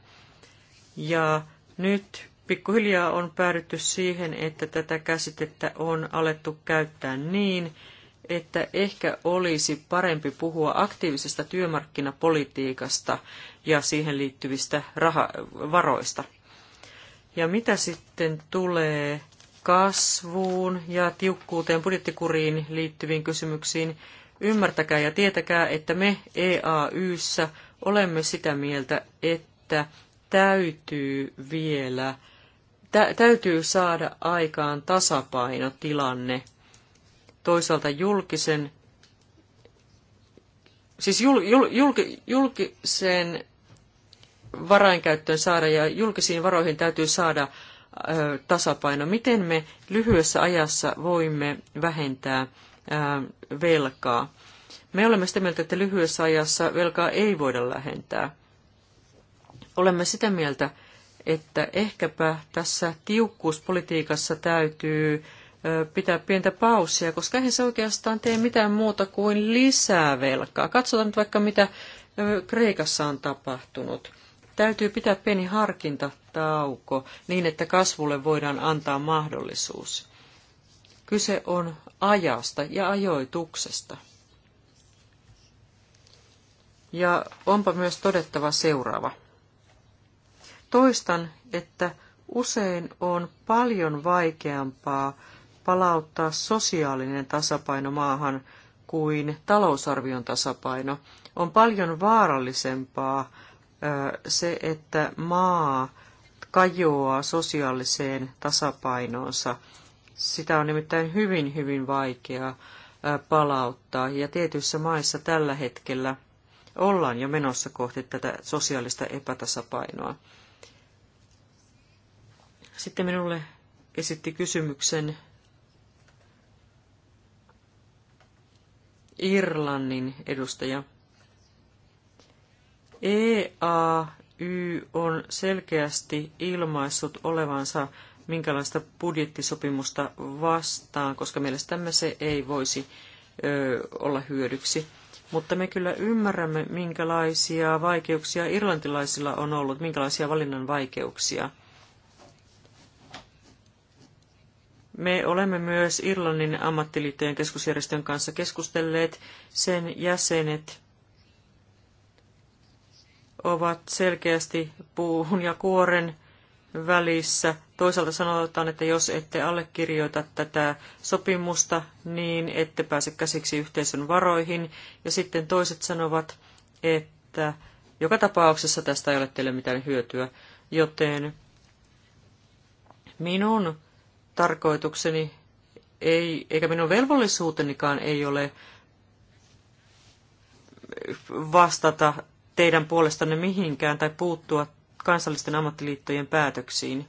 Ja nyt pikkuhiljaa on päädytty siihen, että tätä käsitettä on alettu käyttää niin, että ehkä olisi parempi puhua aktiivisesta työmarkkinapolitiikasta ja siihen liittyvistä raha- varoista. Ja mitä sitten tulee kasvuun ja tiukkuuteen budjettikuriin liittyviin kysymyksiin, ymmärtäkää ja tietäkää, että me EAYssä olemme sitä mieltä, että täytyy vielä, tä, täytyy saada aikaan tasapainotilanne – toisaalta julkisen, siis jul, jul, julk, julkiseen varainkäyttöön saada ja julkisiin varoihin täytyy saada ö, tasapaino. Miten me lyhyessä ajassa voimme vähentää ö, velkaa? Me olemme sitä mieltä, että lyhyessä ajassa velkaa ei voida lähentää. Olemme sitä mieltä, että ehkäpä tässä tiukkuuspolitiikassa täytyy pitää pientä paussia, koska eihän se oikeastaan tee mitään muuta kuin lisää velkaa. Katsotaan nyt vaikka, mitä Kreikassa on tapahtunut. Täytyy pitää pieni harkintatauko niin, että kasvulle voidaan antaa mahdollisuus. Kyse on ajasta ja ajoituksesta. Ja onpa myös todettava seuraava. Toistan, että usein on paljon vaikeampaa palauttaa sosiaalinen tasapaino maahan kuin talousarvion tasapaino. On paljon vaarallisempaa se, että maa kajoaa sosiaaliseen tasapainoonsa. Sitä on nimittäin hyvin, hyvin vaikea palauttaa, ja tietyissä maissa tällä hetkellä ollaan jo menossa kohti tätä sosiaalista epätasapainoa. Sitten minulle esitti kysymyksen Irlannin edustaja. EAY on selkeästi ilmaissut olevansa minkälaista budjettisopimusta vastaan, koska mielestämme se ei voisi ö, olla hyödyksi. Mutta me kyllä ymmärrämme, minkälaisia vaikeuksia irlantilaisilla on ollut, minkälaisia valinnan vaikeuksia – Me olemme myös Irlannin ammattiliittojen keskusjärjestön kanssa keskustelleet. Sen jäsenet ovat selkeästi puuhun ja kuoren välissä. Toisaalta sanotaan, että jos ette allekirjoita tätä sopimusta, niin ette pääse käsiksi yhteisön varoihin. Ja sitten toiset sanovat, että joka tapauksessa tästä ei ole teille mitään hyötyä. Joten minun tarkoitukseni ei, eikä minun velvollisuutenikaan ei ole vastata teidän puolestanne mihinkään tai puuttua kansallisten ammattiliittojen päätöksiin.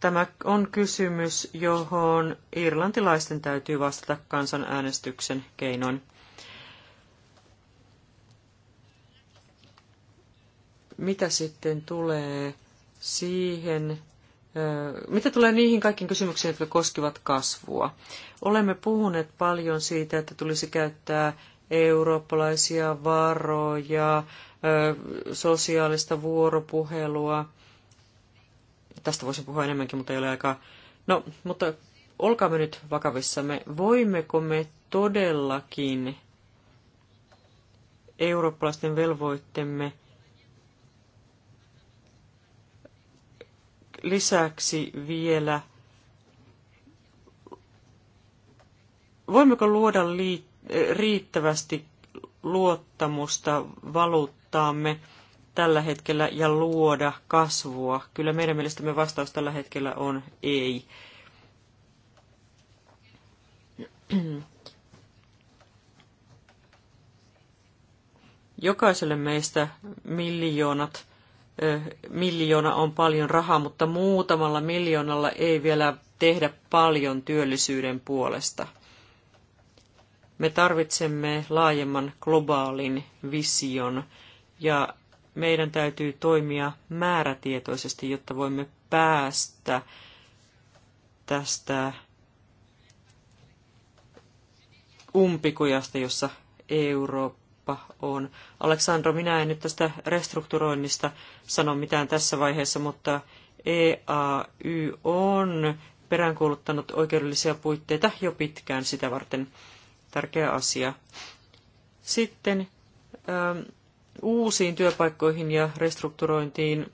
Tämä on kysymys, johon irlantilaisten täytyy vastata kansanäänestyksen keinoin. Mitä sitten tulee siihen, mitä tulee niihin kaikkiin kysymyksiin, jotka koskivat kasvua? Olemme puhuneet paljon siitä, että tulisi käyttää eurooppalaisia varoja, sosiaalista vuoropuhelua. Tästä voisin puhua enemmänkin, mutta ei ole aikaa. No, mutta olkaamme nyt vakavissamme. Voimmeko me todellakin eurooppalaisten velvoittemme lisäksi vielä, voimmeko luoda eh, riittävästi luottamusta valuuttaamme tällä hetkellä ja luoda kasvua? Kyllä meidän mielestämme vastaus tällä hetkellä on ei. Jokaiselle meistä miljoonat miljoona on paljon rahaa, mutta muutamalla miljoonalla ei vielä tehdä paljon työllisyyden puolesta. Me tarvitsemme laajemman globaalin vision ja meidän täytyy toimia määrätietoisesti, jotta voimme päästä tästä umpikujasta, jossa Eurooppa kauppa on. Aleksandro, minä en nyt tästä restrukturoinnista sano mitään tässä vaiheessa, mutta EAY on peräänkuuluttanut oikeudellisia puitteita jo pitkään sitä varten. Tärkeä asia. Sitten ähm, uusiin työpaikkoihin ja restrukturointiin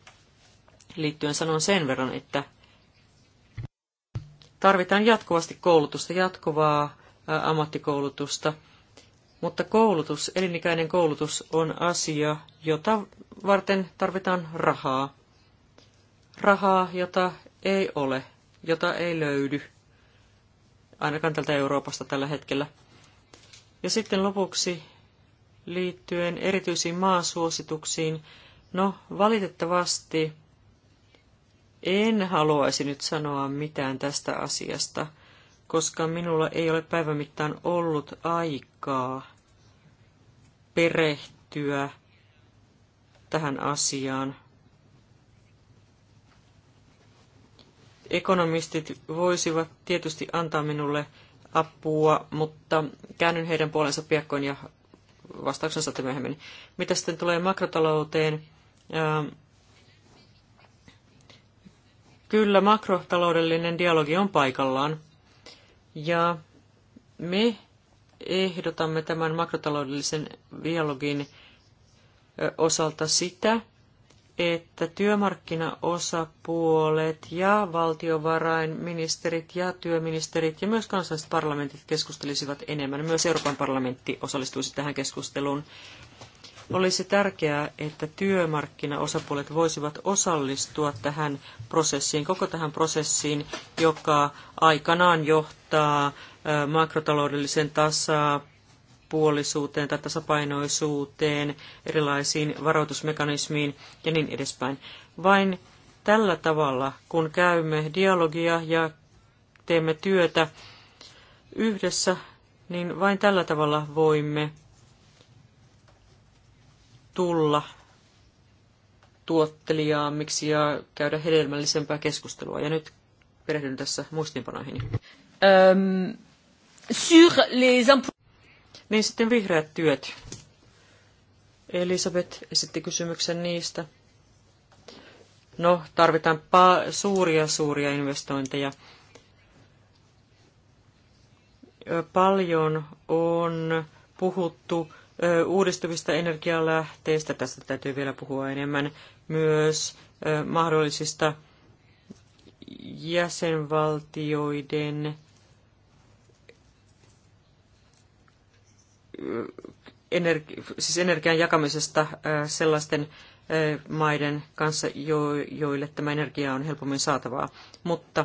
liittyen sanon sen verran, että tarvitaan jatkuvasti koulutusta, jatkuvaa äh, ammattikoulutusta – mutta koulutus, elinikäinen koulutus on asia, jota varten tarvitaan rahaa. Rahaa, jota ei ole, jota ei löydy, ainakaan tältä Euroopasta tällä hetkellä. Ja sitten lopuksi liittyen erityisiin maasuosituksiin. No, valitettavasti en haluaisi nyt sanoa mitään tästä asiasta, koska minulla ei ole päivän mittaan ollut aikaa perehtyä tähän asiaan. Ekonomistit voisivat tietysti antaa minulle apua, mutta käännyn heidän puolensa piakkoin ja vastauksen saatte myöhemmin. Mitä sitten tulee makrotalouteen? Ähm, kyllä, makrotaloudellinen dialogi on paikallaan. Ja me ehdotamme tämän makrotaloudellisen dialogin osalta sitä, että työmarkkinaosapuolet ja valtiovarainministerit ja työministerit ja myös kansalliset parlamentit keskustelisivat enemmän. Myös Euroopan parlamentti osallistuisi tähän keskusteluun. Olisi tärkeää, että työmarkkinaosapuolet voisivat osallistua tähän prosessiin, koko tähän prosessiin, joka aikanaan johtaa makrotaloudellisen tasapuolisuuteen tai tasapainoisuuteen, erilaisiin varoitusmekanismiin ja niin edespäin. Vain tällä tavalla, kun käymme dialogia ja teemme työtä yhdessä, niin vain tällä tavalla voimme tulla tuottelijaammiksi ja käydä hedelmällisempää keskustelua. Ja nyt perehdyn tässä muistiinpanoihin. Öm, sur les Niin sitten vihreät työt. Elisabeth esitti kysymyksen niistä. No, tarvitaan pa- suuria, suuria investointeja. Paljon on puhuttu uudistuvista energialähteistä, tästä täytyy vielä puhua enemmän, myös mahdollisista jäsenvaltioiden energi- siis energian jakamisesta sellaisten maiden kanssa, joille tämä energia on helpommin saatavaa. Mutta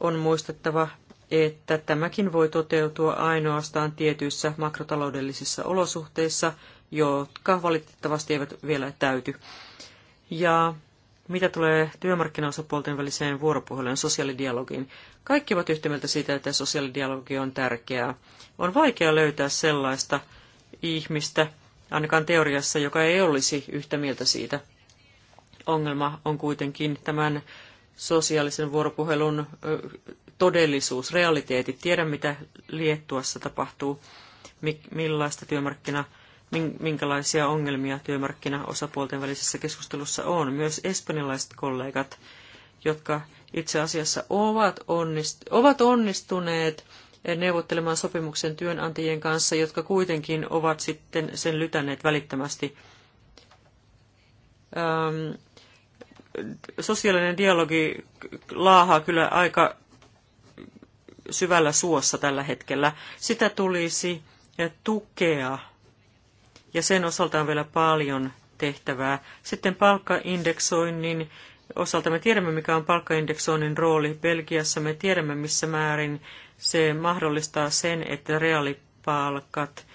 on muistettava, että tämäkin voi toteutua ainoastaan tietyissä makrotaloudellisissa olosuhteissa, jotka valitettavasti eivät vielä täyty. Ja mitä tulee työmarkkinaosapuolten väliseen vuoropuheluun sosiaalidialogiin? Kaikki ovat yhtä mieltä siitä, että sosiaalidialogi on tärkeää. On vaikea löytää sellaista ihmistä, ainakaan teoriassa, joka ei olisi yhtä mieltä siitä. Ongelma on kuitenkin tämän sosiaalisen vuoropuhelun todellisuus, realiteetit. Tiedän, mitä Liettuassa tapahtuu, millaista työmarkkina minkälaisia ongelmia työmarkkinaosapuolten välisessä keskustelussa on. Myös espanjalaiset kollegat, jotka itse asiassa ovat, onnist- ovat onnistuneet neuvottelemaan sopimuksen työnantajien kanssa, jotka kuitenkin ovat sitten sen lytänneet välittömästi. Ähm, sosiaalinen dialogi laahaa kyllä aika syvällä suossa tällä hetkellä. Sitä tulisi tukea ja sen osalta on vielä paljon tehtävää. Sitten palkkaindeksoinnin osalta me tiedämme, mikä on palkkaindeksoinnin rooli Belgiassa. Me tiedämme, missä määrin se mahdollistaa sen, että reaalipalkat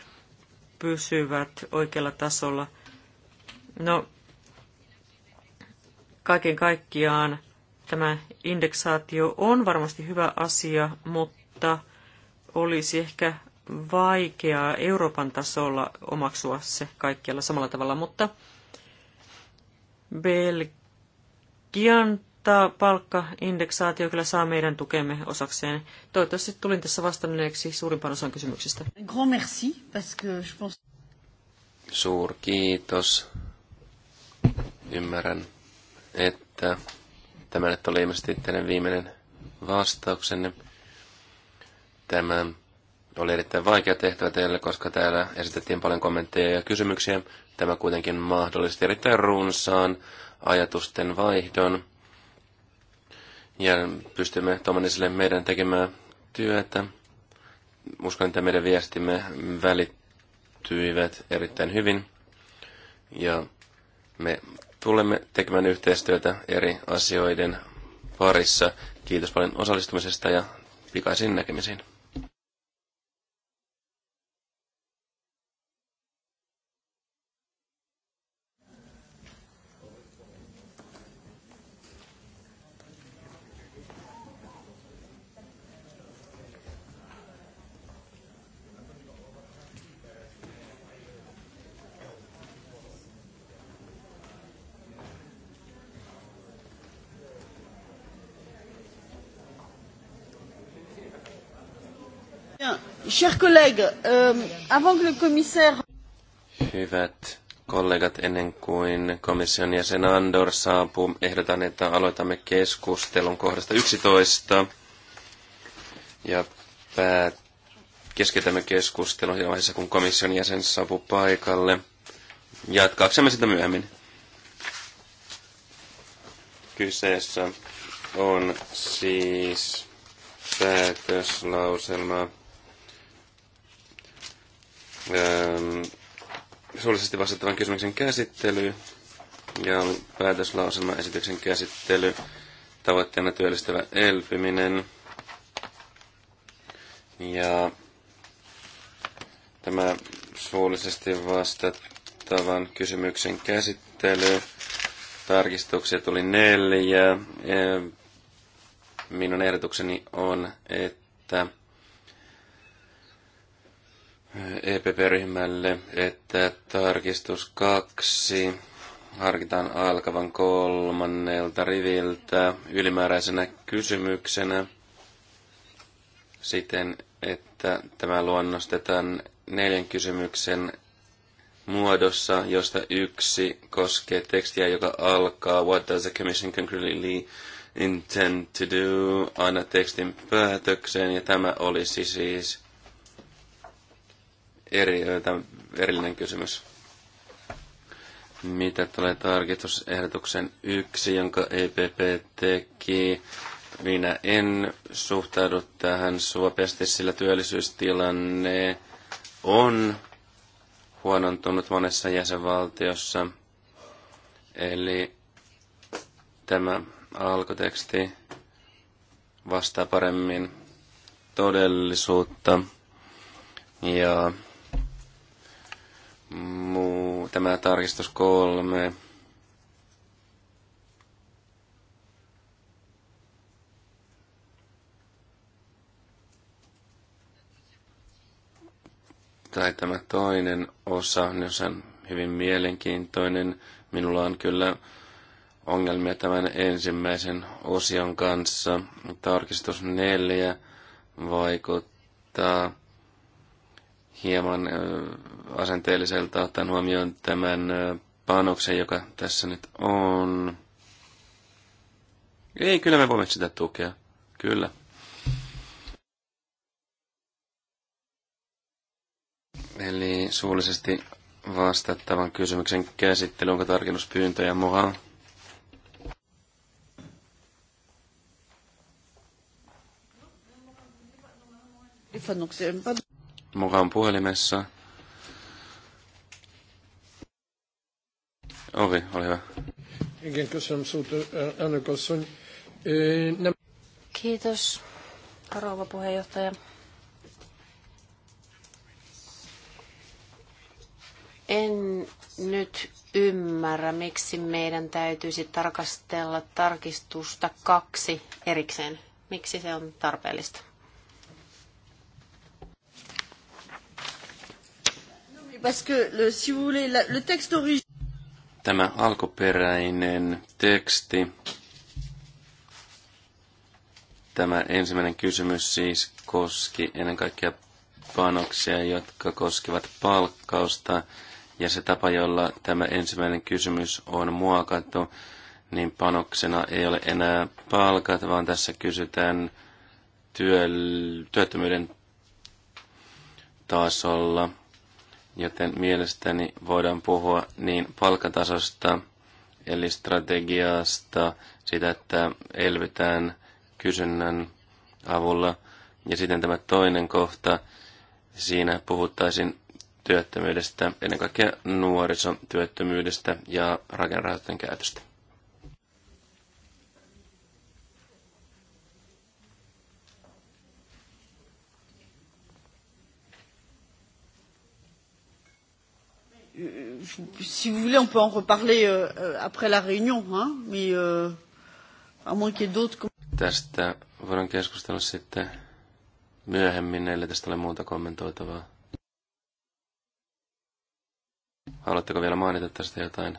pysyvät oikealla tasolla. No, kaiken kaikkiaan tämä indeksaatio on varmasti hyvä asia, mutta olisi ehkä vaikeaa Euroopan tasolla omaksua se kaikkialla samalla tavalla, mutta Belgian palkkaindeksaatio kyllä saa meidän tukemme osakseen. Toivottavasti tulin tässä vastanneeksi suurimpaan osaan kysymyksistä. Grand merci, parce que je pense... Suur kiitos. Ymmärrän, että tämä nyt oli ilmeisesti teidän viimeinen vastauksenne. tämän oli erittäin vaikea tehtävä teille, koska täällä esitettiin paljon kommentteja ja kysymyksiä. Tämä kuitenkin mahdollisti erittäin runsaan ajatusten vaihdon. Ja pystymme Tomanisille meidän tekemään työtä. Uskon, että meidän viestimme välittyivät erittäin hyvin. Ja me tulemme tekemään yhteistyötä eri asioiden parissa. Kiitos paljon osallistumisesta ja pikaisiin näkemisiin. Chers collègues, euh, avant que le commissaire... Hyvät kollegat, ennen kuin komission jäsen Andor saapuu, ehdotan, että aloitamme keskustelun kohdasta 11 ja päät- keskitämme keskustelun siinä vaiheessa, kun komission jäsen saapuu paikalle. Jatkaaksemme sitä myöhemmin. Kyseessä on siis päätöslauselma suullisesti vastattavan kysymyksen käsittely ja esityksen käsittely, tavoitteena työllistävä elpyminen. Ja tämä suullisesti vastattavan kysymyksen käsittely. Tarkistuksia tuli neljä. Minun ehdotukseni on, että EPP-ryhmälle, että tarkistus kaksi harkitaan alkavan kolmannelta riviltä ylimääräisenä kysymyksenä siten, että tämä luonnostetaan neljän kysymyksen muodossa, josta yksi koskee tekstiä, joka alkaa What does the Commission concretely intend to do? Anna tekstin päätökseen, ja tämä olisi siis eri, erillinen kysymys. Mitä tulee tarkistusehdotuksen yksi, jonka EPP teki? Minä en suhtaudu tähän suopeasti, sillä työllisyystilanne on huonontunut monessa jäsenvaltiossa. Eli tämä alkuteksti vastaa paremmin todellisuutta. Ja muu, tämä tarkistus kolme. Tai tämä toinen osa, niin se on hyvin mielenkiintoinen. Minulla on kyllä ongelmia tämän ensimmäisen osion kanssa. Tarkistus neljä vaikuttaa hieman asenteelliselta ottaen huomioon tämän panoksen, joka tässä nyt on. Ei, kyllä me voimme sitä tukea. Kyllä. Eli suullisesti vastattavan kysymyksen käsittely, onko tarkennuspyyntöjä mukaan? mukaan puhelimessa. Ovi, ole hyvä. Kiitos, rouva puheenjohtaja. En nyt ymmärrä, miksi meidän täytyisi tarkastella tarkistusta kaksi erikseen. Miksi se on tarpeellista? parce que le, si vous voulez, la, le texte Tämä alkuperäinen teksti, tämä ensimmäinen kysymys siis koski ennen kaikkea panoksia, jotka koskivat palkkausta, ja se tapa, jolla tämä ensimmäinen kysymys on muokattu, niin panoksena ei ole enää palkat, vaan tässä kysytään työ, työttömyyden tasolla – joten mielestäni voidaan puhua niin palkatasosta, eli strategiasta, sitä, että elvytään kysynnän avulla. Ja sitten tämä toinen kohta, siinä puhuttaisiin työttömyydestä, ennen kaikkea nuorisotyöttömyydestä ja rakennerahastojen käytöstä. si vous voulez, on peut en reparler euh, euh, après la réunion, hein, mais euh, à moins qu'il y ait d'autres... Tästä voidaan keskustella sitten myöhemmin, ellei tästä ole muuta kommentoitavaa. Haluatteko vielä mainita tästä jotain?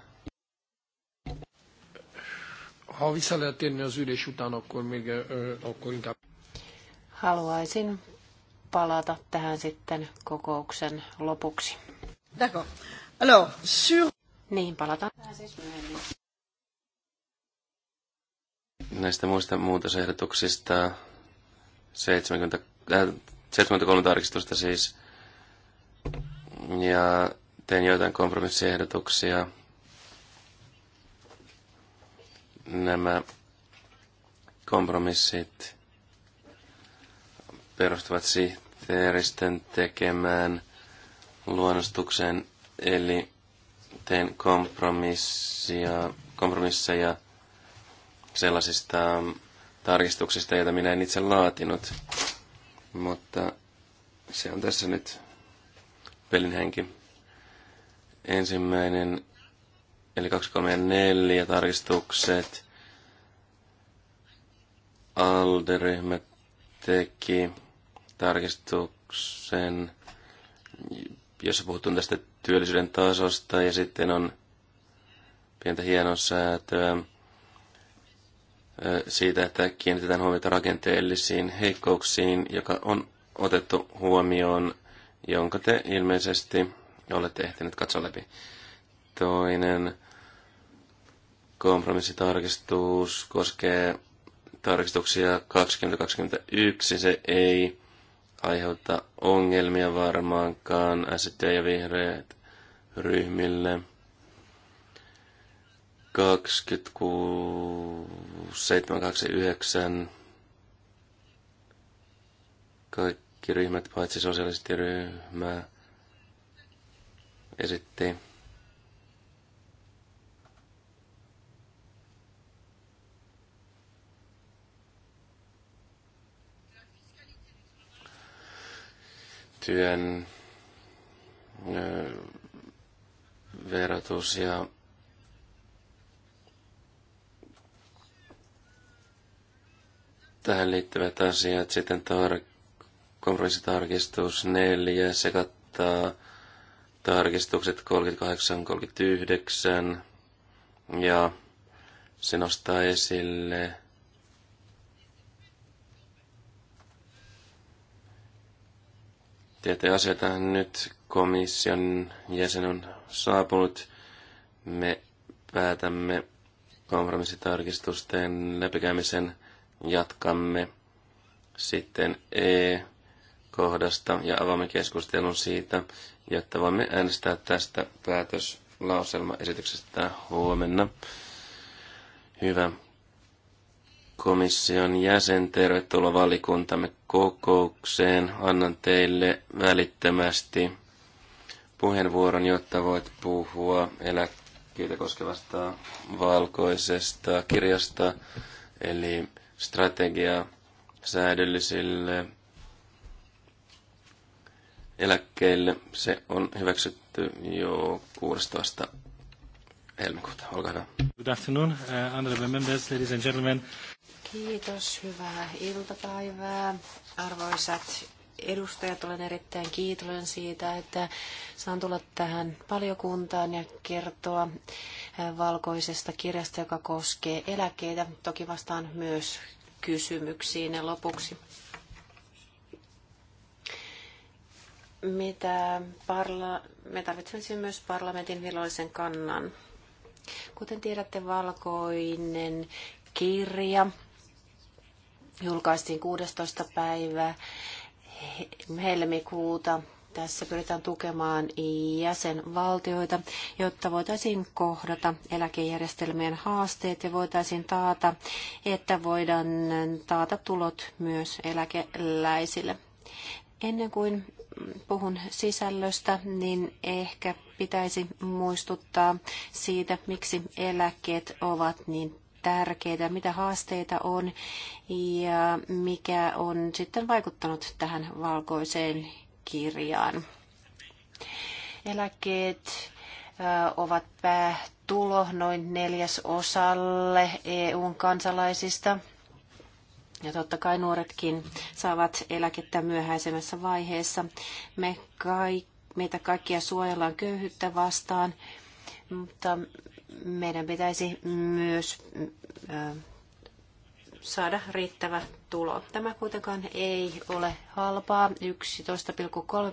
Haluaisin palata tähän sitten kokouksen lopuksi. D'accord. Alors, sur... Niin, palataan Näistä muista muutosehdotuksista 70, äh, 73 tarkistusta siis. Ja tein joitain kompromissiehdotuksia. Nämä kompromissit perustuvat sihteeristön tekemään luonnostukseen Eli teen kompromissia, kompromisseja sellaisista tarkistuksista, joita minä en itse laatinut. Mutta se on tässä nyt pelin henki. Ensimmäinen, eli 2, 3 ja 4 tarkistukset. Alderyhmä teki tarkistuksen jos puhuttiin tästä työllisyyden tasosta ja sitten on pientä säätöä siitä, että kiinnitetään huomiota rakenteellisiin heikkouksiin, joka on otettu huomioon, jonka te ilmeisesti olette ehtineet katsoa läpi. Toinen kompromissitarkistus koskee tarkistuksia 2021. Se ei aiheuttaa ongelmia varmaankaan ST ja vihreät ryhmille. 26.729 kaikki ryhmät paitsi sosialistiryhmä esitti työn verotus ja tähän liittyvät asiat. Sitten tar- kompromissitarkistus 4, se kattaa tarkistukset 38-39 ja se nostaa esille tietä asioita. Nyt komission jäsen on saapunut. Me päätämme kompromissitarkistusten läpikäymisen. Jatkamme sitten E-kohdasta ja avaamme keskustelun siitä, jotta voimme äänestää tästä päätöslauselmaesityksestä huomenna. Hyvä komission jäsen, tervetuloa valikuntamme kokoukseen. Annan teille välittömästi puheenvuoron, jotta voit puhua eläkkeitä koskevasta valkoisesta kirjasta, eli strategia säädöllisille eläkkeille. Se on hyväksytty jo 16. helmikuuta. Olkaa hyvä. Good afternoon, uh, honorable members, ladies and gentlemen. Kiitos, hyvää iltapäivää. Arvoisat edustajat, olen erittäin kiitollinen siitä, että saan tulla tähän paljokuntaan ja kertoa valkoisesta kirjasta, joka koskee eläkeitä. Toki vastaan myös kysymyksiin ja lopuksi. Mitä parla- me tarvitsemme myös parlamentin virallisen kannan. Kuten tiedätte, valkoinen kirja julkaistiin 16. päivä helmikuuta. Tässä pyritään tukemaan jäsenvaltioita, jotta voitaisiin kohdata eläkejärjestelmien haasteet ja voitaisiin taata, että voidaan taata tulot myös eläkeläisille. Ennen kuin puhun sisällöstä, niin ehkä pitäisi muistuttaa siitä, miksi eläkkeet ovat niin tärkeitä, mitä haasteita on ja mikä on sitten vaikuttanut tähän valkoiseen kirjaan. Eläkkeet ovat päätulo noin neljäs osalle EUn kansalaisista. Ja totta kai nuoretkin saavat eläkettä myöhäisemmässä vaiheessa. Me kaikki meitä kaikkia suojellaan köyhyyttä vastaan, mutta meidän pitäisi myös saada riittävä tulo. Tämä kuitenkaan ei ole halpaa. 11,3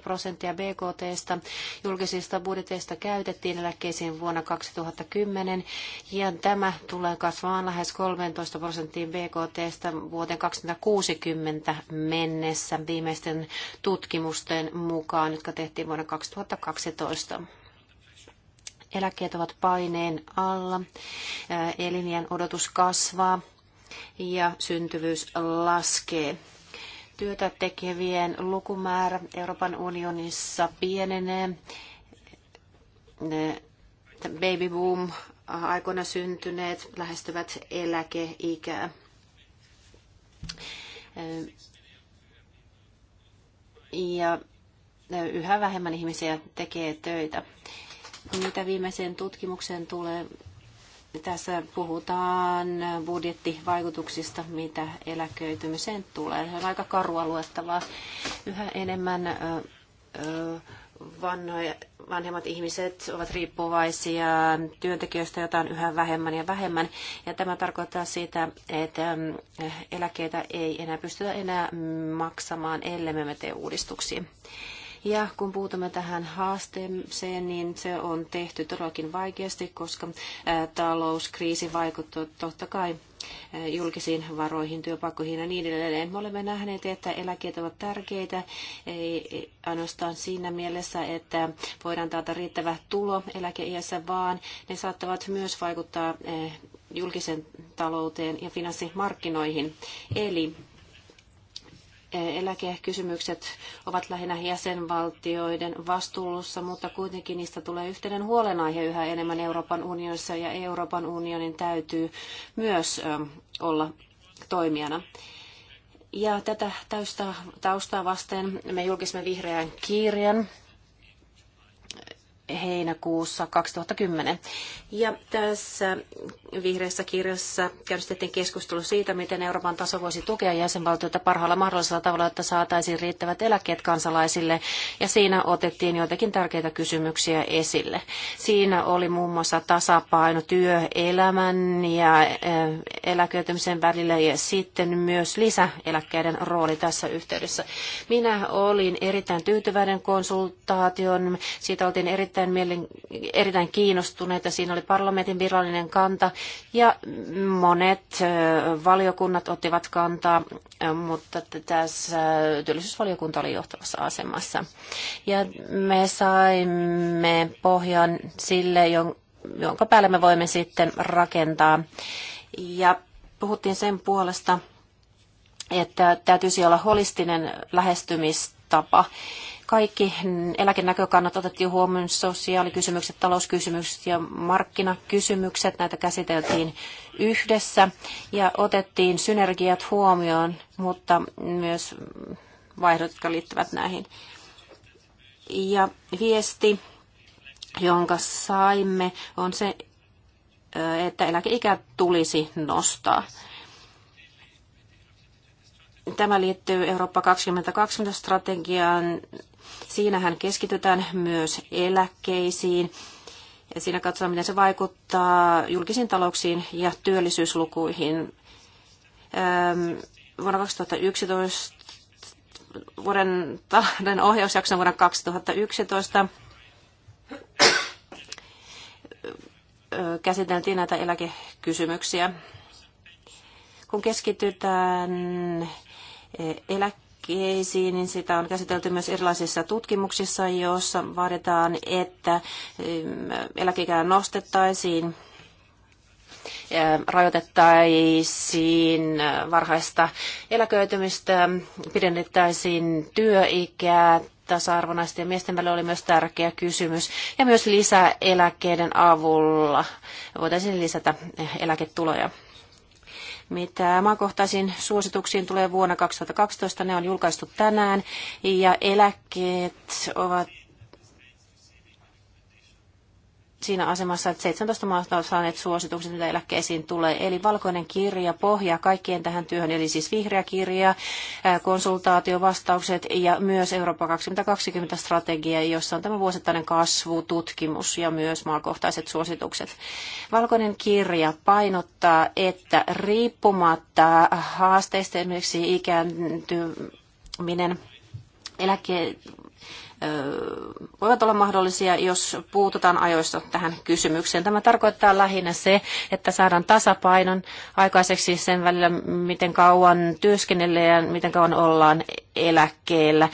prosenttia BKTstä julkisista budjeteista käytettiin eläkkeisiin vuonna 2010 ja tämä tulee kasvamaan lähes 13 prosenttiin BKTstä vuoteen 2060 mennessä viimeisten tutkimusten mukaan, jotka tehtiin vuonna 2012. Eläkkeet ovat paineen alla, elinien odotus kasvaa ja syntyvyys laskee. Työtä tekevien lukumäärä Euroopan unionissa pienenee. Baby boom aikoina syntyneet lähestyvät eläkeikää. Ja yhä vähemmän ihmisiä tekee töitä. Mitä viimeiseen tutkimukseen tulee, tässä puhutaan budjettivaikutuksista, mitä eläköitymiseen tulee. Se on aika karua luettavaa. Yhä enemmän vanhoja, vanhemmat ihmiset ovat riippuvaisia työntekijöistä, joita on yhä vähemmän ja vähemmän. Ja tämä tarkoittaa sitä, että eläkeitä ei enää pystytä enää maksamaan, ellei me tee uudistuksia. Ja kun puutumme tähän haasteeseen, niin se on tehty todellakin vaikeasti, koska talouskriisi vaikuttaa totta kai julkisiin varoihin, työpaikkoihin ja niin edelleen. Me olemme nähneet, että eläkkeet ovat tärkeitä, ei ainoastaan siinä mielessä, että voidaan taata riittävä tulo eläkeiässä, vaan ne saattavat myös vaikuttaa julkisen talouteen ja finanssimarkkinoihin. Eli eläkekysymykset ovat lähinnä jäsenvaltioiden vastuulussa, mutta kuitenkin niistä tulee yhteinen huolenaihe yhä enemmän Euroopan unionissa ja Euroopan unionin täytyy myös olla toimijana. Ja tätä taustaa vasten me julkisimme vihreän kirjan heinäkuussa 2010. Ja tässä vihreässä kirjassa käynnistettiin keskustelu siitä, miten Euroopan taso voisi tukea jäsenvaltioita parhaalla mahdollisella tavalla, että saataisiin riittävät eläkkeet kansalaisille. Ja siinä otettiin joitakin tärkeitä kysymyksiä esille. Siinä oli muun muassa tasapaino työelämän ja eh, eläköitymisen välillä ja sitten myös lisäeläkkeiden rooli tässä yhteydessä. Minä olin erittäin tyytyväinen konsultaation. Siitä oltiin erittäin erittäin, mielen, erittäin kiinnostuneita. Siinä oli parlamentin virallinen kanta ja monet valiokunnat ottivat kantaa, mutta tässä työllisyysvaliokunta oli johtavassa asemassa. Ja me saimme pohjan sille, jonka päälle me voimme sitten rakentaa. Ja puhuttiin sen puolesta, että täytyisi olla holistinen lähestymistapa kaikki eläkenäkökannat otettiin huomioon, sosiaalikysymykset, talouskysymykset ja markkinakysymykset, näitä käsiteltiin yhdessä ja otettiin synergiat huomioon, mutta myös vaihdot, jotka liittyvät näihin. Ja viesti, jonka saimme, on se, että eläkeikä tulisi nostaa. Tämä liittyy Eurooppa 2020-strategiaan. Siinähän keskitytään myös eläkkeisiin. Ja siinä katsotaan, miten se vaikuttaa julkisiin talouksiin ja työllisyyslukuihin. Vuonna 2011 vuoden talouden ohjausjakson vuonna 2011 käsiteltiin näitä eläkekysymyksiä. Kun keskitytään eläkkeisiin, niin sitä on käsitelty myös erilaisissa tutkimuksissa, joissa vaaditaan, että mm, eläkeikää nostettaisiin rajoitettaisiin varhaista eläköitymistä, pidennettäisiin työikää, tasa arvonaisten ja miesten välillä oli myös tärkeä kysymys. Ja myös lisäeläkkeiden avulla voitaisiin lisätä eläketuloja. Mitä maakohtaisiin suosituksiin tulee vuonna 2012, ne on julkaistu tänään ja eläkkeet ovat siinä asemassa, että 17 maasta on saaneet suositukset, mitä eläkkeisiin tulee. Eli valkoinen kirja pohjaa kaikkien tähän työhön, eli siis vihreä kirja, konsultaatiovastaukset ja myös Eurooppa 2020-strategia, jossa on tämä vuosittainen kasvu, tutkimus ja myös maakohtaiset suositukset. Valkoinen kirja painottaa, että riippumatta haasteista esimerkiksi ikääntyminen eläke, voivat olla mahdollisia, jos puututaan ajoissa tähän kysymykseen. Tämä tarkoittaa lähinnä se, että saadaan tasapainon aikaiseksi sen välillä, miten kauan työskennellään ja miten kauan ollaan eläkkeellä.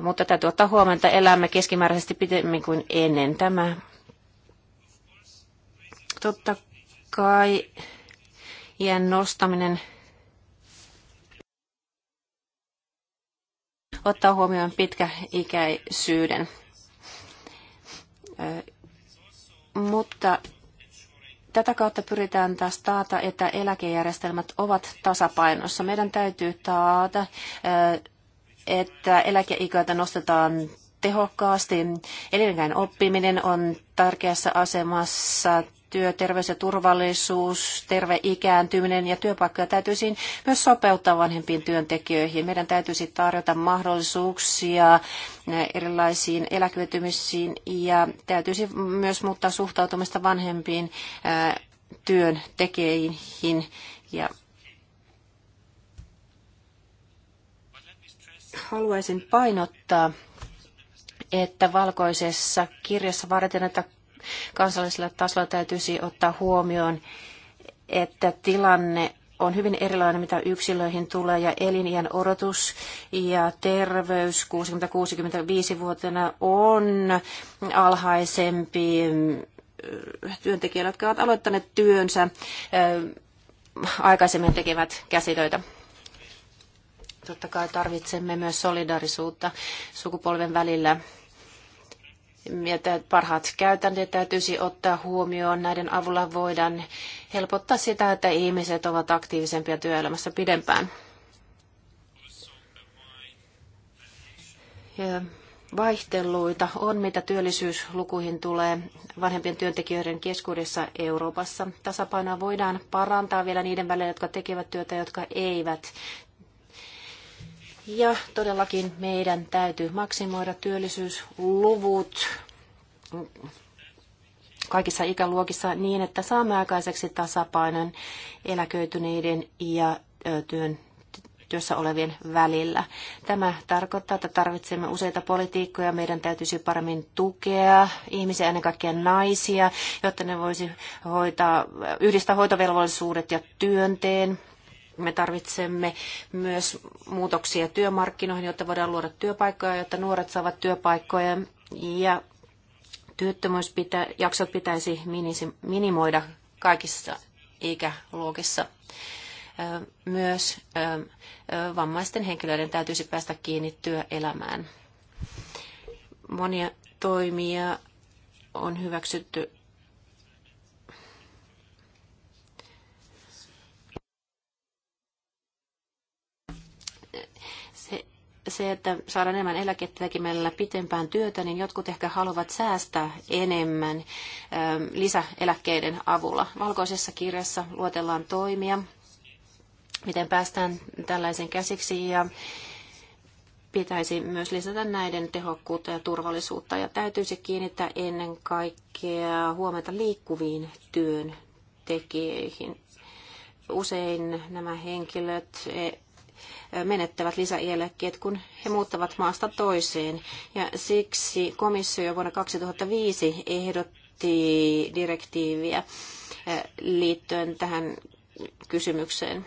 Mutta täytyy ottaa huomioon, että elämme keskimääräisesti pitemmin kuin ennen. Tämä totta kai iän nostaminen – ottaa huomioon pitkäikäisyyden. Mutta tätä kautta pyritään taas taata, että eläkejärjestelmät ovat tasapainossa. Meidän täytyy taata, että eläkeikäitä nostetaan tehokkaasti. Elinikäinen oppiminen on tärkeässä asemassa, työ, terveys ja turvallisuus, terve ikääntyminen ja työpaikkoja täytyisi myös sopeuttaa vanhempiin työntekijöihin. Meidän täytyisi tarjota mahdollisuuksia erilaisiin eläköitymisiin ja täytyisi myös muuttaa suhtautumista vanhempiin työntekijöihin ja haluaisin painottaa, että valkoisessa kirjassa vaaditaan, että Kansallisella tasolla täytyisi ottaa huomioon, että tilanne on hyvin erilainen, mitä yksilöihin tulee, ja eliniän odotus ja terveys 60 65 vuotena on alhaisempi työntekijöillä, jotka ovat aloittaneet työnsä, äh, aikaisemmin tekevät käsitöitä. Totta kai tarvitsemme myös solidarisuutta sukupolven välillä Mieltä parhaat käytänteet täytyisi ottaa huomioon. Näiden avulla voidaan helpottaa sitä, että ihmiset ovat aktiivisempia työelämässä pidempään. Ja vaihteluita on, mitä työllisyyslukuihin tulee vanhempien työntekijöiden keskuudessa Euroopassa. Tasapainoa voidaan parantaa vielä niiden välillä, jotka tekevät työtä, jotka eivät ja todellakin meidän täytyy maksimoida työllisyysluvut kaikissa ikäluokissa niin, että saamme aikaiseksi tasapainon eläköityneiden ja työn työssä olevien välillä. Tämä tarkoittaa, että tarvitsemme useita politiikkoja. Meidän täytyisi paremmin tukea ihmisiä, ennen kaikkea naisia, jotta ne voisi hoitaa, yhdistää hoitovelvollisuudet ja työnteen. Me tarvitsemme myös muutoksia työmarkkinoihin, jotta voidaan luoda työpaikkoja, jotta nuoret saavat työpaikkoja ja työttömyysjaksot pitäisi minimoida kaikissa ikäluokissa. Myös vammaisten henkilöiden täytyisi päästä kiinni työelämään. Monia toimia on hyväksytty se, että saadaan enemmän eläkettä tekemällä pitempään työtä, niin jotkut ehkä haluavat säästää enemmän ähm, lisäeläkkeiden avulla. Valkoisessa kirjassa luotellaan toimia, miten päästään tällaisen käsiksi ja pitäisi myös lisätä näiden tehokkuutta ja turvallisuutta ja täytyisi kiinnittää ennen kaikkea huomata liikkuviin työn tekijöihin. Usein nämä henkilöt menettävät lisäeläkkeet, kun he muuttavat maasta toiseen. Ja siksi komissio jo vuonna 2005 ehdotti direktiiviä äh, liittyen tähän kysymykseen.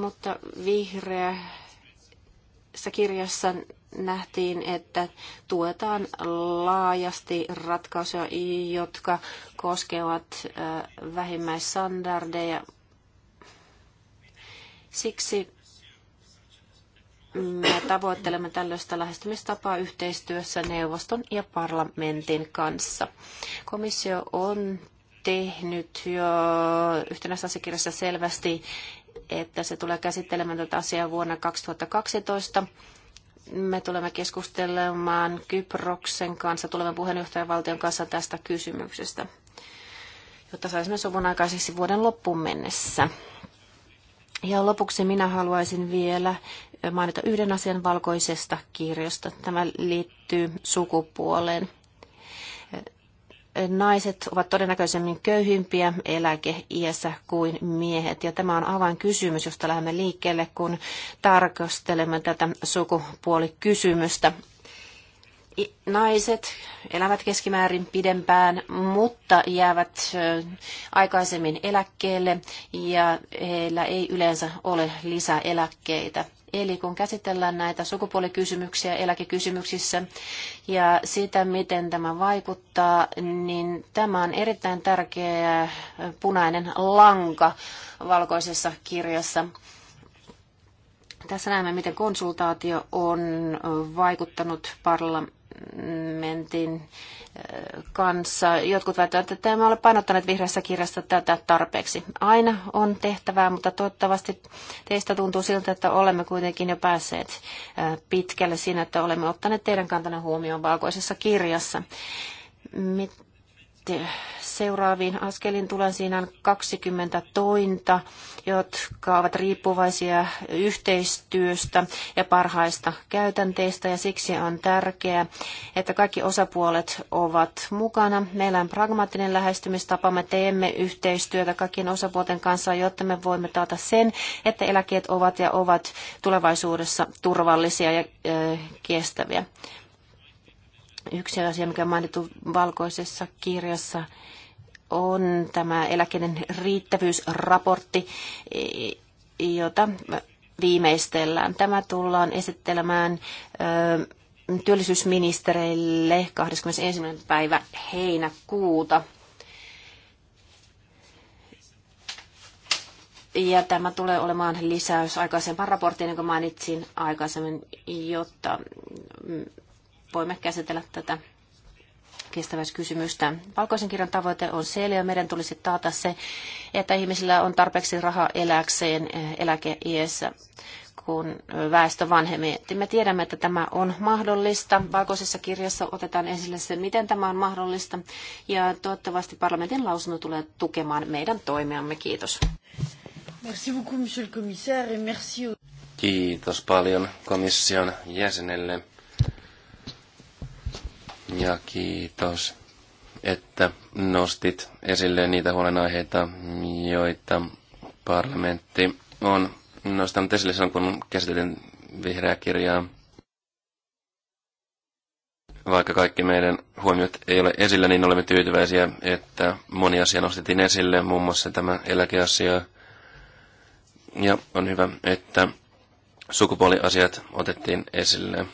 Mutta vihreässä kirjassa nähtiin, että tuetaan laajasti ratkaisuja, jotka koskevat äh, vähimmäisstandardeja, Siksi me tavoittelemme tällaista lähestymistapaa yhteistyössä neuvoston ja parlamentin kanssa. Komissio on tehnyt jo yhtenässä asiakirjassa selvästi, että se tulee käsittelemään tätä asiaa vuonna 2012. Me tulemme keskustelemaan Kyproksen kanssa, tulevan puheenjohtajavaltion kanssa tästä kysymyksestä, jotta saisimme sovun aikaiseksi vuoden loppuun mennessä. Ja lopuksi minä haluaisin vielä mainita yhden asian valkoisesta kirjasta. Tämä liittyy sukupuoleen. Naiset ovat todennäköisemmin köyhimpiä eläkeiässä kuin miehet. Ja tämä on avainkysymys, josta lähdemme liikkeelle, kun tarkastelemme tätä sukupuolikysymystä naiset elävät keskimäärin pidempään, mutta jäävät aikaisemmin eläkkeelle ja heillä ei yleensä ole lisäeläkkeitä. Eli kun käsitellään näitä sukupuolikysymyksiä eläkekysymyksissä ja sitä, miten tämä vaikuttaa, niin tämä on erittäin tärkeä punainen lanka valkoisessa kirjassa. Tässä näemme, miten konsultaatio on vaikuttanut parlamentin parlamentin kanssa. Jotkut väittävät, että tämä ole painottaneet vihreässä kirjassa tätä tarpeeksi. Aina on tehtävää, mutta toivottavasti teistä tuntuu siltä, että olemme kuitenkin jo päässeet pitkälle siinä, että olemme ottaneet teidän kantanne huomioon valkoisessa kirjassa seuraaviin askelin tulee siinä 20 tointa, jotka ovat riippuvaisia yhteistyöstä ja parhaista käytänteistä ja siksi on tärkeää, että kaikki osapuolet ovat mukana. Meillä on pragmaattinen lähestymistapa, me teemme yhteistyötä kaikkien osapuolten kanssa, jotta me voimme taata sen, että eläkeet ovat ja ovat tulevaisuudessa turvallisia ja kestäviä. Yksi asia, mikä on mainittu valkoisessa kirjassa, on tämä eläkeiden riittävyysraportti, e, jota viimeistellään. Tämä tullaan esittelemään työllisyysministereille 21. päivä heinäkuuta. Ja tämä tulee olemaan lisäys aikaisempaan raporttiin, jonka mainitsin aikaisemmin, jotta mm, voimme käsitellä tätä kestävyyskysymystä. Valkoisen kirjan tavoite on selkeä. Meidän tulisi taata se, että ihmisillä on tarpeeksi rahaa eläkseen eh, eläkeiässä kun eh, väestö vanhemmin. Me tiedämme, että tämä on mahdollista. Valkoisessa kirjassa otetaan esille se, miten tämä on mahdollista. Ja toivottavasti parlamentin lausunto tulee tukemaan meidän toimiamme. Kiitos. Merci beaucoup, monsieur le commissaire, et merci... Kiitos paljon komission jäsenelle ja kiitos, että nostit esille niitä huolenaiheita, joita parlamentti on nostanut esille silloin, kun käsitelin vihreää kirjaa. Vaikka kaikki meidän huomiot ei ole esillä, niin olemme tyytyväisiä, että moni asia nostettiin esille, muun muassa tämä eläkeasia. Ja on hyvä, että sukupuoliasiat otettiin esille.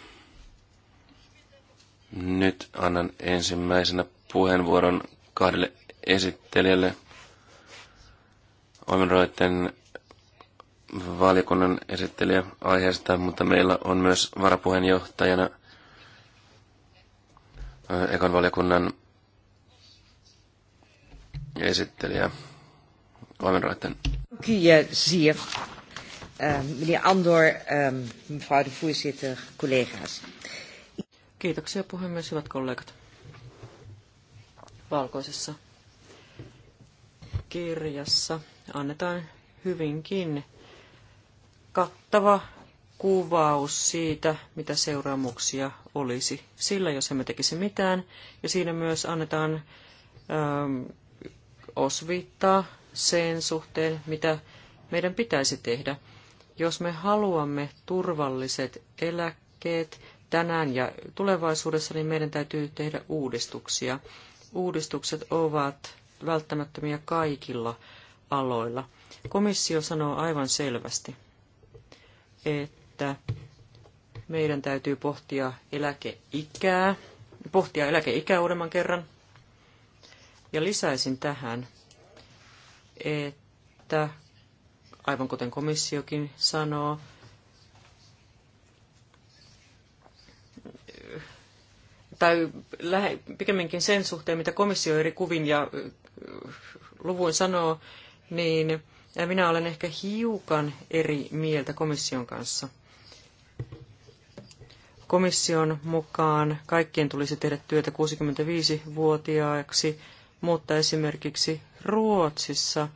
Nyt annan ensimmäisenä puheenvuoron kahdelle esittelijälle Oimenroiden valiokunnan esittelijä aiheesta, mutta meillä on myös varapuheenjohtajana äh, ekan valiokunnan esittelijä Oimenroiden. Kiitos. Eh, eh, meneer Andor, eh, mevrouw de voorzitter, collega's. Kiitoksia puhemies, hyvät kollegat. Valkoisessa kirjassa annetaan hyvinkin kattava kuvaus siitä, mitä seuraamuksia olisi sillä, jos emme tekisi mitään. Ja siinä myös annetaan äm, osviittaa sen suhteen, mitä meidän pitäisi tehdä. Jos me haluamme turvalliset eläkkeet, tänään ja tulevaisuudessa, niin meidän täytyy tehdä uudistuksia. Uudistukset ovat välttämättömiä kaikilla aloilla. Komissio sanoo aivan selvästi, että meidän täytyy pohtia eläkeikää, pohtia eläkeikää uudemman kerran. Ja lisäisin tähän, että aivan kuten komissiokin sanoo, tai lähe, pikemminkin sen suhteen, mitä komissio eri kuvin ja luvuin sanoo, niin minä olen ehkä hiukan eri mieltä komission kanssa. Komission mukaan kaikkien tulisi tehdä työtä 65-vuotiaaksi, mutta esimerkiksi Ruotsissa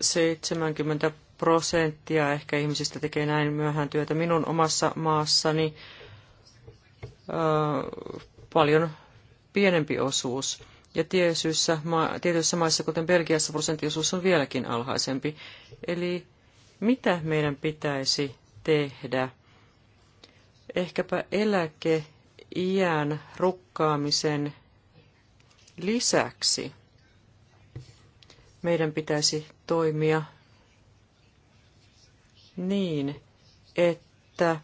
70 prosenttia ehkä ihmisistä tekee näin myöhään työtä minun omassa maassani paljon pienempi osuus. Ja tietyissä, tietyissä maissa, kuten Belgiassa, prosenttiosuus on vieläkin alhaisempi. Eli mitä meidän pitäisi tehdä? Ehkäpä eläkeiän rukkaamisen lisäksi meidän pitäisi toimia niin, että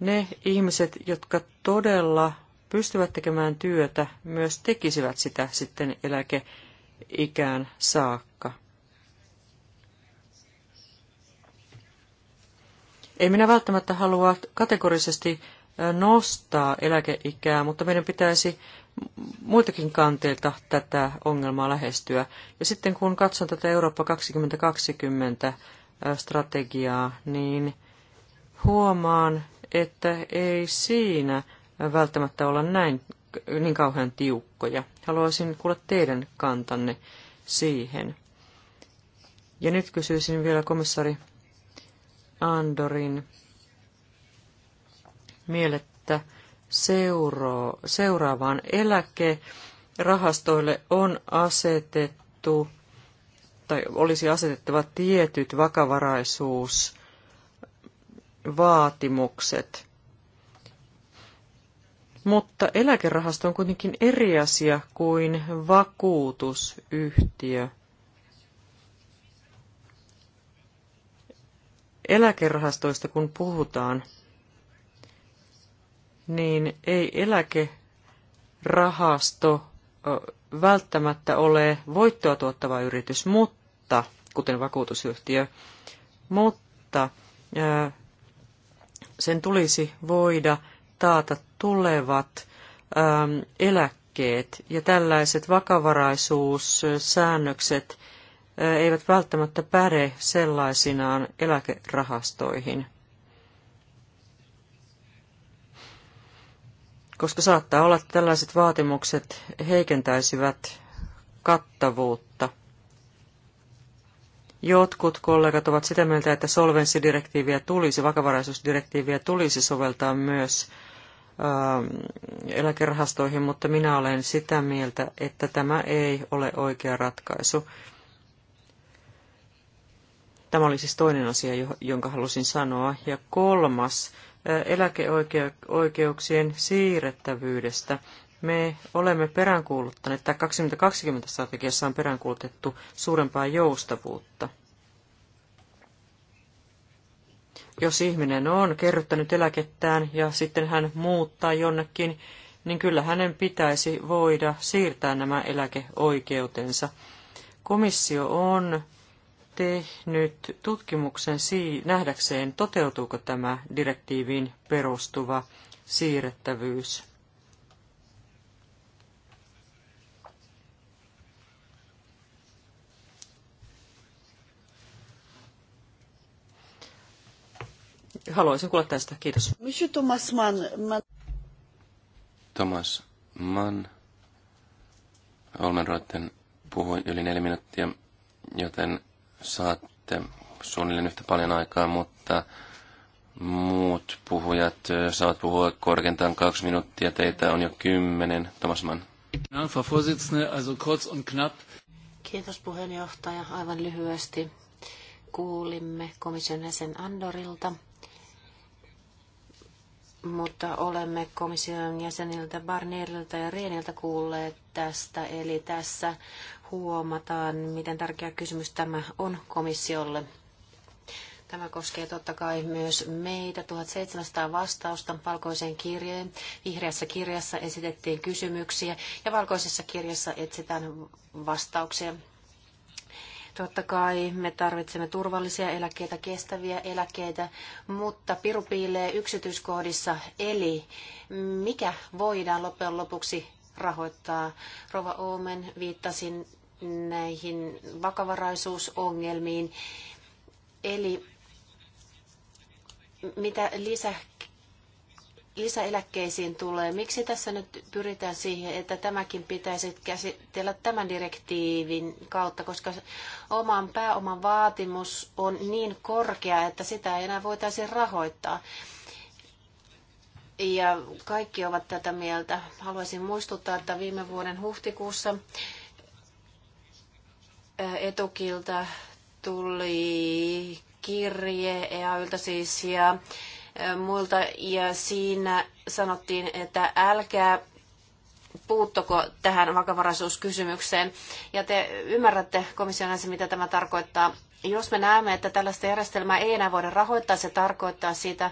ne ihmiset, jotka todella pystyvät tekemään työtä, myös tekisivät sitä sitten eläkeikään saakka. Ei minä välttämättä halua kategorisesti nostaa eläkeikää, mutta meidän pitäisi muitakin kanteilta tätä ongelmaa lähestyä. Ja sitten kun katson tätä Eurooppa 2020 strategiaa, niin huomaan, että ei siinä välttämättä olla näin niin kauhean tiukkoja. Haluaisin kuulla teidän kantanne siihen. Ja nyt kysyisin vielä komissari Andorin mielettä seuro, seuraavaan Rahastoille on asetettu tai olisi asetettava tietyt vakavaraisuus vaatimukset. Mutta eläkerahasto on kuitenkin eri asia kuin vakuutusyhtiö. Eläkerahastoista kun puhutaan, niin ei eläkerahasto välttämättä ole voittoa tuottava yritys, mutta, kuten vakuutusyhtiö, mutta sen tulisi voida taata tulevat ähm, eläkkeet ja tällaiset vakavaraisuussäännökset äh, eivät välttämättä päde sellaisinaan eläkerahastoihin. Koska saattaa olla, että tällaiset vaatimukset heikentäisivät kattavuutta Jotkut kollegat ovat sitä mieltä, että solvenssidirektiiviä tulisi, vakavaraisuusdirektiiviä tulisi soveltaa myös ähm, eläkerahastoihin, mutta minä olen sitä mieltä, että tämä ei ole oikea ratkaisu. Tämä oli siis toinen asia, jonka halusin sanoa. Ja kolmas, äh, eläkeoikeuksien siirrettävyydestä me olemme peräänkuuluttaneet, tai 2020 strategiassa on peräänkuulutettu suurempaa joustavuutta. Jos ihminen on kerryttänyt eläkettään ja sitten hän muuttaa jonnekin, niin kyllä hänen pitäisi voida siirtää nämä eläkeoikeutensa. Komissio on tehnyt tutkimuksen sii- nähdäkseen, toteutuuko tämä direktiiviin perustuva siirrettävyys. Haluaisin kuulla tästä. Kiitos. Thomas Mann. Thomas Mann. Olmenroitten puhuin yli neljä minuuttia, joten saatte suunnilleen yhtä paljon aikaa, mutta muut puhujat saavat puhua korkeintaan kaksi minuuttia. Teitä on jo kymmenen. Thomas Mann. Kiitos puheenjohtaja. Aivan lyhyesti kuulimme komission jäsen Andorilta mutta olemme komission jäseniltä Barnierilta ja Reeniltä kuulleet tästä. Eli tässä huomataan, miten tärkeä kysymys tämä on komissiolle. Tämä koskee totta kai myös meitä. 1700 vastausta valkoiseen kirjeen. Vihreässä kirjassa esitettiin kysymyksiä ja valkoisessa kirjassa etsitään vastauksia. Totta kai me tarvitsemme turvallisia eläkkeitä, kestäviä eläkkeitä, mutta piru piilee yksityiskohdissa. Eli mikä voidaan loppujen lopuksi rahoittaa? Rova Oomen viittasin näihin vakavaraisuusongelmiin. Eli mitä lisä lisäeläkkeisiin tulee, miksi tässä nyt pyritään siihen, että tämäkin pitäisi käsitellä tämän direktiivin kautta, koska oman pääoman vaatimus on niin korkea, että sitä ei enää voitaisiin rahoittaa. Ja kaikki ovat tätä mieltä. Haluaisin muistuttaa, että viime vuoden huhtikuussa etukilta tuli kirje EAYltä siis ja muilta ja siinä sanottiin, että älkää puuttuko tähän vakavaraisuuskysymykseen. Ja te ymmärrätte komission mitä tämä tarkoittaa. Jos me näemme, että tällaista järjestelmää ei enää voida rahoittaa, se tarkoittaa sitä,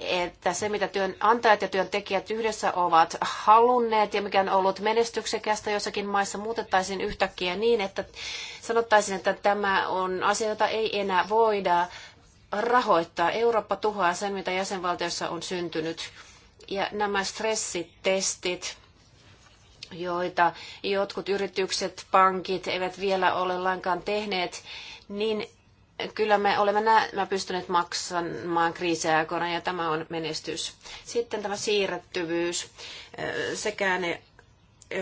että se, mitä työnantajat ja työntekijät yhdessä ovat halunneet ja mikä on ollut menestyksekästä jossakin maissa, muutettaisiin yhtäkkiä niin, että sanottaisiin, että tämä on asia, jota ei enää voida rahoittaa. Eurooppa tuhoaa sen, mitä jäsenvaltioissa on syntynyt. Ja nämä stressitestit, joita jotkut yritykset, pankit eivät vielä ole lainkaan tehneet, niin kyllä me olemme nämä pystyneet maksamaan kriisiaikoina ja tämä on menestys. Sitten tämä siirrettyvyys, sekään ei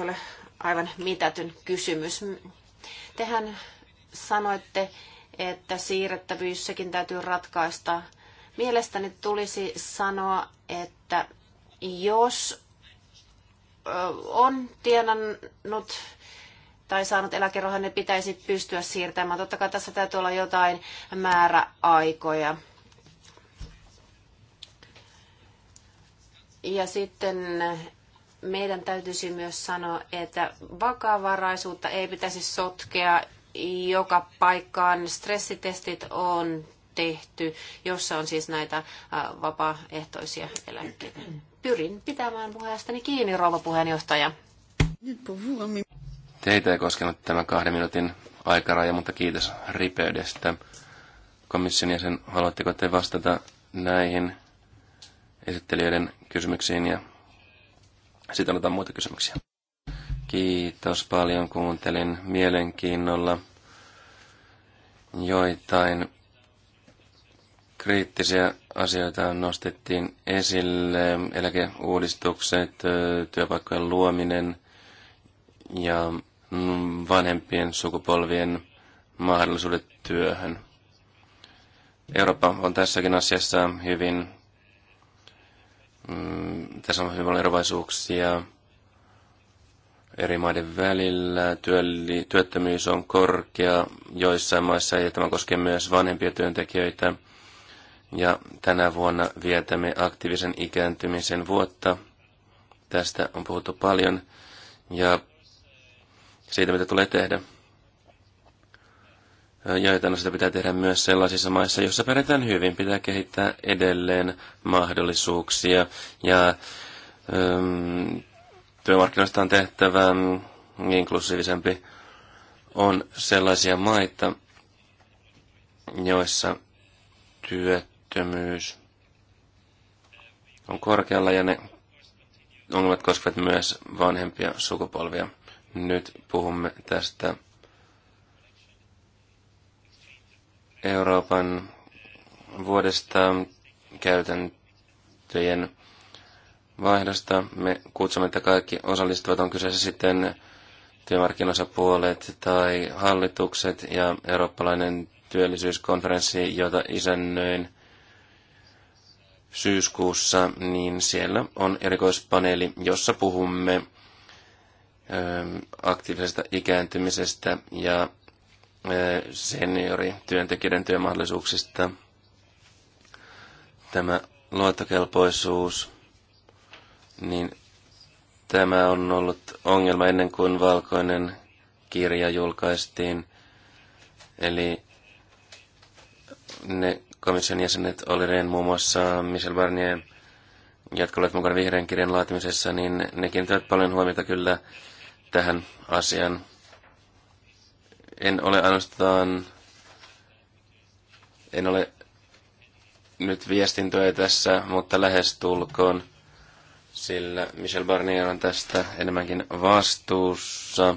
ole aivan mitätön kysymys. Tehän sanoitte, että siirrettävyyssäkin täytyy ratkaista. Mielestäni tulisi sanoa, että jos on tienannut tai saanut eläkerohan, ne niin pitäisi pystyä siirtämään. Totta kai tässä täytyy olla jotain määräaikoja. Ja sitten meidän täytyisi myös sanoa, että vakavaraisuutta ei pitäisi sotkea joka paikkaan. Stressitestit on tehty, jossa on siis näitä äh, vapaaehtoisia eläkkeitä. Pyrin pitämään puheestani kiinni, rouva puheenjohtaja. Teitä ei koskenut tämä kahden minuutin aikaraja, mutta kiitos ripeydestä. Komission jäsen, haluatteko te vastata näihin esittelijöiden kysymyksiin ja sitten otetaan muita kysymyksiä. Kiitos paljon, kuuntelin mielenkiinnolla joitain kriittisiä asioita nostettiin esille, eläkeuudistukset, työpaikkojen luominen ja vanhempien sukupolvien mahdollisuudet työhön. Eurooppa on tässäkin asiassa hyvin, mm, tässä on hyvin paljon erovaisuuksia, eri maiden välillä. Työli, työttömyys on korkea joissain maissa ja tämä koskee myös vanhempia työntekijöitä. Ja tänä vuonna vietämme aktiivisen ikääntymisen vuotta. Tästä on puhuttu paljon ja siitä, mitä tulee tehdä. Joitain sitä pitää tehdä myös sellaisissa maissa, joissa pärjätään hyvin. Pitää kehittää edelleen mahdollisuuksia ja Työmarkkinoista on tehtävä inklusiivisempi. On sellaisia maita, joissa työttömyys on korkealla ja ne ongelmat koskevat myös vanhempia sukupolvia. Nyt puhumme tästä Euroopan vuodesta käytäntöjen vaihdosta. Me kutsumme, että kaikki osallistuvat, on kyseessä sitten työmarkkinosapuolet tai hallitukset ja eurooppalainen työllisyyskonferenssi, jota isännöin syyskuussa, niin siellä on erikoispaneeli, jossa puhumme ähm, aktiivisesta ikääntymisestä ja äh, seniorityöntekijöiden työmahdollisuuksista. Tämä luottokelpoisuus niin tämä on ollut ongelma ennen kuin valkoinen kirja julkaistiin. Eli ne komission jäsenet oli reen muun muassa Michel Barnier, jotka olivat mukana vihreän kirjan laatimisessa, niin ne kiinnittävät paljon huomiota kyllä tähän asiaan. En ole ainoastaan, en ole nyt viestintöä tässä, mutta lähestulkoon sillä Michel Barnier on tästä enemmänkin vastuussa,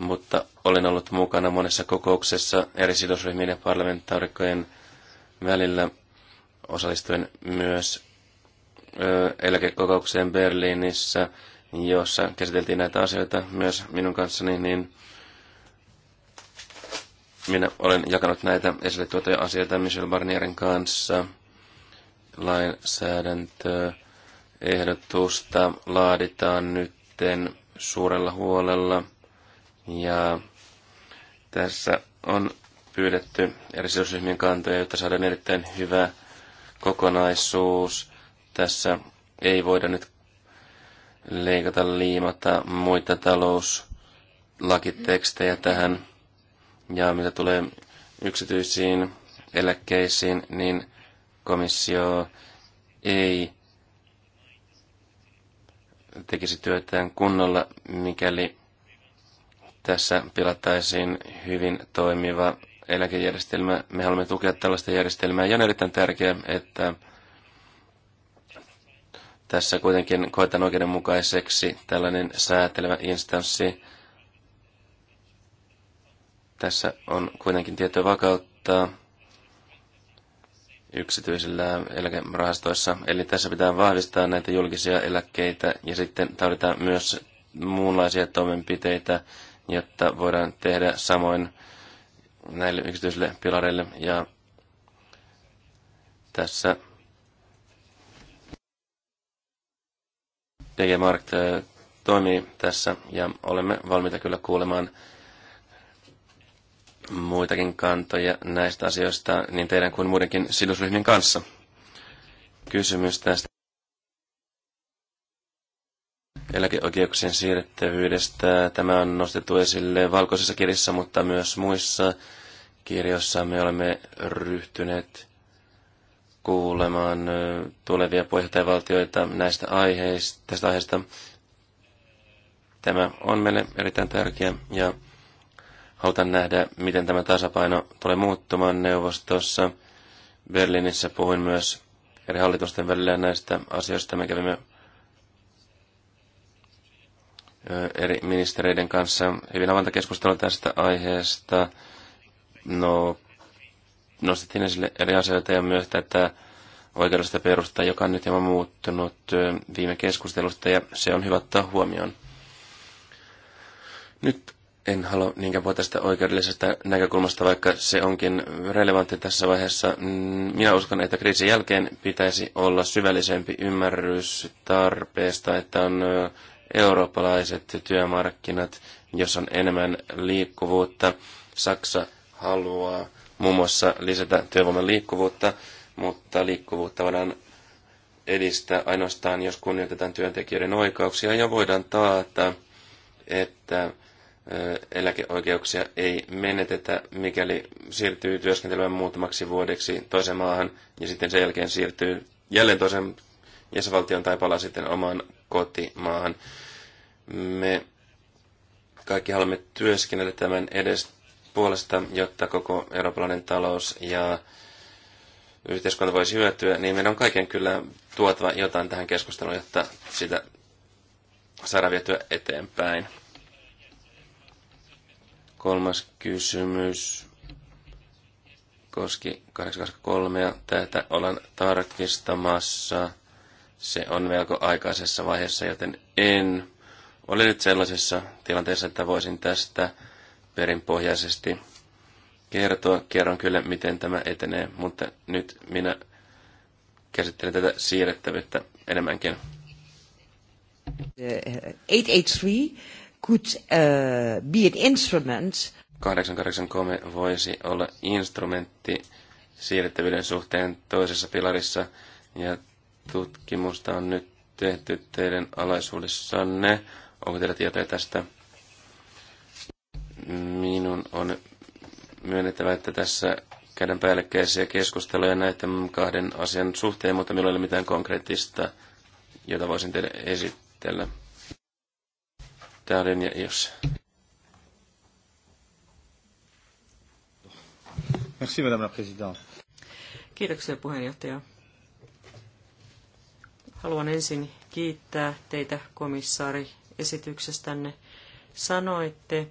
mutta olen ollut mukana monessa kokouksessa eri sidosryhmien ja parlamentaarikkojen välillä osallistuen myös eläkekokoukseen Berliinissä, jossa käsiteltiin näitä asioita myös minun kanssani, niin minä olen jakanut näitä esille tuotuja asioita Michel Barnierin kanssa, lainsäädäntöä, ehdotusta laaditaan nytten suurella huolella ja tässä on pyydetty eri sidosryhmien kantoja, jotta saadaan erittäin hyvä kokonaisuus. Tässä ei voida nyt leikata, liimata muita talouslakitekstejä tähän. Ja mitä tulee yksityisiin eläkkeisiin, niin komissio ei tekisi työtään kunnolla, mikäli tässä pilattaisiin hyvin toimiva eläkejärjestelmä. Me haluamme tukea tällaista järjestelmää ja on erittäin tärkeää, että tässä kuitenkin koetaan oikeudenmukaiseksi tällainen säätelevä instanssi. Tässä on kuitenkin tietoa vakauttaa yksityisillä eläkerahastoissa. Eli tässä pitää vahvistaa näitä julkisia eläkkeitä ja sitten tarvitaan myös muunlaisia toimenpiteitä, jotta voidaan tehdä samoin näille yksityisille pilareille. Ja tässä DG Markt eh, toimii tässä ja olemme valmiita kyllä kuulemaan muitakin kantoja näistä asioista niin teidän kuin muidenkin sidosryhmien kanssa. Kysymys tästä eläkeoikeuksien siirrettävyydestä. Tämä on nostettu esille valkoisessa kirjassa, mutta myös muissa kirjoissa me olemme ryhtyneet kuulemaan tulevia puheenjohtajavaltioita näistä aiheista, tästä aiheesta. Tämä on meille erittäin tärkeä ja halutaan nähdä, miten tämä tasapaino tulee muuttumaan neuvostossa. Berliinissä puhuin myös eri hallitusten välillä näistä asioista. Me kävimme eri ministereiden kanssa hyvin avanta keskustelua tästä aiheesta. No, nostettiin esille eri asioita ja myös tätä oikeudellista perusta, joka on nyt hieman muuttunut viime keskustelusta ja se on hyvä ottaa huomioon. Nyt en halua niinkään puhua tästä oikeudellisesta näkökulmasta, vaikka se onkin relevantti tässä vaiheessa. Mm, minä uskon, että kriisin jälkeen pitäisi olla syvällisempi ymmärrys tarpeesta, että on eurooppalaiset työmarkkinat, jos on enemmän liikkuvuutta. Saksa haluaa muun muassa lisätä työvoiman liikkuvuutta, mutta liikkuvuutta voidaan edistää ainoastaan, jos kunnioitetaan työntekijöiden oikeuksia ja voidaan taata, että eläkeoikeuksia ei menetetä, mikäli siirtyy työskentelemään muutamaksi vuodeksi toiseen maahan ja sitten sen jälkeen siirtyy jälleen toiseen jäsenvaltioon tai palaa sitten omaan kotimaahan. Me kaikki haluamme työskennellä tämän edes puolesta, jotta koko eurooppalainen talous ja yhteiskunta voisi hyötyä, niin meidän on kaiken kyllä tuotava jotain tähän keskusteluun, jotta sitä saadaan vietyä eteenpäin. Kolmas kysymys koski 823 ja tätä olen tarkistamassa. Se on melko aikaisessa vaiheessa, joten en ole nyt sellaisessa tilanteessa, että voisin tästä perinpohjaisesti kertoa. Kerron kyllä, miten tämä etenee, mutta nyt minä käsittelen tätä siirrettävyyttä enemmänkin. 883 eh, eh, could uh, be an instrument. 883 voisi olla instrumentti siirrettävyyden suhteen toisessa pilarissa ja tutkimusta on nyt tehty teidän alaisuudessanne. Onko teillä tietoja tästä? Minun on myönnettävä, että tässä käydään päällekkäisiä keskusteluja näiden kahden asian suhteen, mutta minulla ei ole mitään konkreettista, jota voisin teille esitellä. Tämä ja jos. Merci, madame la présidente. Kiitoksia puheenjohtaja. Haluan ensin kiittää teitä komissaari esityksestänne. Sanoitte,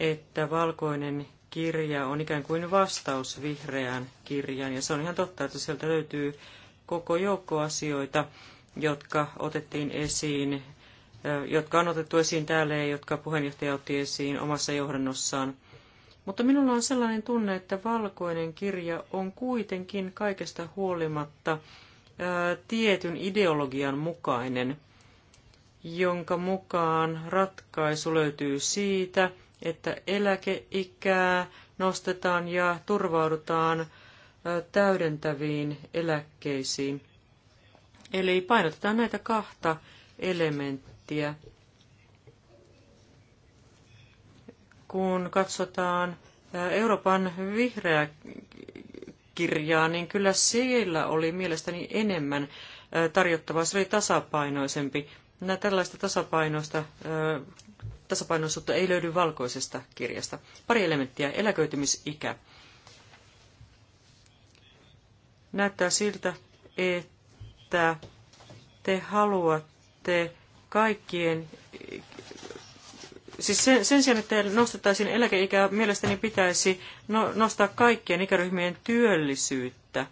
että valkoinen kirja on ikään kuin vastaus vihreään kirjaan, ja se on ihan totta, että sieltä löytyy koko joukko asioita, jotka otettiin esiin jotka on otettu esiin täällä ja jotka puheenjohtaja otti esiin omassa johdannossaan. Mutta minulla on sellainen tunne, että valkoinen kirja on kuitenkin kaikesta huolimatta ää, tietyn ideologian mukainen, jonka mukaan ratkaisu löytyy siitä, että eläkeikää nostetaan ja turvaudutaan ää, täydentäviin eläkkeisiin. Eli painotetaan näitä kahta elementtiä prosenttia. Kun katsotaan Euroopan vihreä kirjaa, niin kyllä siellä oli mielestäni enemmän tarjottavaa. Se oli tasapainoisempi. Nämä tällaista tasapainoista, tasapainoisuutta ei löydy valkoisesta kirjasta. Pari elementtiä. Eläköitymisikä. Näyttää siltä, että te haluatte kaikkien, siis sen, sen sijaan, että nostettaisiin eläkeikää, mielestäni pitäisi no, nostaa kaikkien ikäryhmien työllisyyttä.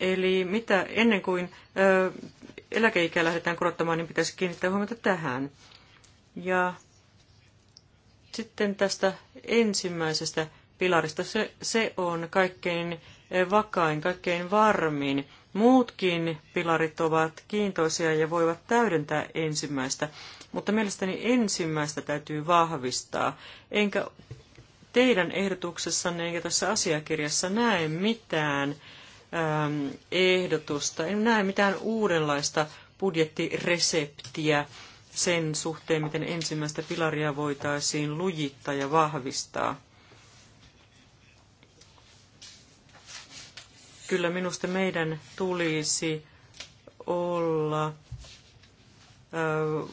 Eli mitä ennen kuin ö, eläkeikää lähdetään korottamaan, niin pitäisi kiinnittää huomiota tähän. Ja sitten tästä ensimmäisestä pilarista. Se, se on kaikkein vakain, kaikkein varmin Muutkin pilarit ovat kiintoisia ja voivat täydentää ensimmäistä, mutta mielestäni ensimmäistä täytyy vahvistaa. Enkä teidän ehdotuksessanne eikä tässä asiakirjassa näe mitään äm, ehdotusta, en näe mitään uudenlaista budjettireseptiä sen suhteen, miten ensimmäistä pilaria voitaisiin lujittaa ja vahvistaa. kyllä minusta meidän tulisi olla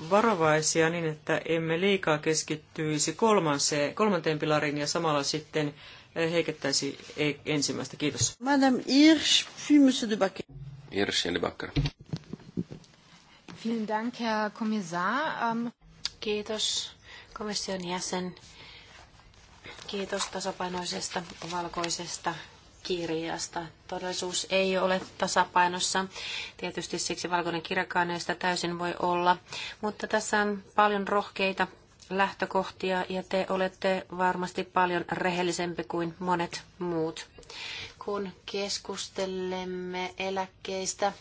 varovaisia niin, että emme liikaa keskittyisi kolmanseen, kolmanteen pilariin ja samalla sitten heikettäisi e-, ensimmäistä. Kiitos. Madame Hirsch, Monsieur de Backer. Hirsch de Backer. Vielen Dank, Herr Kommissar. Ähm, Kiitos komission jäsen. Kiitos tasapainoisesta valkoisesta kirjasta. Todellisuus ei ole tasapainossa. Tietysti siksi valkoinen kirjakaan ei sitä täysin voi olla. Mutta tässä on paljon rohkeita lähtökohtia ja te olette varmasti paljon rehellisempi kuin monet muut. Kun keskustelemme eläkkeistä,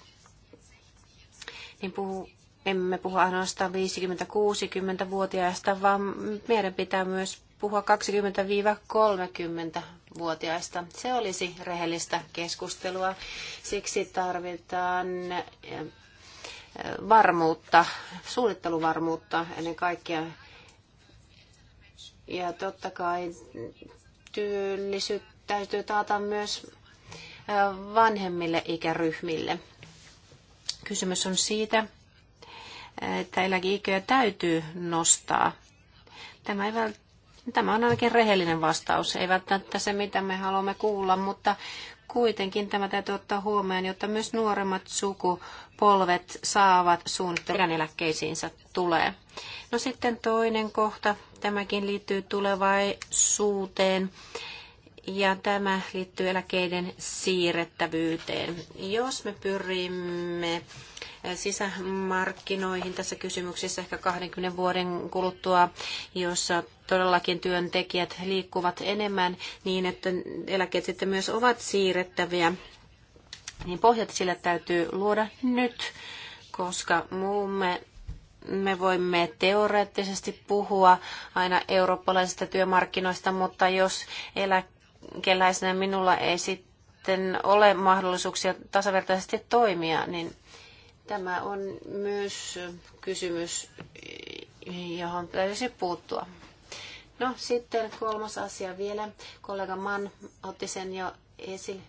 niin puhu, emme puhu ainoastaan 50-60-vuotiaista, vaan meidän pitää myös puhua 20-30 vuotiaista. Se olisi rehellistä keskustelua. Siksi tarvitaan eh, varmuutta, suunnitteluvarmuutta ennen kaikkea. Ja totta kai työllisyyttä täytyy taata myös eh, vanhemmille ikäryhmille. Kysymys on siitä, eh, että eläkeiköjä täytyy nostaa. Tämä ei välttämättä Tämä on ainakin rehellinen vastaus. Ei välttämättä se, mitä me haluamme kuulla, mutta kuitenkin tämä täytyy ottaa huomioon, jotta myös nuoremmat sukupolvet saavat suunnittelun eläkkeisiinsä tulee. No sitten toinen kohta, tämäkin liittyy tulevaisuuteen ja tämä liittyy eläkeiden siirrettävyyteen. Jos me pyrimme sisämarkkinoihin tässä kysymyksessä ehkä 20 vuoden kuluttua, jossa todellakin työntekijät liikkuvat enemmän niin, että eläkkeet sitten myös ovat siirrettäviä, niin pohjat sille täytyy luoda nyt, koska muumme me me voimme teoreettisesti puhua aina eurooppalaisista työmarkkinoista, mutta jos eläkeläisenä minulla ei sitten ole mahdollisuuksia tasavertaisesti toimia, niin Tämä on myös kysymys, johon täytyisi puuttua. No sitten kolmas asia vielä. Kollega Mann otti sen jo esille.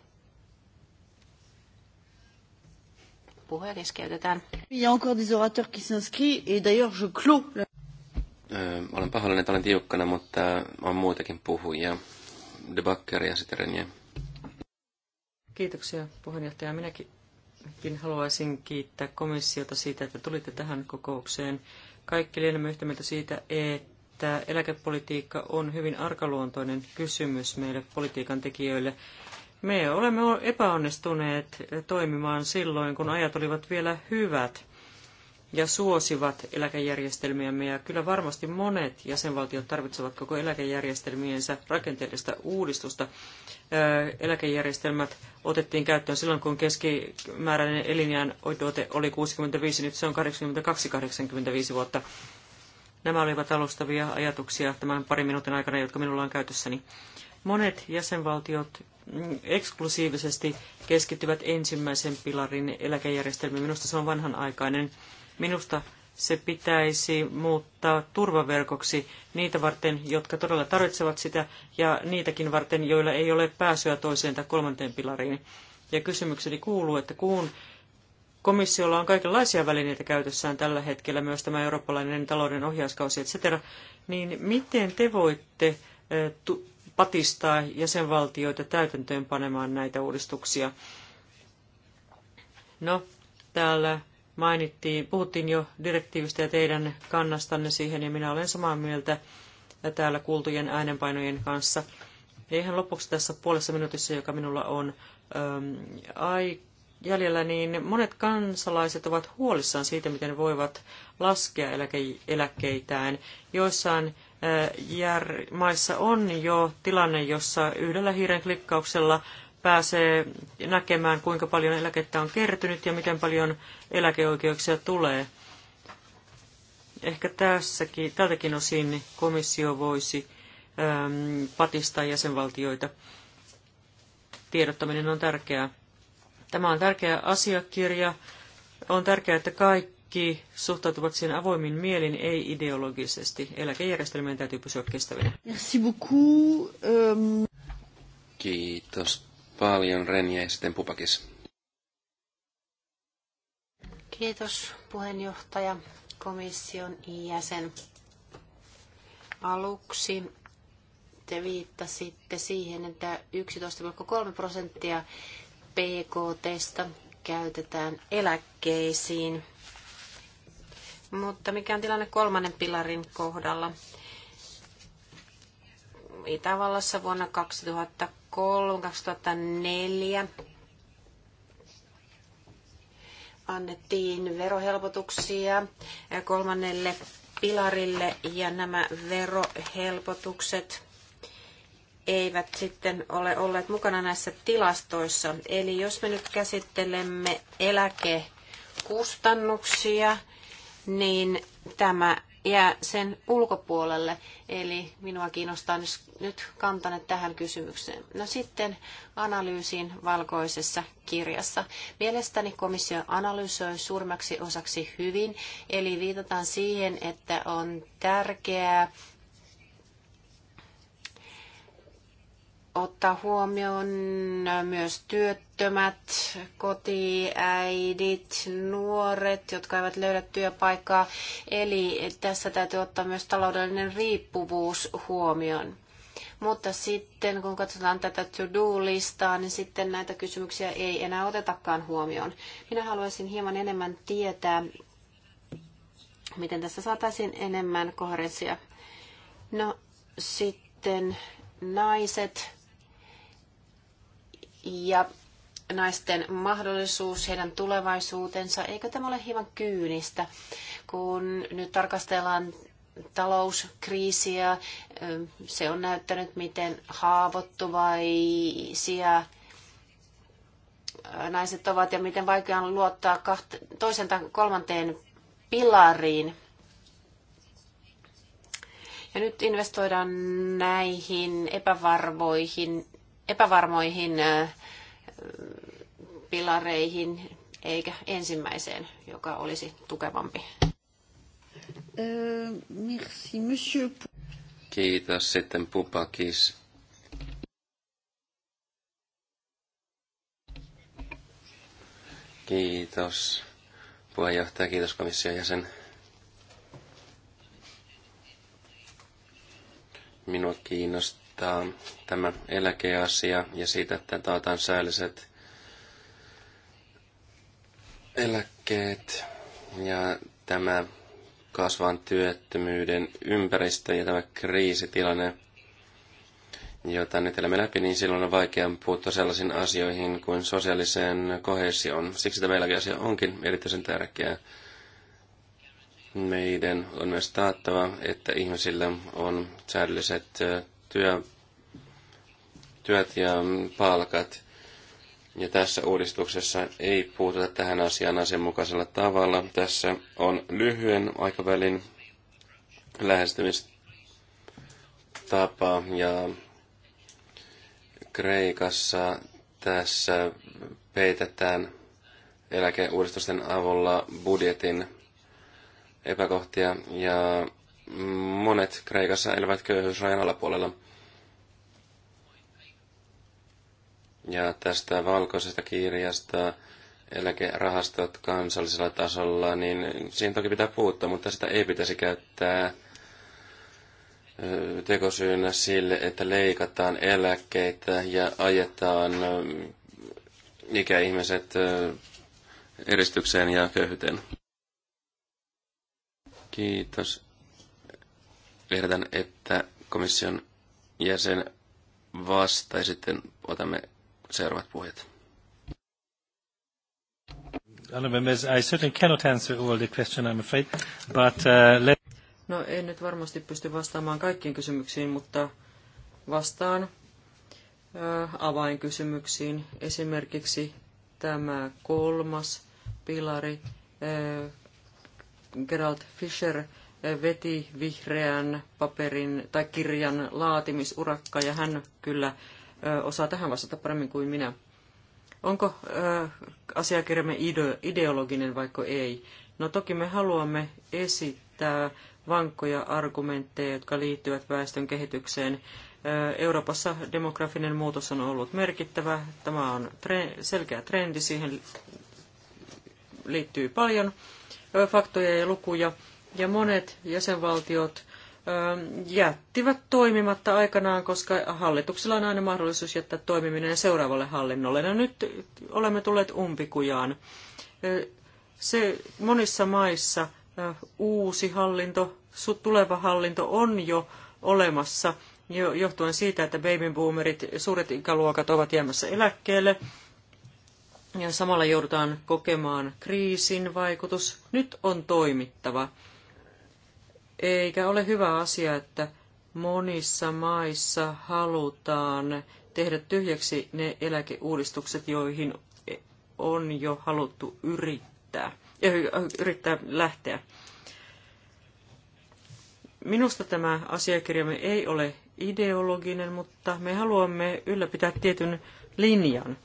Puhe keskeytetään. Il y a encore des orateurs qui s'inscrivent et d'ailleurs je clos. olen pahoillani, että olen tiukkana, mutta on muitakin puhujia. Debakker ja Sitreniä. Kiitoksia puheenjohtaja. Minäkin Minäkin haluaisin kiittää komissiota siitä, että tulitte tähän kokoukseen. Kaikki lienemme yhtä mieltä siitä, että eläkepolitiikka on hyvin arkaluontoinen kysymys meille politiikan tekijöille. Me olemme epäonnistuneet toimimaan silloin, kun ajat olivat vielä hyvät ja suosivat eläkejärjestelmiämme ja kyllä varmasti monet jäsenvaltiot tarvitsevat koko eläkejärjestelmiensä rakenteellista uudistusta. Eläkejärjestelmät otettiin käyttöön silloin, kun keskimääräinen elinjään odote oli 65, nyt se on 82-85 vuotta. Nämä olivat alustavia ajatuksia tämän parin minuutin aikana, jotka minulla on käytössäni. Monet jäsenvaltiot mm, eksklusiivisesti keskittyvät ensimmäisen pilarin eläkejärjestelmiin. Minusta se on vanhanaikainen aikainen Minusta se pitäisi muuttaa turvaverkoksi niitä varten, jotka todella tarvitsevat sitä, ja niitäkin varten, joilla ei ole pääsyä toiseen tai kolmanteen pilariin. Ja kysymykseni kuuluu, että kun komissiolla on kaikenlaisia välineitä käytössään tällä hetkellä, myös tämä eurooppalainen talouden ohjauskausi, etc., niin miten te voitte patistaa jäsenvaltioita täytäntöön panemaan näitä uudistuksia? No, täällä mainittiin, puhuttiin jo direktiivistä ja teidän kannastanne siihen, ja minä olen samaa mieltä täällä kuultujen äänenpainojen kanssa. Eihän lopuksi tässä puolessa minuutissa, joka minulla on ähm, ai jäljellä, niin monet kansalaiset ovat huolissaan siitä, miten voivat laskea eläke, eläkkeitään. Joissain ää, äh, jär, maissa on jo tilanne, jossa yhdellä hiiren klikkauksella pääsee näkemään, kuinka paljon eläkettä on kertynyt ja miten paljon eläkeoikeuksia tulee. Ehkä tässäkin, tältäkin osin komissio voisi äm, patistaa jäsenvaltioita. Tiedottaminen on tärkeää. Tämä on tärkeä asiakirja. On tärkeää, että kaikki suhtautuvat siihen avoimin mielin, ei ideologisesti. Eläkejärjestelmien täytyy pysyä kestävinä. Merci beaucoup. Um... Kiitos paljon, Renje ja sitten Pupakis. Kiitos puheenjohtaja, komission jäsen. Aluksi te viittasitte siihen, että 11,3 prosenttia PKTstä käytetään eläkkeisiin. Mutta mikä on tilanne kolmannen pilarin kohdalla? Itävallassa vuonna 2000. 2003-2004 annettiin verohelpotuksia kolmannelle pilarille ja nämä verohelpotukset eivät sitten ole olleet mukana näissä tilastoissa. Eli jos me nyt käsittelemme eläkekustannuksia, niin tämä jää sen ulkopuolelle. Eli minua kiinnostaa nyt kantanne tähän kysymykseen. No sitten analyysiin valkoisessa kirjassa. Mielestäni komissio analysoi suurimmaksi osaksi hyvin, eli viitataan siihen, että on tärkeää ottaa huomioon myös työttömät, kotiäidit, nuoret, jotka eivät löydä työpaikkaa. Eli tässä täytyy ottaa myös taloudellinen riippuvuus huomioon. Mutta sitten kun katsotaan tätä to-do-listaa, niin sitten näitä kysymyksiä ei enää otetakaan huomioon. Minä haluaisin hieman enemmän tietää, miten tässä saataisiin enemmän koherenssia. No sitten naiset ja naisten mahdollisuus, heidän tulevaisuutensa. Eikö tämä ole hieman kyynistä, kun nyt tarkastellaan talouskriisiä, se on näyttänyt, miten haavoittuvaisia naiset ovat ja miten vaikea on luottaa toisen tai kolmanteen pilariin. Ja nyt investoidaan näihin epävarvoihin epävarmoihin pilareihin eikä ensimmäiseen, joka olisi tukevampi. Kiitos sitten Pupakis. Kiitos puheenjohtaja, kiitos komission jäsen. Minua kiinnostaa tota, tämä eläkeasia ja siitä, että taataan säälliset eläkkeet ja tämä kasvan työttömyyden ympäristö ja tämä kriisitilanne, jota nyt elämme läpi, niin silloin on vaikea puuttua sellaisiin asioihin kuin sosiaaliseen kohesioon. Siksi tämä eläkeasia onkin erityisen tärkeää. Meidän on myös taattava, että ihmisillä on säädölliset työ, työt ja palkat. Ja tässä uudistuksessa ei puututa tähän asiaan asianmukaisella tavalla. Tässä on lyhyen aikavälin lähestymistapa ja Kreikassa tässä peitetään eläkeuudistusten avulla budjetin epäkohtia ja monet Kreikassa elävät köyhyysrajan alapuolella. Ja tästä valkoisesta kirjasta eläkerahastot kansallisella tasolla, niin siihen toki pitää puuttua, mutta sitä ei pitäisi käyttää tekosyynä sille, että leikataan eläkkeitä ja ajetaan ikäihmiset eristykseen ja köyhyyteen. Kiitos. Ehdotan, että komission jäsen vastaa ja sitten otamme seuraavat puhujat. No en nyt varmasti pysty vastaamaan kaikkiin kysymyksiin, mutta vastaan äh, avainkysymyksiin. Esimerkiksi tämä kolmas pilari. Äh, Gerald Fischer äh, veti vihreän paperin tai kirjan laatimisurakka ja hän kyllä osaa tähän vastata paremmin kuin minä. Onko asiakirjamme ideologinen vaikka ei? No toki me haluamme esittää vankkoja argumentteja, jotka liittyvät väestön kehitykseen. Euroopassa demografinen muutos on ollut merkittävä. Tämä on selkeä trendi, siihen liittyy paljon faktoja ja lukuja. Ja monet jäsenvaltiot Ähm, jättivät toimimatta aikanaan, koska hallituksella on aina mahdollisuus jättää toimiminen seuraavalle hallinnolle. No nyt olemme tulleet umpikujaan. Se monissa maissa uusi hallinto, tuleva hallinto on jo olemassa johtuen siitä, että boomerit, suuret ikäluokat ovat jäämässä eläkkeelle. Ja samalla joudutaan kokemaan kriisin vaikutus. Nyt on toimittava. Eikä ole hyvä asia, että monissa maissa halutaan tehdä tyhjäksi ne eläkeuudistukset, joihin on jo haluttu yrittää, ja yrittää lähteä. Minusta tämä asiakirjamme ei ole ideologinen, mutta me haluamme ylläpitää tietyn linjan.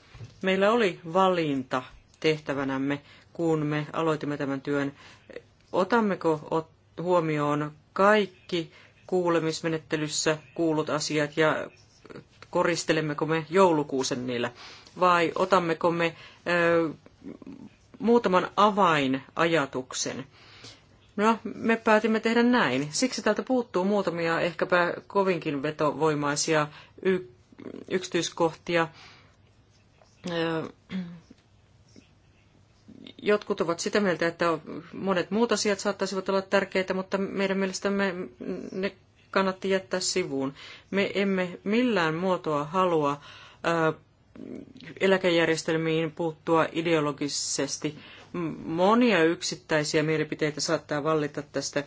Meillä oli valinta tehtävänämme, kun me aloitimme tämän työn. Otammeko huomioon kaikki kuulemismenettelyssä kuulut asiat ja koristelemmeko me joulukuusen niillä vai otammeko me ö, muutaman avainajatuksen. No, me päätimme tehdä näin. Siksi täältä puuttuu muutamia ehkäpä kovinkin vetovoimaisia y- yksityiskohtia. Ö, Jotkut ovat sitä mieltä, että monet muut asiat saattaisivat olla tärkeitä, mutta meidän mielestämme ne kannatti jättää sivuun. Me emme millään muotoa halua eläkejärjestelmiin puuttua ideologisesti. Monia yksittäisiä mielipiteitä saattaa vallita tästä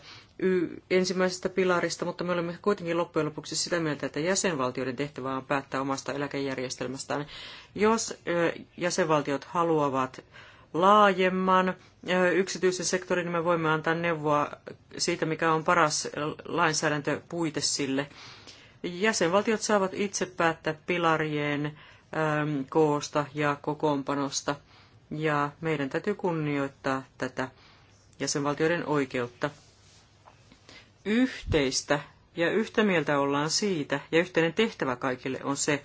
ensimmäisestä pilarista, mutta me olemme kuitenkin loppujen lopuksi sitä mieltä, että jäsenvaltioiden tehtävä on päättää omasta eläkejärjestelmästään. Jos jäsenvaltiot haluavat laajemman yksityisen sektorin, niin me voimme antaa neuvoa siitä, mikä on paras lainsäädäntöpuite sille. Jäsenvaltiot saavat itse päättää pilarien koosta ja kokoonpanosta, ja meidän täytyy kunnioittaa tätä jäsenvaltioiden oikeutta. Yhteistä ja yhtä mieltä ollaan siitä, ja yhteinen tehtävä kaikille on se,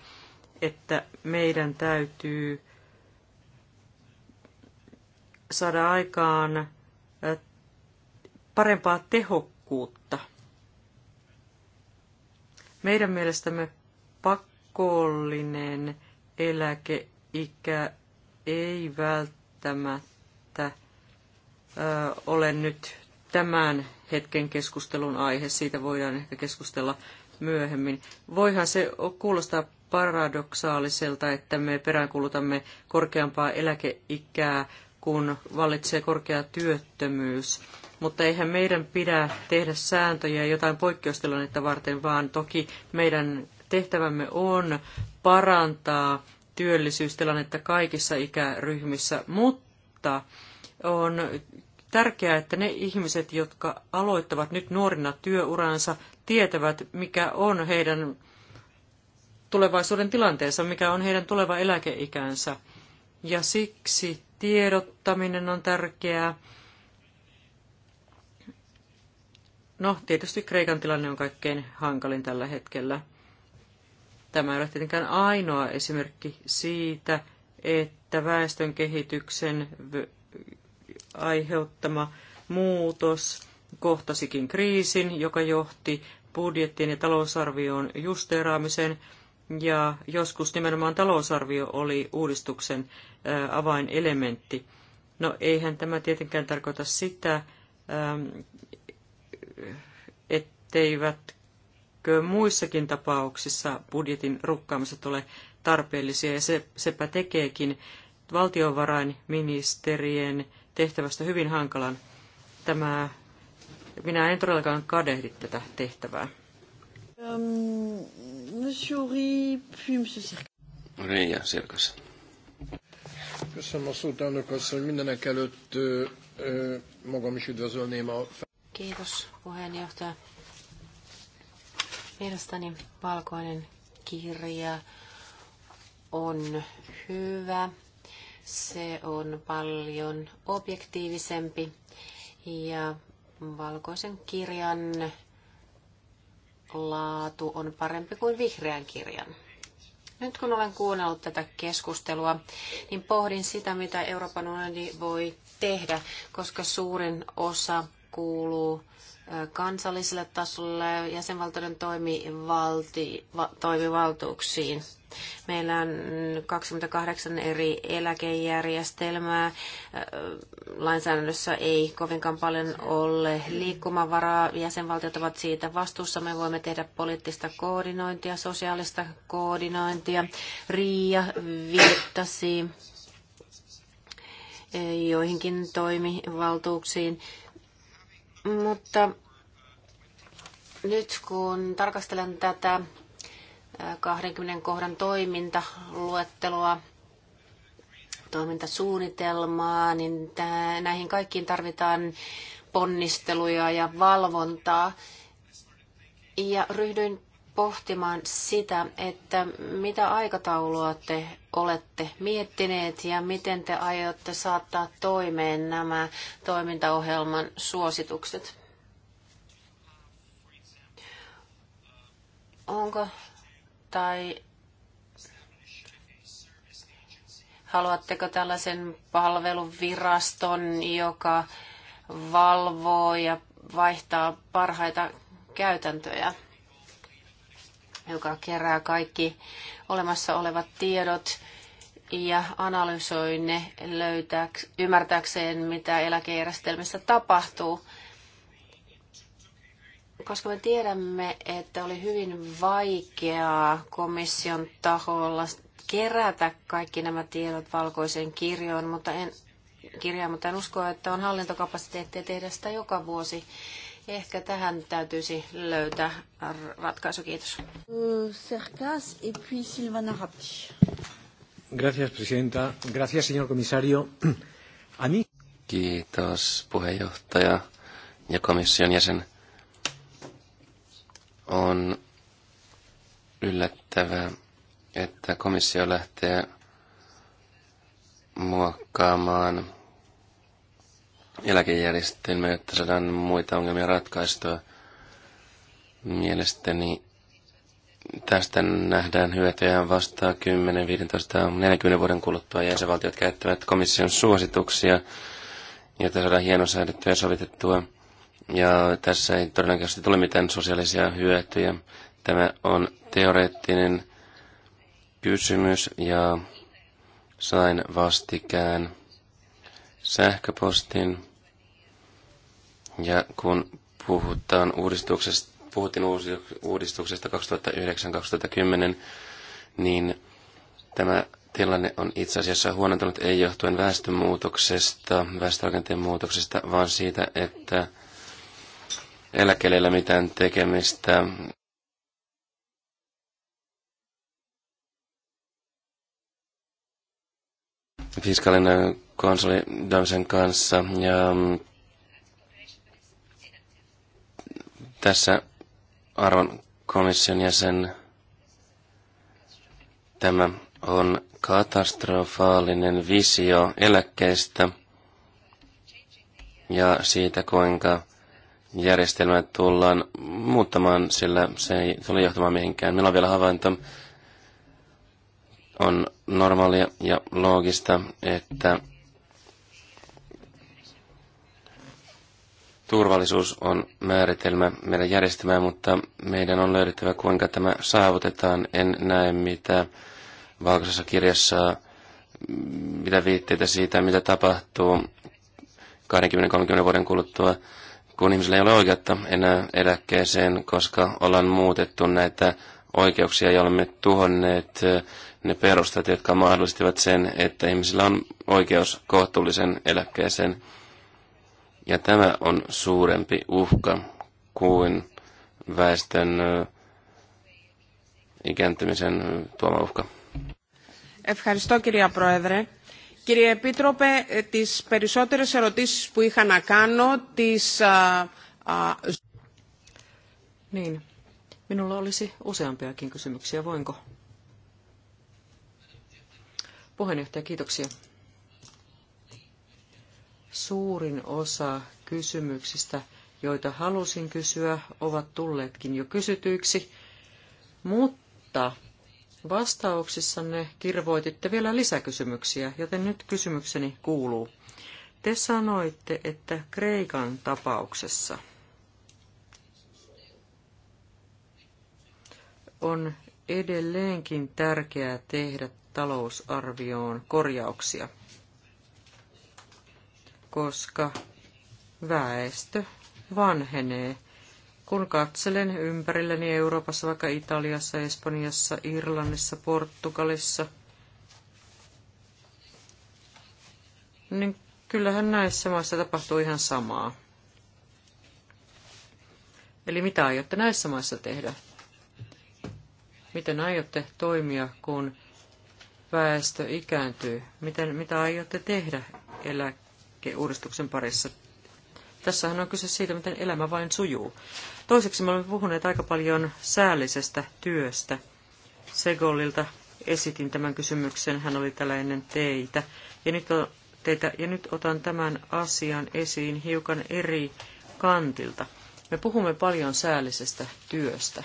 että meidän täytyy saada aikaan parempaa tehokkuutta. Meidän mielestämme pakollinen eläkeikä ei välttämättä ole nyt tämän hetken keskustelun aihe. Siitä voidaan ehkä keskustella myöhemmin. Voihan se kuulostaa paradoksaaliselta, että me peräänkuulutamme korkeampaa eläkeikää, kun vallitsee korkea työttömyys. Mutta eihän meidän pidä tehdä sääntöjä jotain poikkeustilannetta varten, vaan toki meidän tehtävämme on parantaa työllisyystilannetta kaikissa ikäryhmissä, mutta on tärkeää, että ne ihmiset, jotka aloittavat nyt nuorina työuransa, tietävät, mikä on heidän tulevaisuuden tilanteensa, mikä on heidän tuleva eläkeikänsä. Ja siksi tiedottaminen on tärkeää. No, tietysti Kreikan tilanne on kaikkein hankalin tällä hetkellä. Tämä ei ole tietenkään ainoa esimerkki siitä, että väestön kehityksen aiheuttama muutos kohtasikin kriisin, joka johti budjettien ja talousarvion justeeraamiseen – ja joskus nimenomaan talousarvio oli uudistuksen avainelementti. No eihän tämä tietenkään tarkoita sitä, etteivätkö muissakin tapauksissa budjetin rukkaamiset ole tarpeellisia, ja se, sepä tekeekin valtiovarainministerien tehtävästä hyvin hankalan. Tämä, minä en todellakaan kadehdi tätä tehtävää. Euh, monsieur Uri, puis Monsieur Köszönöm a szót, elnök asszony. Mindenek előtt ö, ö, magam is üdvözölném a... Kiitos, puheenjohtaja. Mielestäni valkoinen kirja on hyvä. Se on paljon objektiivisempi ja valkoisen kirjan laatu on parempi kuin vihreän kirjan. Nyt kun olen kuunnellut tätä keskustelua, niin pohdin sitä, mitä Euroopan unioni voi tehdä, koska suurin osa kuuluu kansalliselle tasolle jäsenvaltioiden toimivalti, va, toimivaltuuksiin. Meillä on 28 eri eläkejärjestelmää. Lainsäädännössä ei kovinkaan paljon ole liikkumavaraa. Jäsenvaltiot ovat siitä vastuussa. Me voimme tehdä poliittista koordinointia, sosiaalista koordinointia. Riia viittasi joihinkin toimivaltuuksiin mutta nyt kun tarkastelen tätä 20 kohdan toimintaluetteloa, toimintasuunnitelmaa, niin näihin kaikkiin tarvitaan ponnisteluja ja valvontaa. Ja ryhdyin pohtimaan sitä, että mitä aikataulua te olette miettineet ja miten te aiotte saattaa toimeen nämä toimintaohjelman suositukset. Onko tai haluatteko tällaisen palveluviraston, joka valvoo ja vaihtaa parhaita käytäntöjä? joka kerää kaikki olemassa olevat tiedot ja analysoi ne löytääks, ymmärtääkseen, mitä eläkejärjestelmissä tapahtuu. Koska me tiedämme, että oli hyvin vaikeaa komission taholla kerätä kaikki nämä tiedot valkoiseen kirjoon, mutta en, kirjaan, mutta en usko, että on hallintokapasiteettia tehdä sitä joka vuosi. Ehkä tähän täytyisi löytää ratkaisu. Kiitos. Cercas ja puis Silvana Rapti. Gracias, presidenta. Gracias, señor comisario. A mí... Kiitos, puheenjohtaja ja komission jäsen. On yllättävää, että komissio lähtee muokkaamaan eläkejärjestelmä, jotta saadaan muita ongelmia ratkaistua. Mielestäni tästä nähdään hyötyjä vasta 10, 15, 40 vuoden kuluttua jäsenvaltiot käyttävät komission suosituksia, jotta saadaan hienosäädettyä ja sovitettua. Ja tässä ei todennäköisesti tule mitään sosiaalisia hyötyjä. Tämä on teoreettinen kysymys ja sain vastikään sähköpostin ja kun puhutaan uudistuksesta, puhuttiin uudistuksesta 2009-2010, niin tämä tilanne on itse asiassa huonontunut ei johtuen väestönmuutoksesta, väestörakenteen muutoksesta, vaan siitä, että eläkeleillä mitään tekemistä fiskaalinen konsoli Damsen kanssa ja Tässä arvon komission jäsen tämä on katastrofaalinen visio eläkkeistä ja siitä, kuinka järjestelmä tullaan muuttamaan, sillä se ei tule johtamaan mihinkään. Meillä on vielä havainto. On normaalia ja loogista, että Turvallisuus on määritelmä meidän järjestelmää, mutta meidän on löydettävä, kuinka tämä saavutetaan. En näe, mitä valkoisessa kirjassa, mitä viitteitä siitä, mitä tapahtuu 20-30 vuoden kuluttua, kun ihmisillä ei ole oikeutta enää eläkkeeseen, koska ollaan muutettu näitä oikeuksia ja olemme tuhonneet ne perustat, jotka mahdollistivat sen, että ihmisillä on oikeus kohtuullisen eläkkeeseen. Ja tämä on suurempi uhka kuin väestön ikääntymisen tuoma uhka. Ευχαριστώ κυρία Πρόεδρε. Κύριε Επίτροπε, τις περισσότερες ερωτήσεις που είχα να κάνω τις... Α, α... Niin, minulla olisi useampiakin kysymyksiä, voinko? Puheenjohtaja, kiitoksia. Suurin osa kysymyksistä, joita halusin kysyä, ovat tulleetkin jo kysytyiksi, mutta vastauksissanne kirvoititte vielä lisäkysymyksiä, joten nyt kysymykseni kuuluu. Te sanoitte, että Kreikan tapauksessa on edelleenkin tärkeää tehdä talousarvioon korjauksia – koska väestö vanhenee. Kun katselen ympärilleni Euroopassa, vaikka Italiassa, Espanjassa, Irlannissa, Portugalissa, niin kyllähän näissä maissa tapahtuu ihan samaa. Eli mitä aiotte näissä maissa tehdä? Miten aiotte toimia, kun väestö ikääntyy? Miten, mitä aiotte tehdä eläkkeelle? eläkeuudistuksen parissa. Tässähän on kyse siitä, miten elämä vain sujuu. Toiseksi me olemme puhuneet aika paljon säällisestä työstä. Segolilta esitin tämän kysymyksen, hän oli täällä ennen teitä. Ja nyt, on, teitä, ja nyt otan tämän asian esiin hiukan eri kantilta. Me puhumme paljon säällisestä työstä.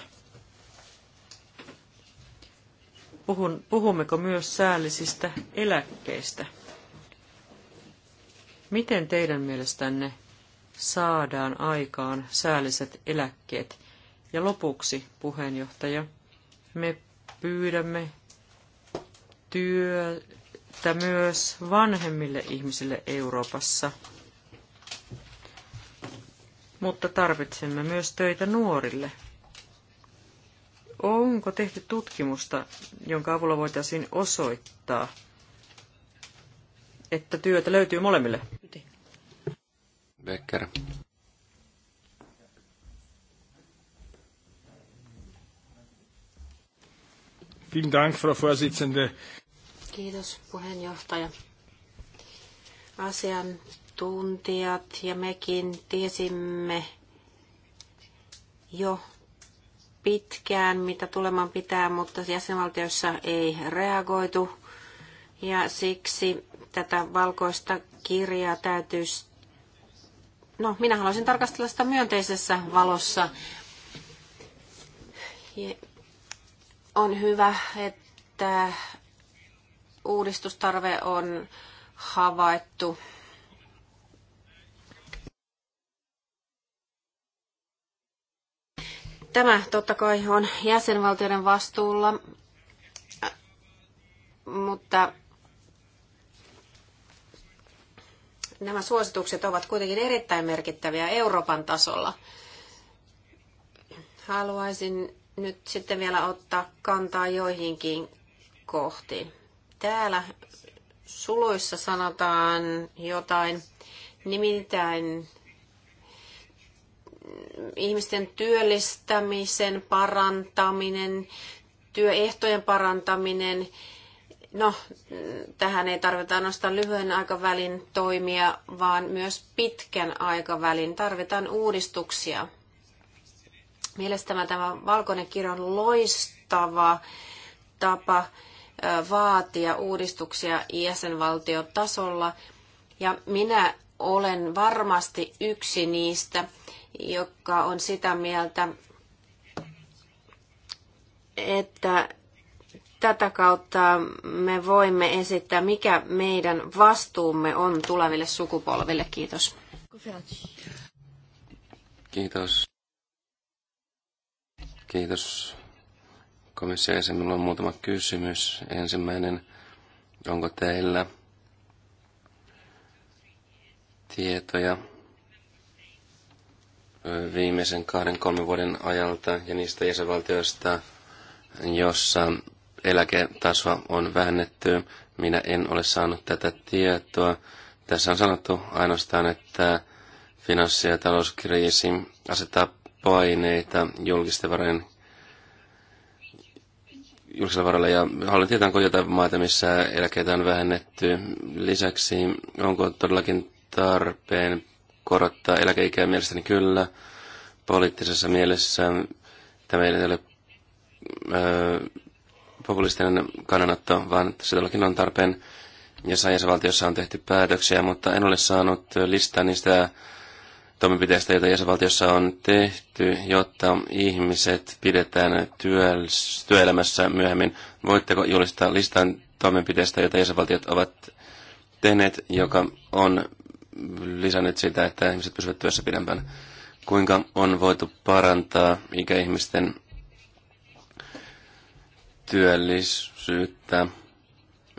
Puhun, puhummeko myös säällisistä eläkkeistä? Miten teidän mielestänne saadaan aikaan säälliset eläkkeet? Ja lopuksi, puheenjohtaja, me pyydämme työtä myös vanhemmille ihmisille Euroopassa. Mutta tarvitsemme myös töitä nuorille. Onko tehty tutkimusta, jonka avulla voitaisiin osoittaa, että työtä löytyy molemmille. Becker. Vielen Dank, Frau Vorsitzende. Kiitos puheenjohtaja. Asiantuntijat ja mekin tiesimme jo pitkään, mitä tuleman pitää, mutta jäsenvaltiossa ei reagoitu. Ja siksi tätä valkoista kirjaa täytyisi... No, minä haluaisin tarkastella sitä myönteisessä valossa. On hyvä, että uudistustarve on havaittu. Tämä totta kai on jäsenvaltioiden vastuulla, mutta nämä suositukset ovat kuitenkin erittäin merkittäviä Euroopan tasolla. Haluaisin nyt sitten vielä ottaa kantaa joihinkin kohtiin. Täällä suluissa sanotaan jotain, nimittäin ihmisten työllistämisen parantaminen, työehtojen parantaminen No, mm, tähän ei tarvita nostaa lyhyen aikavälin toimia, vaan myös pitkän aikavälin. Tarvitaan uudistuksia. Mielestäni tämä valkoinen kirja on loistava tapa vaatia uudistuksia jäsenvaltiotasolla. Ja minä olen varmasti yksi niistä, joka on sitä mieltä, että tätä kautta me voimme esittää, mikä meidän vastuumme on tuleville sukupolville. Kiitos. Kiitos. Kiitos Komissio jäsen. Minulla on muutama kysymys. Ensimmäinen, onko teillä tietoja viimeisen kahden, kolmen vuoden ajalta ja niistä jäsenvaltioista, jossa eläketasoa on vähennetty. Minä en ole saanut tätä tietoa. Tässä on sanottu ainoastaan, että finanssi- ja talouskriisi asettaa paineita julkisten varojen julkisella varalla ja haluan tietää, onko jotain maita, missä eläkeitä on vähennetty. Lisäksi onko todellakin tarpeen korottaa eläkeikää? Mielestäni kyllä. Poliittisessa mielessä tämä ei ole populistinen kannanotto, vaan se todellakin on tarpeen. ja jäsenvaltiossa on tehty päätöksiä, mutta en ole saanut listaa niistä toimenpiteistä, joita jäsenvaltiossa on tehty, jotta ihmiset pidetään työelämässä myöhemmin. Voitteko julistaa listan toimenpiteistä, joita jäsenvaltiot ovat tehneet, joka on lisännyt sitä, että ihmiset pysyvät työssä pidempään? Kuinka on voitu parantaa ikäihmisten työllisyyttä,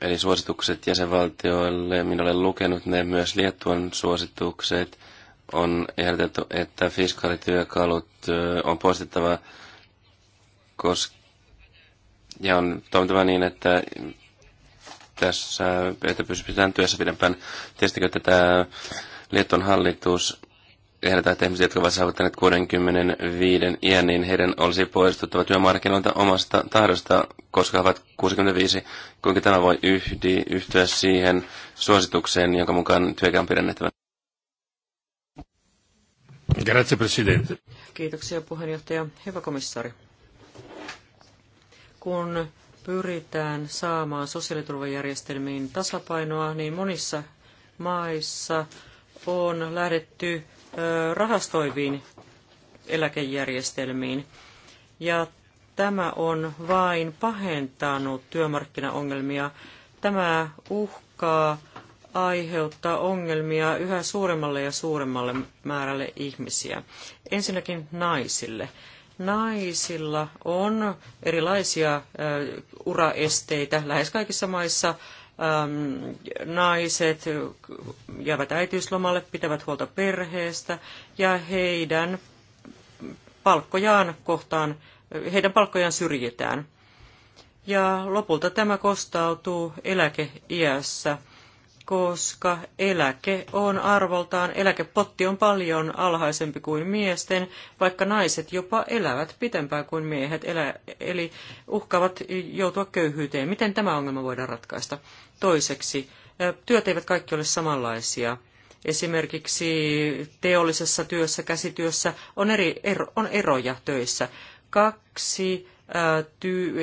eli suositukset jäsenvaltioille. Minä olen lukenut ne myös Liettuan suositukset. On ehdotettu, että fiskaalityökalut on poistettava koska ja on toimittava niin, että tässä, että pysytään työssä pidempään. Tietysti tätä Lietton hallitus ehdotan, että ihmiset, jotka ovat saavuttaneet 65 iän, niin heidän olisi poistuttava työmarkkinoilta omasta tahdosta, koska he ovat 65. Kuinka tämä voi yhdi, yhtyä siihen suositukseen, jonka mukaan työkään on pidennettävä? Kiitoksia puheenjohtaja. Hyvä komissaari. Kun pyritään saamaan sosiaaliturvajärjestelmiin tasapainoa, niin monissa maissa on lähdetty rahastoiviin eläkejärjestelmiin. Ja tämä on vain pahentanut työmarkkinaongelmia. Tämä uhkaa aiheuttaa ongelmia yhä suuremmalle ja suuremmalle määrälle ihmisiä. Ensinnäkin naisille. Naisilla on erilaisia uraesteitä lähes kaikissa maissa – Ähm, naiset jäävät äitiyslomalle, pitävät huolta perheestä ja heidän palkkojaan kohtaan, heidän palkkojaan syrjitään. Ja lopulta tämä kostautuu eläkeiässä koska eläke on arvoltaan, eläkepotti on paljon alhaisempi kuin miesten, vaikka naiset jopa elävät pitempään kuin miehet, elä, eli uhkaavat joutua köyhyyteen. Miten tämä ongelma voidaan ratkaista? Toiseksi, työt eivät kaikki ole samanlaisia. Esimerkiksi teollisessa työssä, käsityössä on, eri, ero, on eroja töissä. Kaksi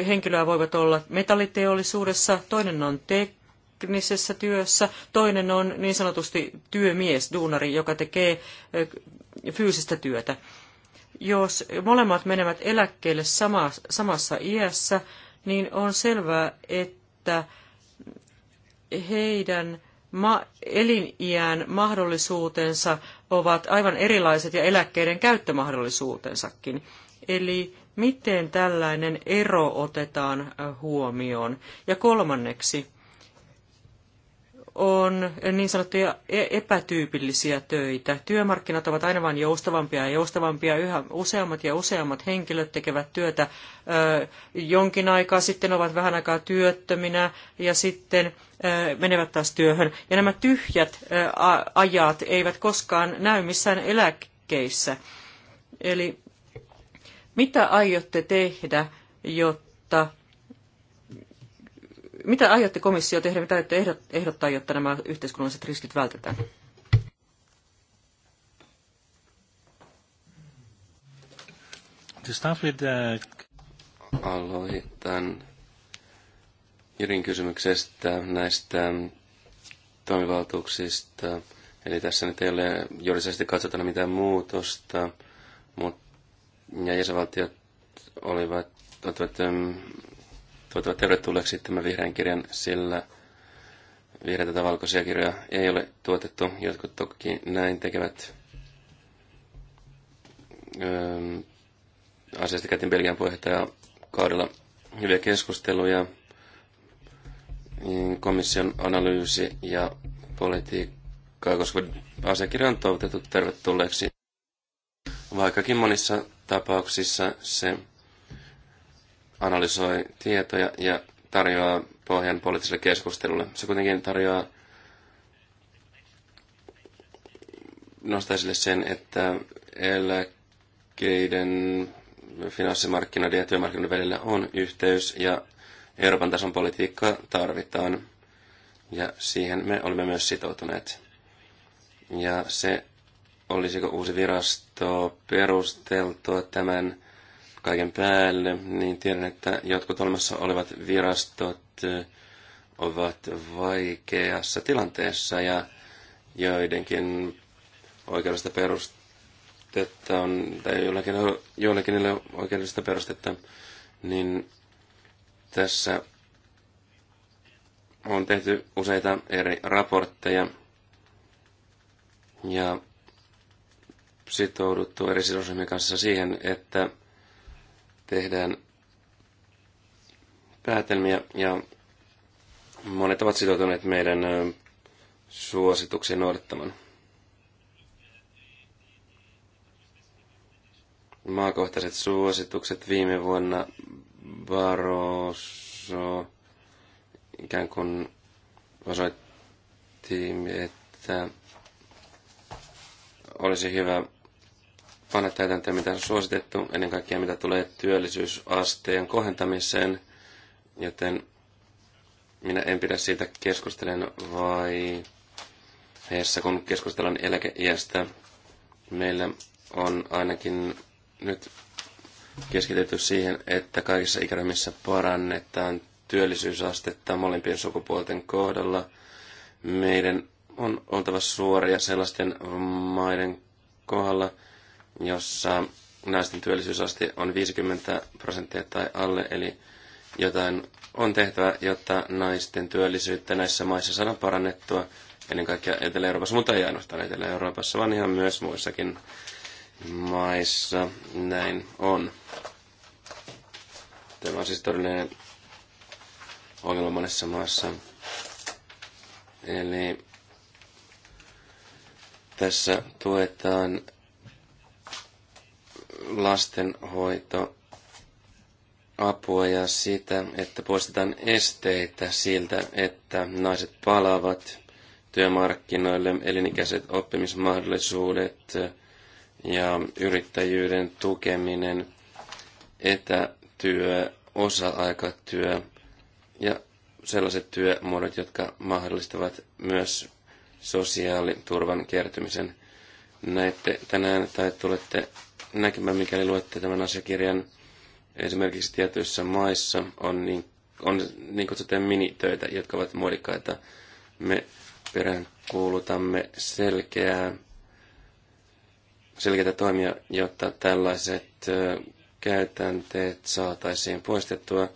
henkilöä voivat olla metalliteollisuudessa, toinen on tek praktisessa työssä, toinen on niin sanotusti työmies, duunari, joka tekee fyysistä työtä. Jos molemmat menevät eläkkeelle samassa iässä, niin on selvää, että heidän eliniän mahdollisuutensa ovat aivan erilaiset ja eläkkeiden käyttömahdollisuutensakin. Eli miten tällainen ero otetaan huomioon? Ja kolmanneksi, on niin sanottuja e- epätyypillisiä töitä. Työmarkkinat ovat aina vain joustavampia ja joustavampia. Yhä useammat ja useammat henkilöt tekevät työtä jonkin aikaa, sitten ovat vähän aikaa työttöminä ja sitten menevät taas työhön. Ja nämä tyhjät ajat eivät koskaan näy missään eläkkeissä. Eli mitä aiotte tehdä, jotta mitä aiotte komissio tehdä, mitä aiotte ehdottaa, jotta nämä yhteiskunnalliset riskit vältetään? To start with the... Uh, Aloitan Jyrin kysymyksestä näistä toimivaltuuksista. Eli tässä nyt ei ole juridisesti katsotaan mitään muutosta, mutta ja jäsenvaltiot olivat, ottivat um, tuotavat tervetulleeksi tämän vihreän kirjan, sillä vihreitä tai valkoisia kirjoja ei ole tuotettu. Jotkut toki näin tekevät öö, asiasta käytiin Belgian puheenjohtaja kaudella hyviä keskusteluja. Mm, komission analyysi ja politiikkaa koska asiakirja on toivotettu tervetulleeksi. Vaikkakin monissa tapauksissa se analysoi tietoja ja tarjoaa pohjan poliittiselle keskustelulle. Se kuitenkin tarjoaa nostaa sen, että eläkkeiden finanssimarkkinoiden ja työmarkkinoiden välillä on yhteys ja Euroopan tason politiikkaa tarvitaan ja siihen me olemme myös sitoutuneet. Ja se, olisiko uusi virasto perusteltua tämän kaiken päälle, niin tiedän, että jotkut olemassa olevat virastot ovat vaikeassa tilanteessa ja joidenkin oikeudellista perustetta on, tai joillakin, joillakin niille oikeudellista perustetta, niin tässä on tehty useita eri raportteja ja sitouduttu eri sidosryhmien kanssa siihen, että tehdään päätelmiä ja monet ovat sitoutuneet meidän suosituksia noudattamaan. Maakohtaiset suositukset viime vuonna Barroso ikään kuin osoitti, että olisi hyvä panna täytäntöön, mitä on suositettu, ennen kaikkea mitä tulee työllisyysasteen kohentamiseen, joten minä en pidä siitä keskustelen vai heessä, kun keskustellaan eläkeiästä. Meillä on ainakin nyt keskitytty siihen, että kaikissa ikäryhmissä parannetaan työllisyysastetta molempien sukupuolten kohdalla. Meidän on oltava suoria sellaisten maiden kohdalla, jossa naisten työllisyysaste on 50 prosenttia tai alle, eli jotain on tehtävä, jotta naisten työllisyyttä näissä maissa saadaan parannettua, ennen kaikkea Etelä-Euroopassa, mutta ei ainoastaan Etelä-Euroopassa, vaan ihan myös muissakin maissa näin on. Tämä on siis todellinen ongelma monessa maassa. Eli tässä tuetaan lastenhoito apua ja sitä, että poistetaan esteitä siltä, että naiset palaavat työmarkkinoille, elinikäiset oppimismahdollisuudet ja yrittäjyyden tukeminen, etätyö, osa-aikatyö ja sellaiset työmuodot, jotka mahdollistavat myös sosiaaliturvan kertymisen. Näette tänään tai tulette näkemä, mikäli luette tämän asiakirjan. Esimerkiksi tietyissä maissa on niin, on niin kutsuttuja minitöitä, jotka ovat muodikkaita. Me peräänkuulutamme selkeää, selkeitä toimia, jotta tällaiset käytänteet saataisiin poistettua,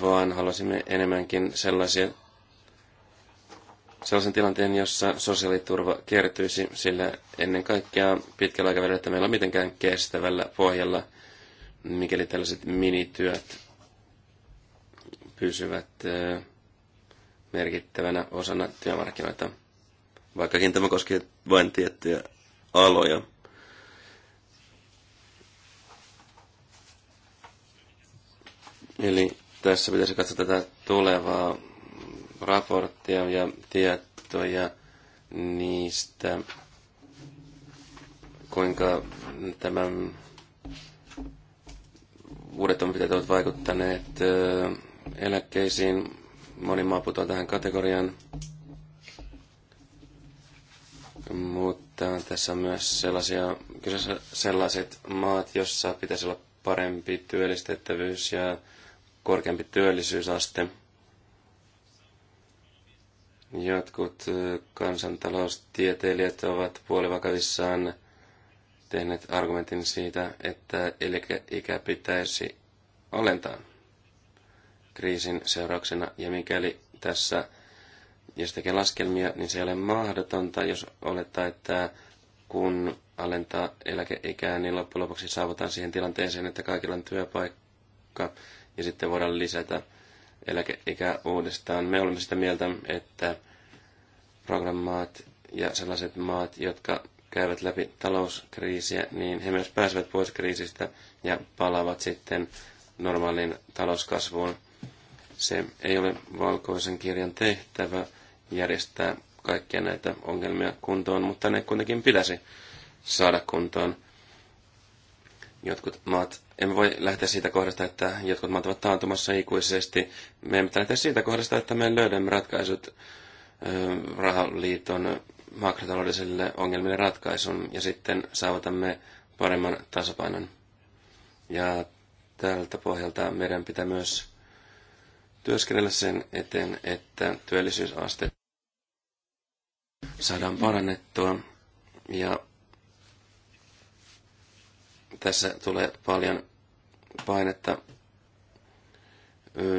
vaan halusimme enemmänkin sellaisia sellaisen tilanteen, jossa sosiaaliturva kertyisi, sillä ennen kaikkea pitkällä aikavälillä, että meillä on mitenkään kestävällä pohjalla, mikäli tällaiset minityöt pysyvät merkittävänä osana työmarkkinoita, vaikkakin tämä koskee vain tiettyjä aloja. Eli tässä pitäisi katsoa tätä tulevaa raportteja ja tietoja niistä, kuinka tämän uudet toimenpiteet ovat vaikuttaneet eläkkeisiin. Moni maa putoaa tähän kategoriaan. Mutta tässä on myös sellaisia, kyseessä sellaiset maat, joissa pitäisi olla parempi työllistettävyys ja korkeampi työllisyysaste – Jotkut kansantaloustieteilijät ovat puolivakavissaan tehneet argumentin siitä, että eläkeikä pitäisi alentaa kriisin seurauksena. Ja mikäli tässä, jos tekee laskelmia, niin se ei ole mahdotonta, jos olettaa, että kun alentaa eläkeikää, niin loppujen lopuksi saavutaan siihen tilanteeseen, että kaikilla on työpaikka ja sitten voidaan lisätä eläkeikä uudestaan. Me olemme sitä mieltä, että programmaat ja sellaiset maat, jotka käyvät läpi talouskriisiä, niin he myös pääsevät pois kriisistä ja palaavat sitten normaaliin talouskasvuun. Se ei ole valkoisen kirjan tehtävä järjestää kaikkia näitä ongelmia kuntoon, mutta ne kuitenkin pitäisi saada kuntoon. Jotkut maat emme voi lähteä siitä kohdasta, että jotkut maat ovat taantumassa ikuisesti. Me emme lähteä siitä kohdasta, että me löydämme ratkaisut rahaliiton makrotaloudellisille ongelmille ratkaisun ja sitten saavutamme paremman tasapainon. Ja tältä pohjalta meidän pitää myös työskennellä sen eteen, että työllisyysaste saadaan parannettua ja tässä tulee paljon painetta,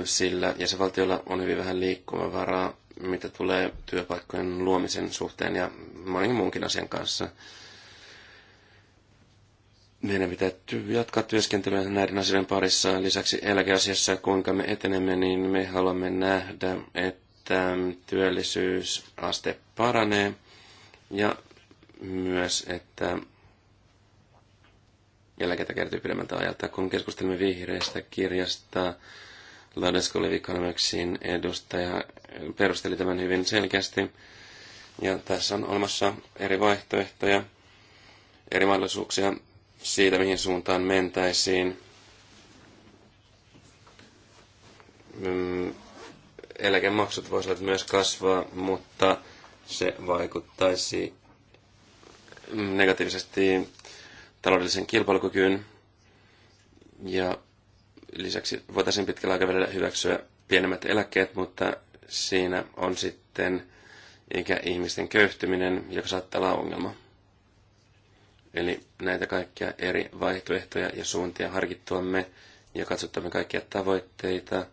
sillä jäsenvaltiolla on hyvin vähän liikkumavaraa, mitä tulee työpaikkojen luomisen suhteen ja monen muunkin asian kanssa. Meidän pitää jatkaa työskentelyä näiden asioiden parissa. Lisäksi eläkeasiassa, kuinka me etenemme, niin me haluamme nähdä, että työllisyysaste paranee ja myös, että eläkettä kertyy pidemmältä ajalta. Kun keskustelimme vihreästä kirjasta, Ladeskolevikanameksin edustaja perusteli tämän hyvin selkeästi. Ja tässä on olemassa eri vaihtoehtoja, eri mahdollisuuksia siitä, mihin suuntaan mentäisiin. Mm, eläkemaksut voisivat myös kasvaa, mutta se vaikuttaisi negatiivisesti taloudellisen kilpailukykyyn ja lisäksi voitaisiin pitkällä aikavälillä hyväksyä pienemmät eläkkeet, mutta siinä on sitten ikäihmisten köyhtyminen, joka saattaa olla ongelma. Eli näitä kaikkia eri vaihtoehtoja ja suuntia harkittuamme ja katsottamme kaikkia tavoitteita,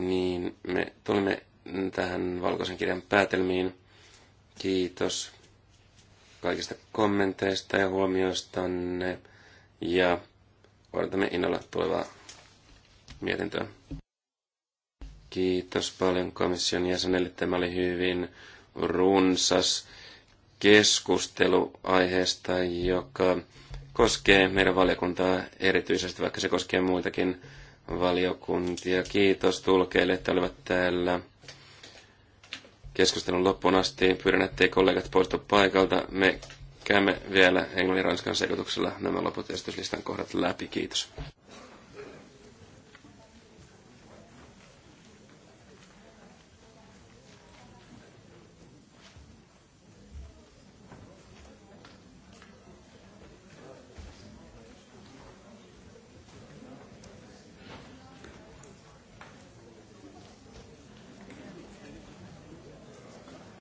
niin me tulemme tähän valkoisen kirjan päätelmiin. Kiitos kaikista kommenteista ja huomioistanne ja odotamme innolla tulevaa mietintöä. Kiitos paljon komission jäsenelle. Tämä oli hyvin runsas keskustelu aiheesta, joka koskee meidän valiokuntaa erityisesti, vaikka se koskee muitakin valiokuntia. Kiitos tulkeille, että olivat täällä keskustelun loppuun asti. Pyydän, ettei kollegat poistu paikalta. Me käymme vielä englannin ranskan sekoituksella nämä loput esityslistan kohdat läpi. Kiitos.